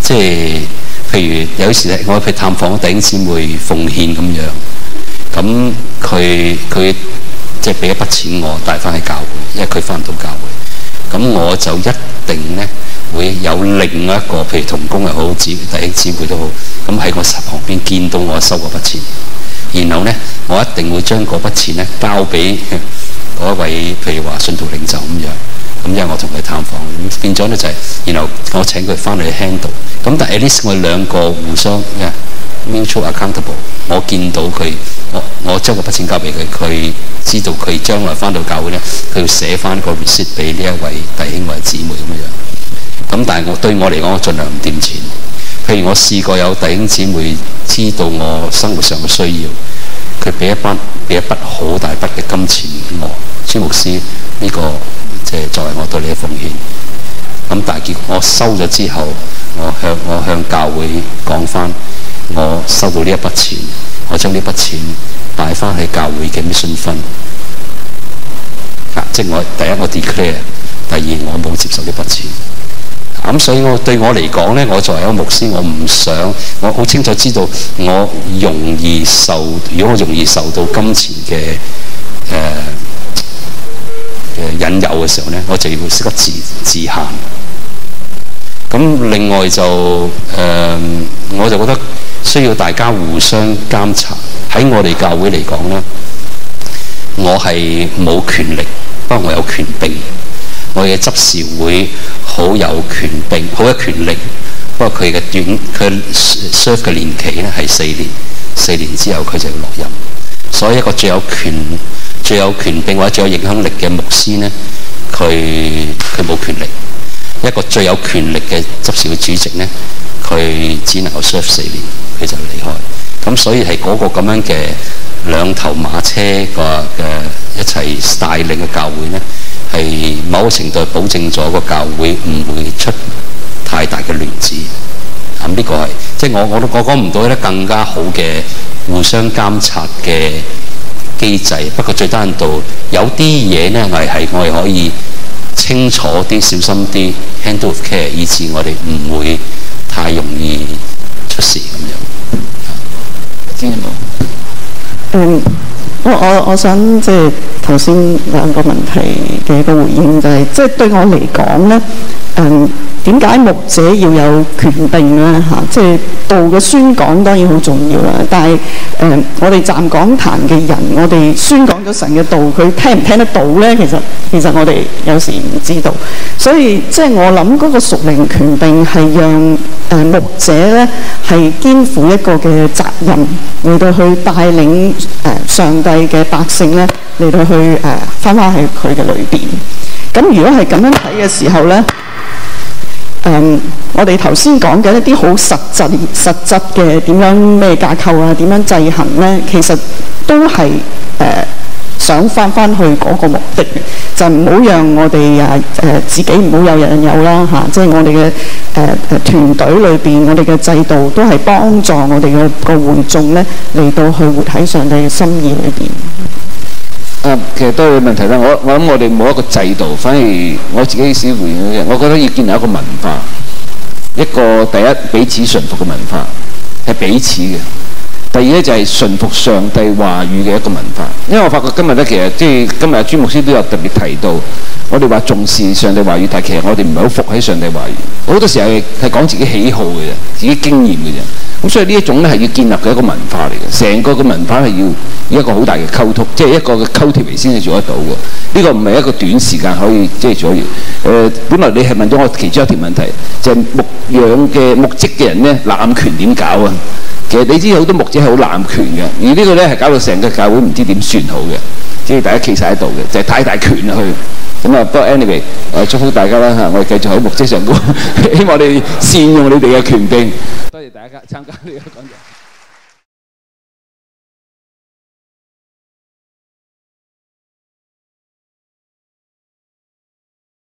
即係譬如有時咧，我去探訪弟兄姊妹，奉獻咁樣，咁佢佢。即係俾一筆錢我帶翻去教會，因為佢翻唔到教會，咁我就一定呢會有另外一個，譬如同工又好，姊妹、弟兄、姊妹都好，咁喺我旁邊見到我收嗰筆錢，然後呢我一定會將嗰筆錢交俾嗰位，譬如話信徒領袖咁樣，咁因為我同佢探訪，咁變咗呢就係、是，然後我請佢翻去 handle，咁但係 at least 我兩個互相、yeah. mutual accountable，我見到佢，我我將個筆錢交俾佢，佢知道佢將來翻到教會咧，佢要寫翻個 receipt 俾呢一位弟兄或者姊妹咁樣。咁但係我對我嚟講，我盡量唔掂錢。譬如我試過有弟兄姊妹知道我生活上嘅需要，佢俾一筆俾一筆好大筆嘅金錢我，朱牧師，呢個即係作為我對你嘅奉獻。咁但係結果我收咗之後，我向我向教會講翻。我收到呢一筆錢，我將呢筆錢帶翻去教會嘅 mission fund，即係我第一我 declare，第二我冇接受呢筆錢。咁、啊、所以我，我對我嚟講咧，我作為一個牧師，我唔想，我好清楚知道我容易受，如果我容易受到金錢嘅誒誒引誘嘅時候咧，我就要識得自自限。咁、啊、另外就誒、呃，我就覺得。需要大家互相監察，喺我哋教會嚟講呢，我係冇權力，不過我有權柄。我嘅執事會好有權柄，好有權力。不過佢嘅短，佢 serve 嘅年期呢，係四年，四年之後佢就要落任。所以一個最有權、最有權柄或者最有影響力嘅牧師呢，佢佢冇權力。一個最有權力嘅執事嘅主席呢，佢只能夠 serve 四年，佢就離開。咁所以係嗰個咁樣嘅兩頭馬車個嘅一齊帶領嘅教會呢，係某程度保證咗個教會唔會出太大嘅亂子。咁呢個係即係我我都我講唔到一啲更加好嘅互相監察嘅機制。不過最低限度有啲嘢呢，係係我哋可以。清楚啲，小心啲，handle of care，以致我哋唔會太容易出事咁樣，嗯，我我我想即係頭先兩個問題嘅一個回應，就係、是、即係對我嚟講咧，嗯。點解牧者要有權柄呢？嚇、啊，即係道嘅宣講當然好重要啦。但係誒、呃，我哋站講壇嘅人，我哋宣講咗神嘅道，佢聽唔聽得到呢？其實其實我哋有時唔知道。所以即係我諗嗰個屬靈權柄係讓誒牧者呢係肩負一個嘅責任，嚟到去帶領誒、呃、上帝嘅百姓呢，嚟到去誒翻返喺佢嘅裏邊。咁、呃、如果係咁樣睇嘅時候呢？誒，um, 我哋頭先講嘅一啲好實際、實質嘅點樣咩架構啊，點樣制衡咧，其實都係誒、呃、想翻翻去嗰個目的，就唔好讓我哋啊誒自己唔好有人有啦嚇、啊，即係我哋嘅誒誒團隊裏邊，我哋嘅制度都係幫助我哋嘅個會眾咧嚟到去活喺上帝嘅心意裏邊。啊，其實都係問題啦。我我諗我哋冇一個制度，反而我自己先回應嘅。我覺得要建立一個文化，一個第一彼此順服嘅文化，係彼此嘅。第二咧就係順服上帝話語嘅一個文化，因為我發覺今日咧，其實即係今日阿朱牧師都有特別提到，我哋話重視上帝話語，但係其實我哋唔係好服喺上帝話語，好多時候係講自己喜好嘅啫，自己經驗嘅啫。咁所以呢一種咧係要建立嘅一個文化嚟嘅，成個嘅文化係要一個好大嘅溝通，即係一個嘅溝通嚟先至做得到嘅。呢、這個唔係一個短時間可以即係做。誒、呃，本來你係問到我其中一條問題，就係、牧養嘅牧職嘅人咧濫權點搞啊？其實你知好多牧者係好濫權嘅，而呢個咧係搞到成個教會唔知點算好嘅，即係大家企晒喺度嘅，就係、是、太大權啦去咁啊！多 anyway，y 誒祝福大家啦吓，我哋繼續喺牧職上高，希望你善用你哋嘅權柄。多謝大家參加呢個講座。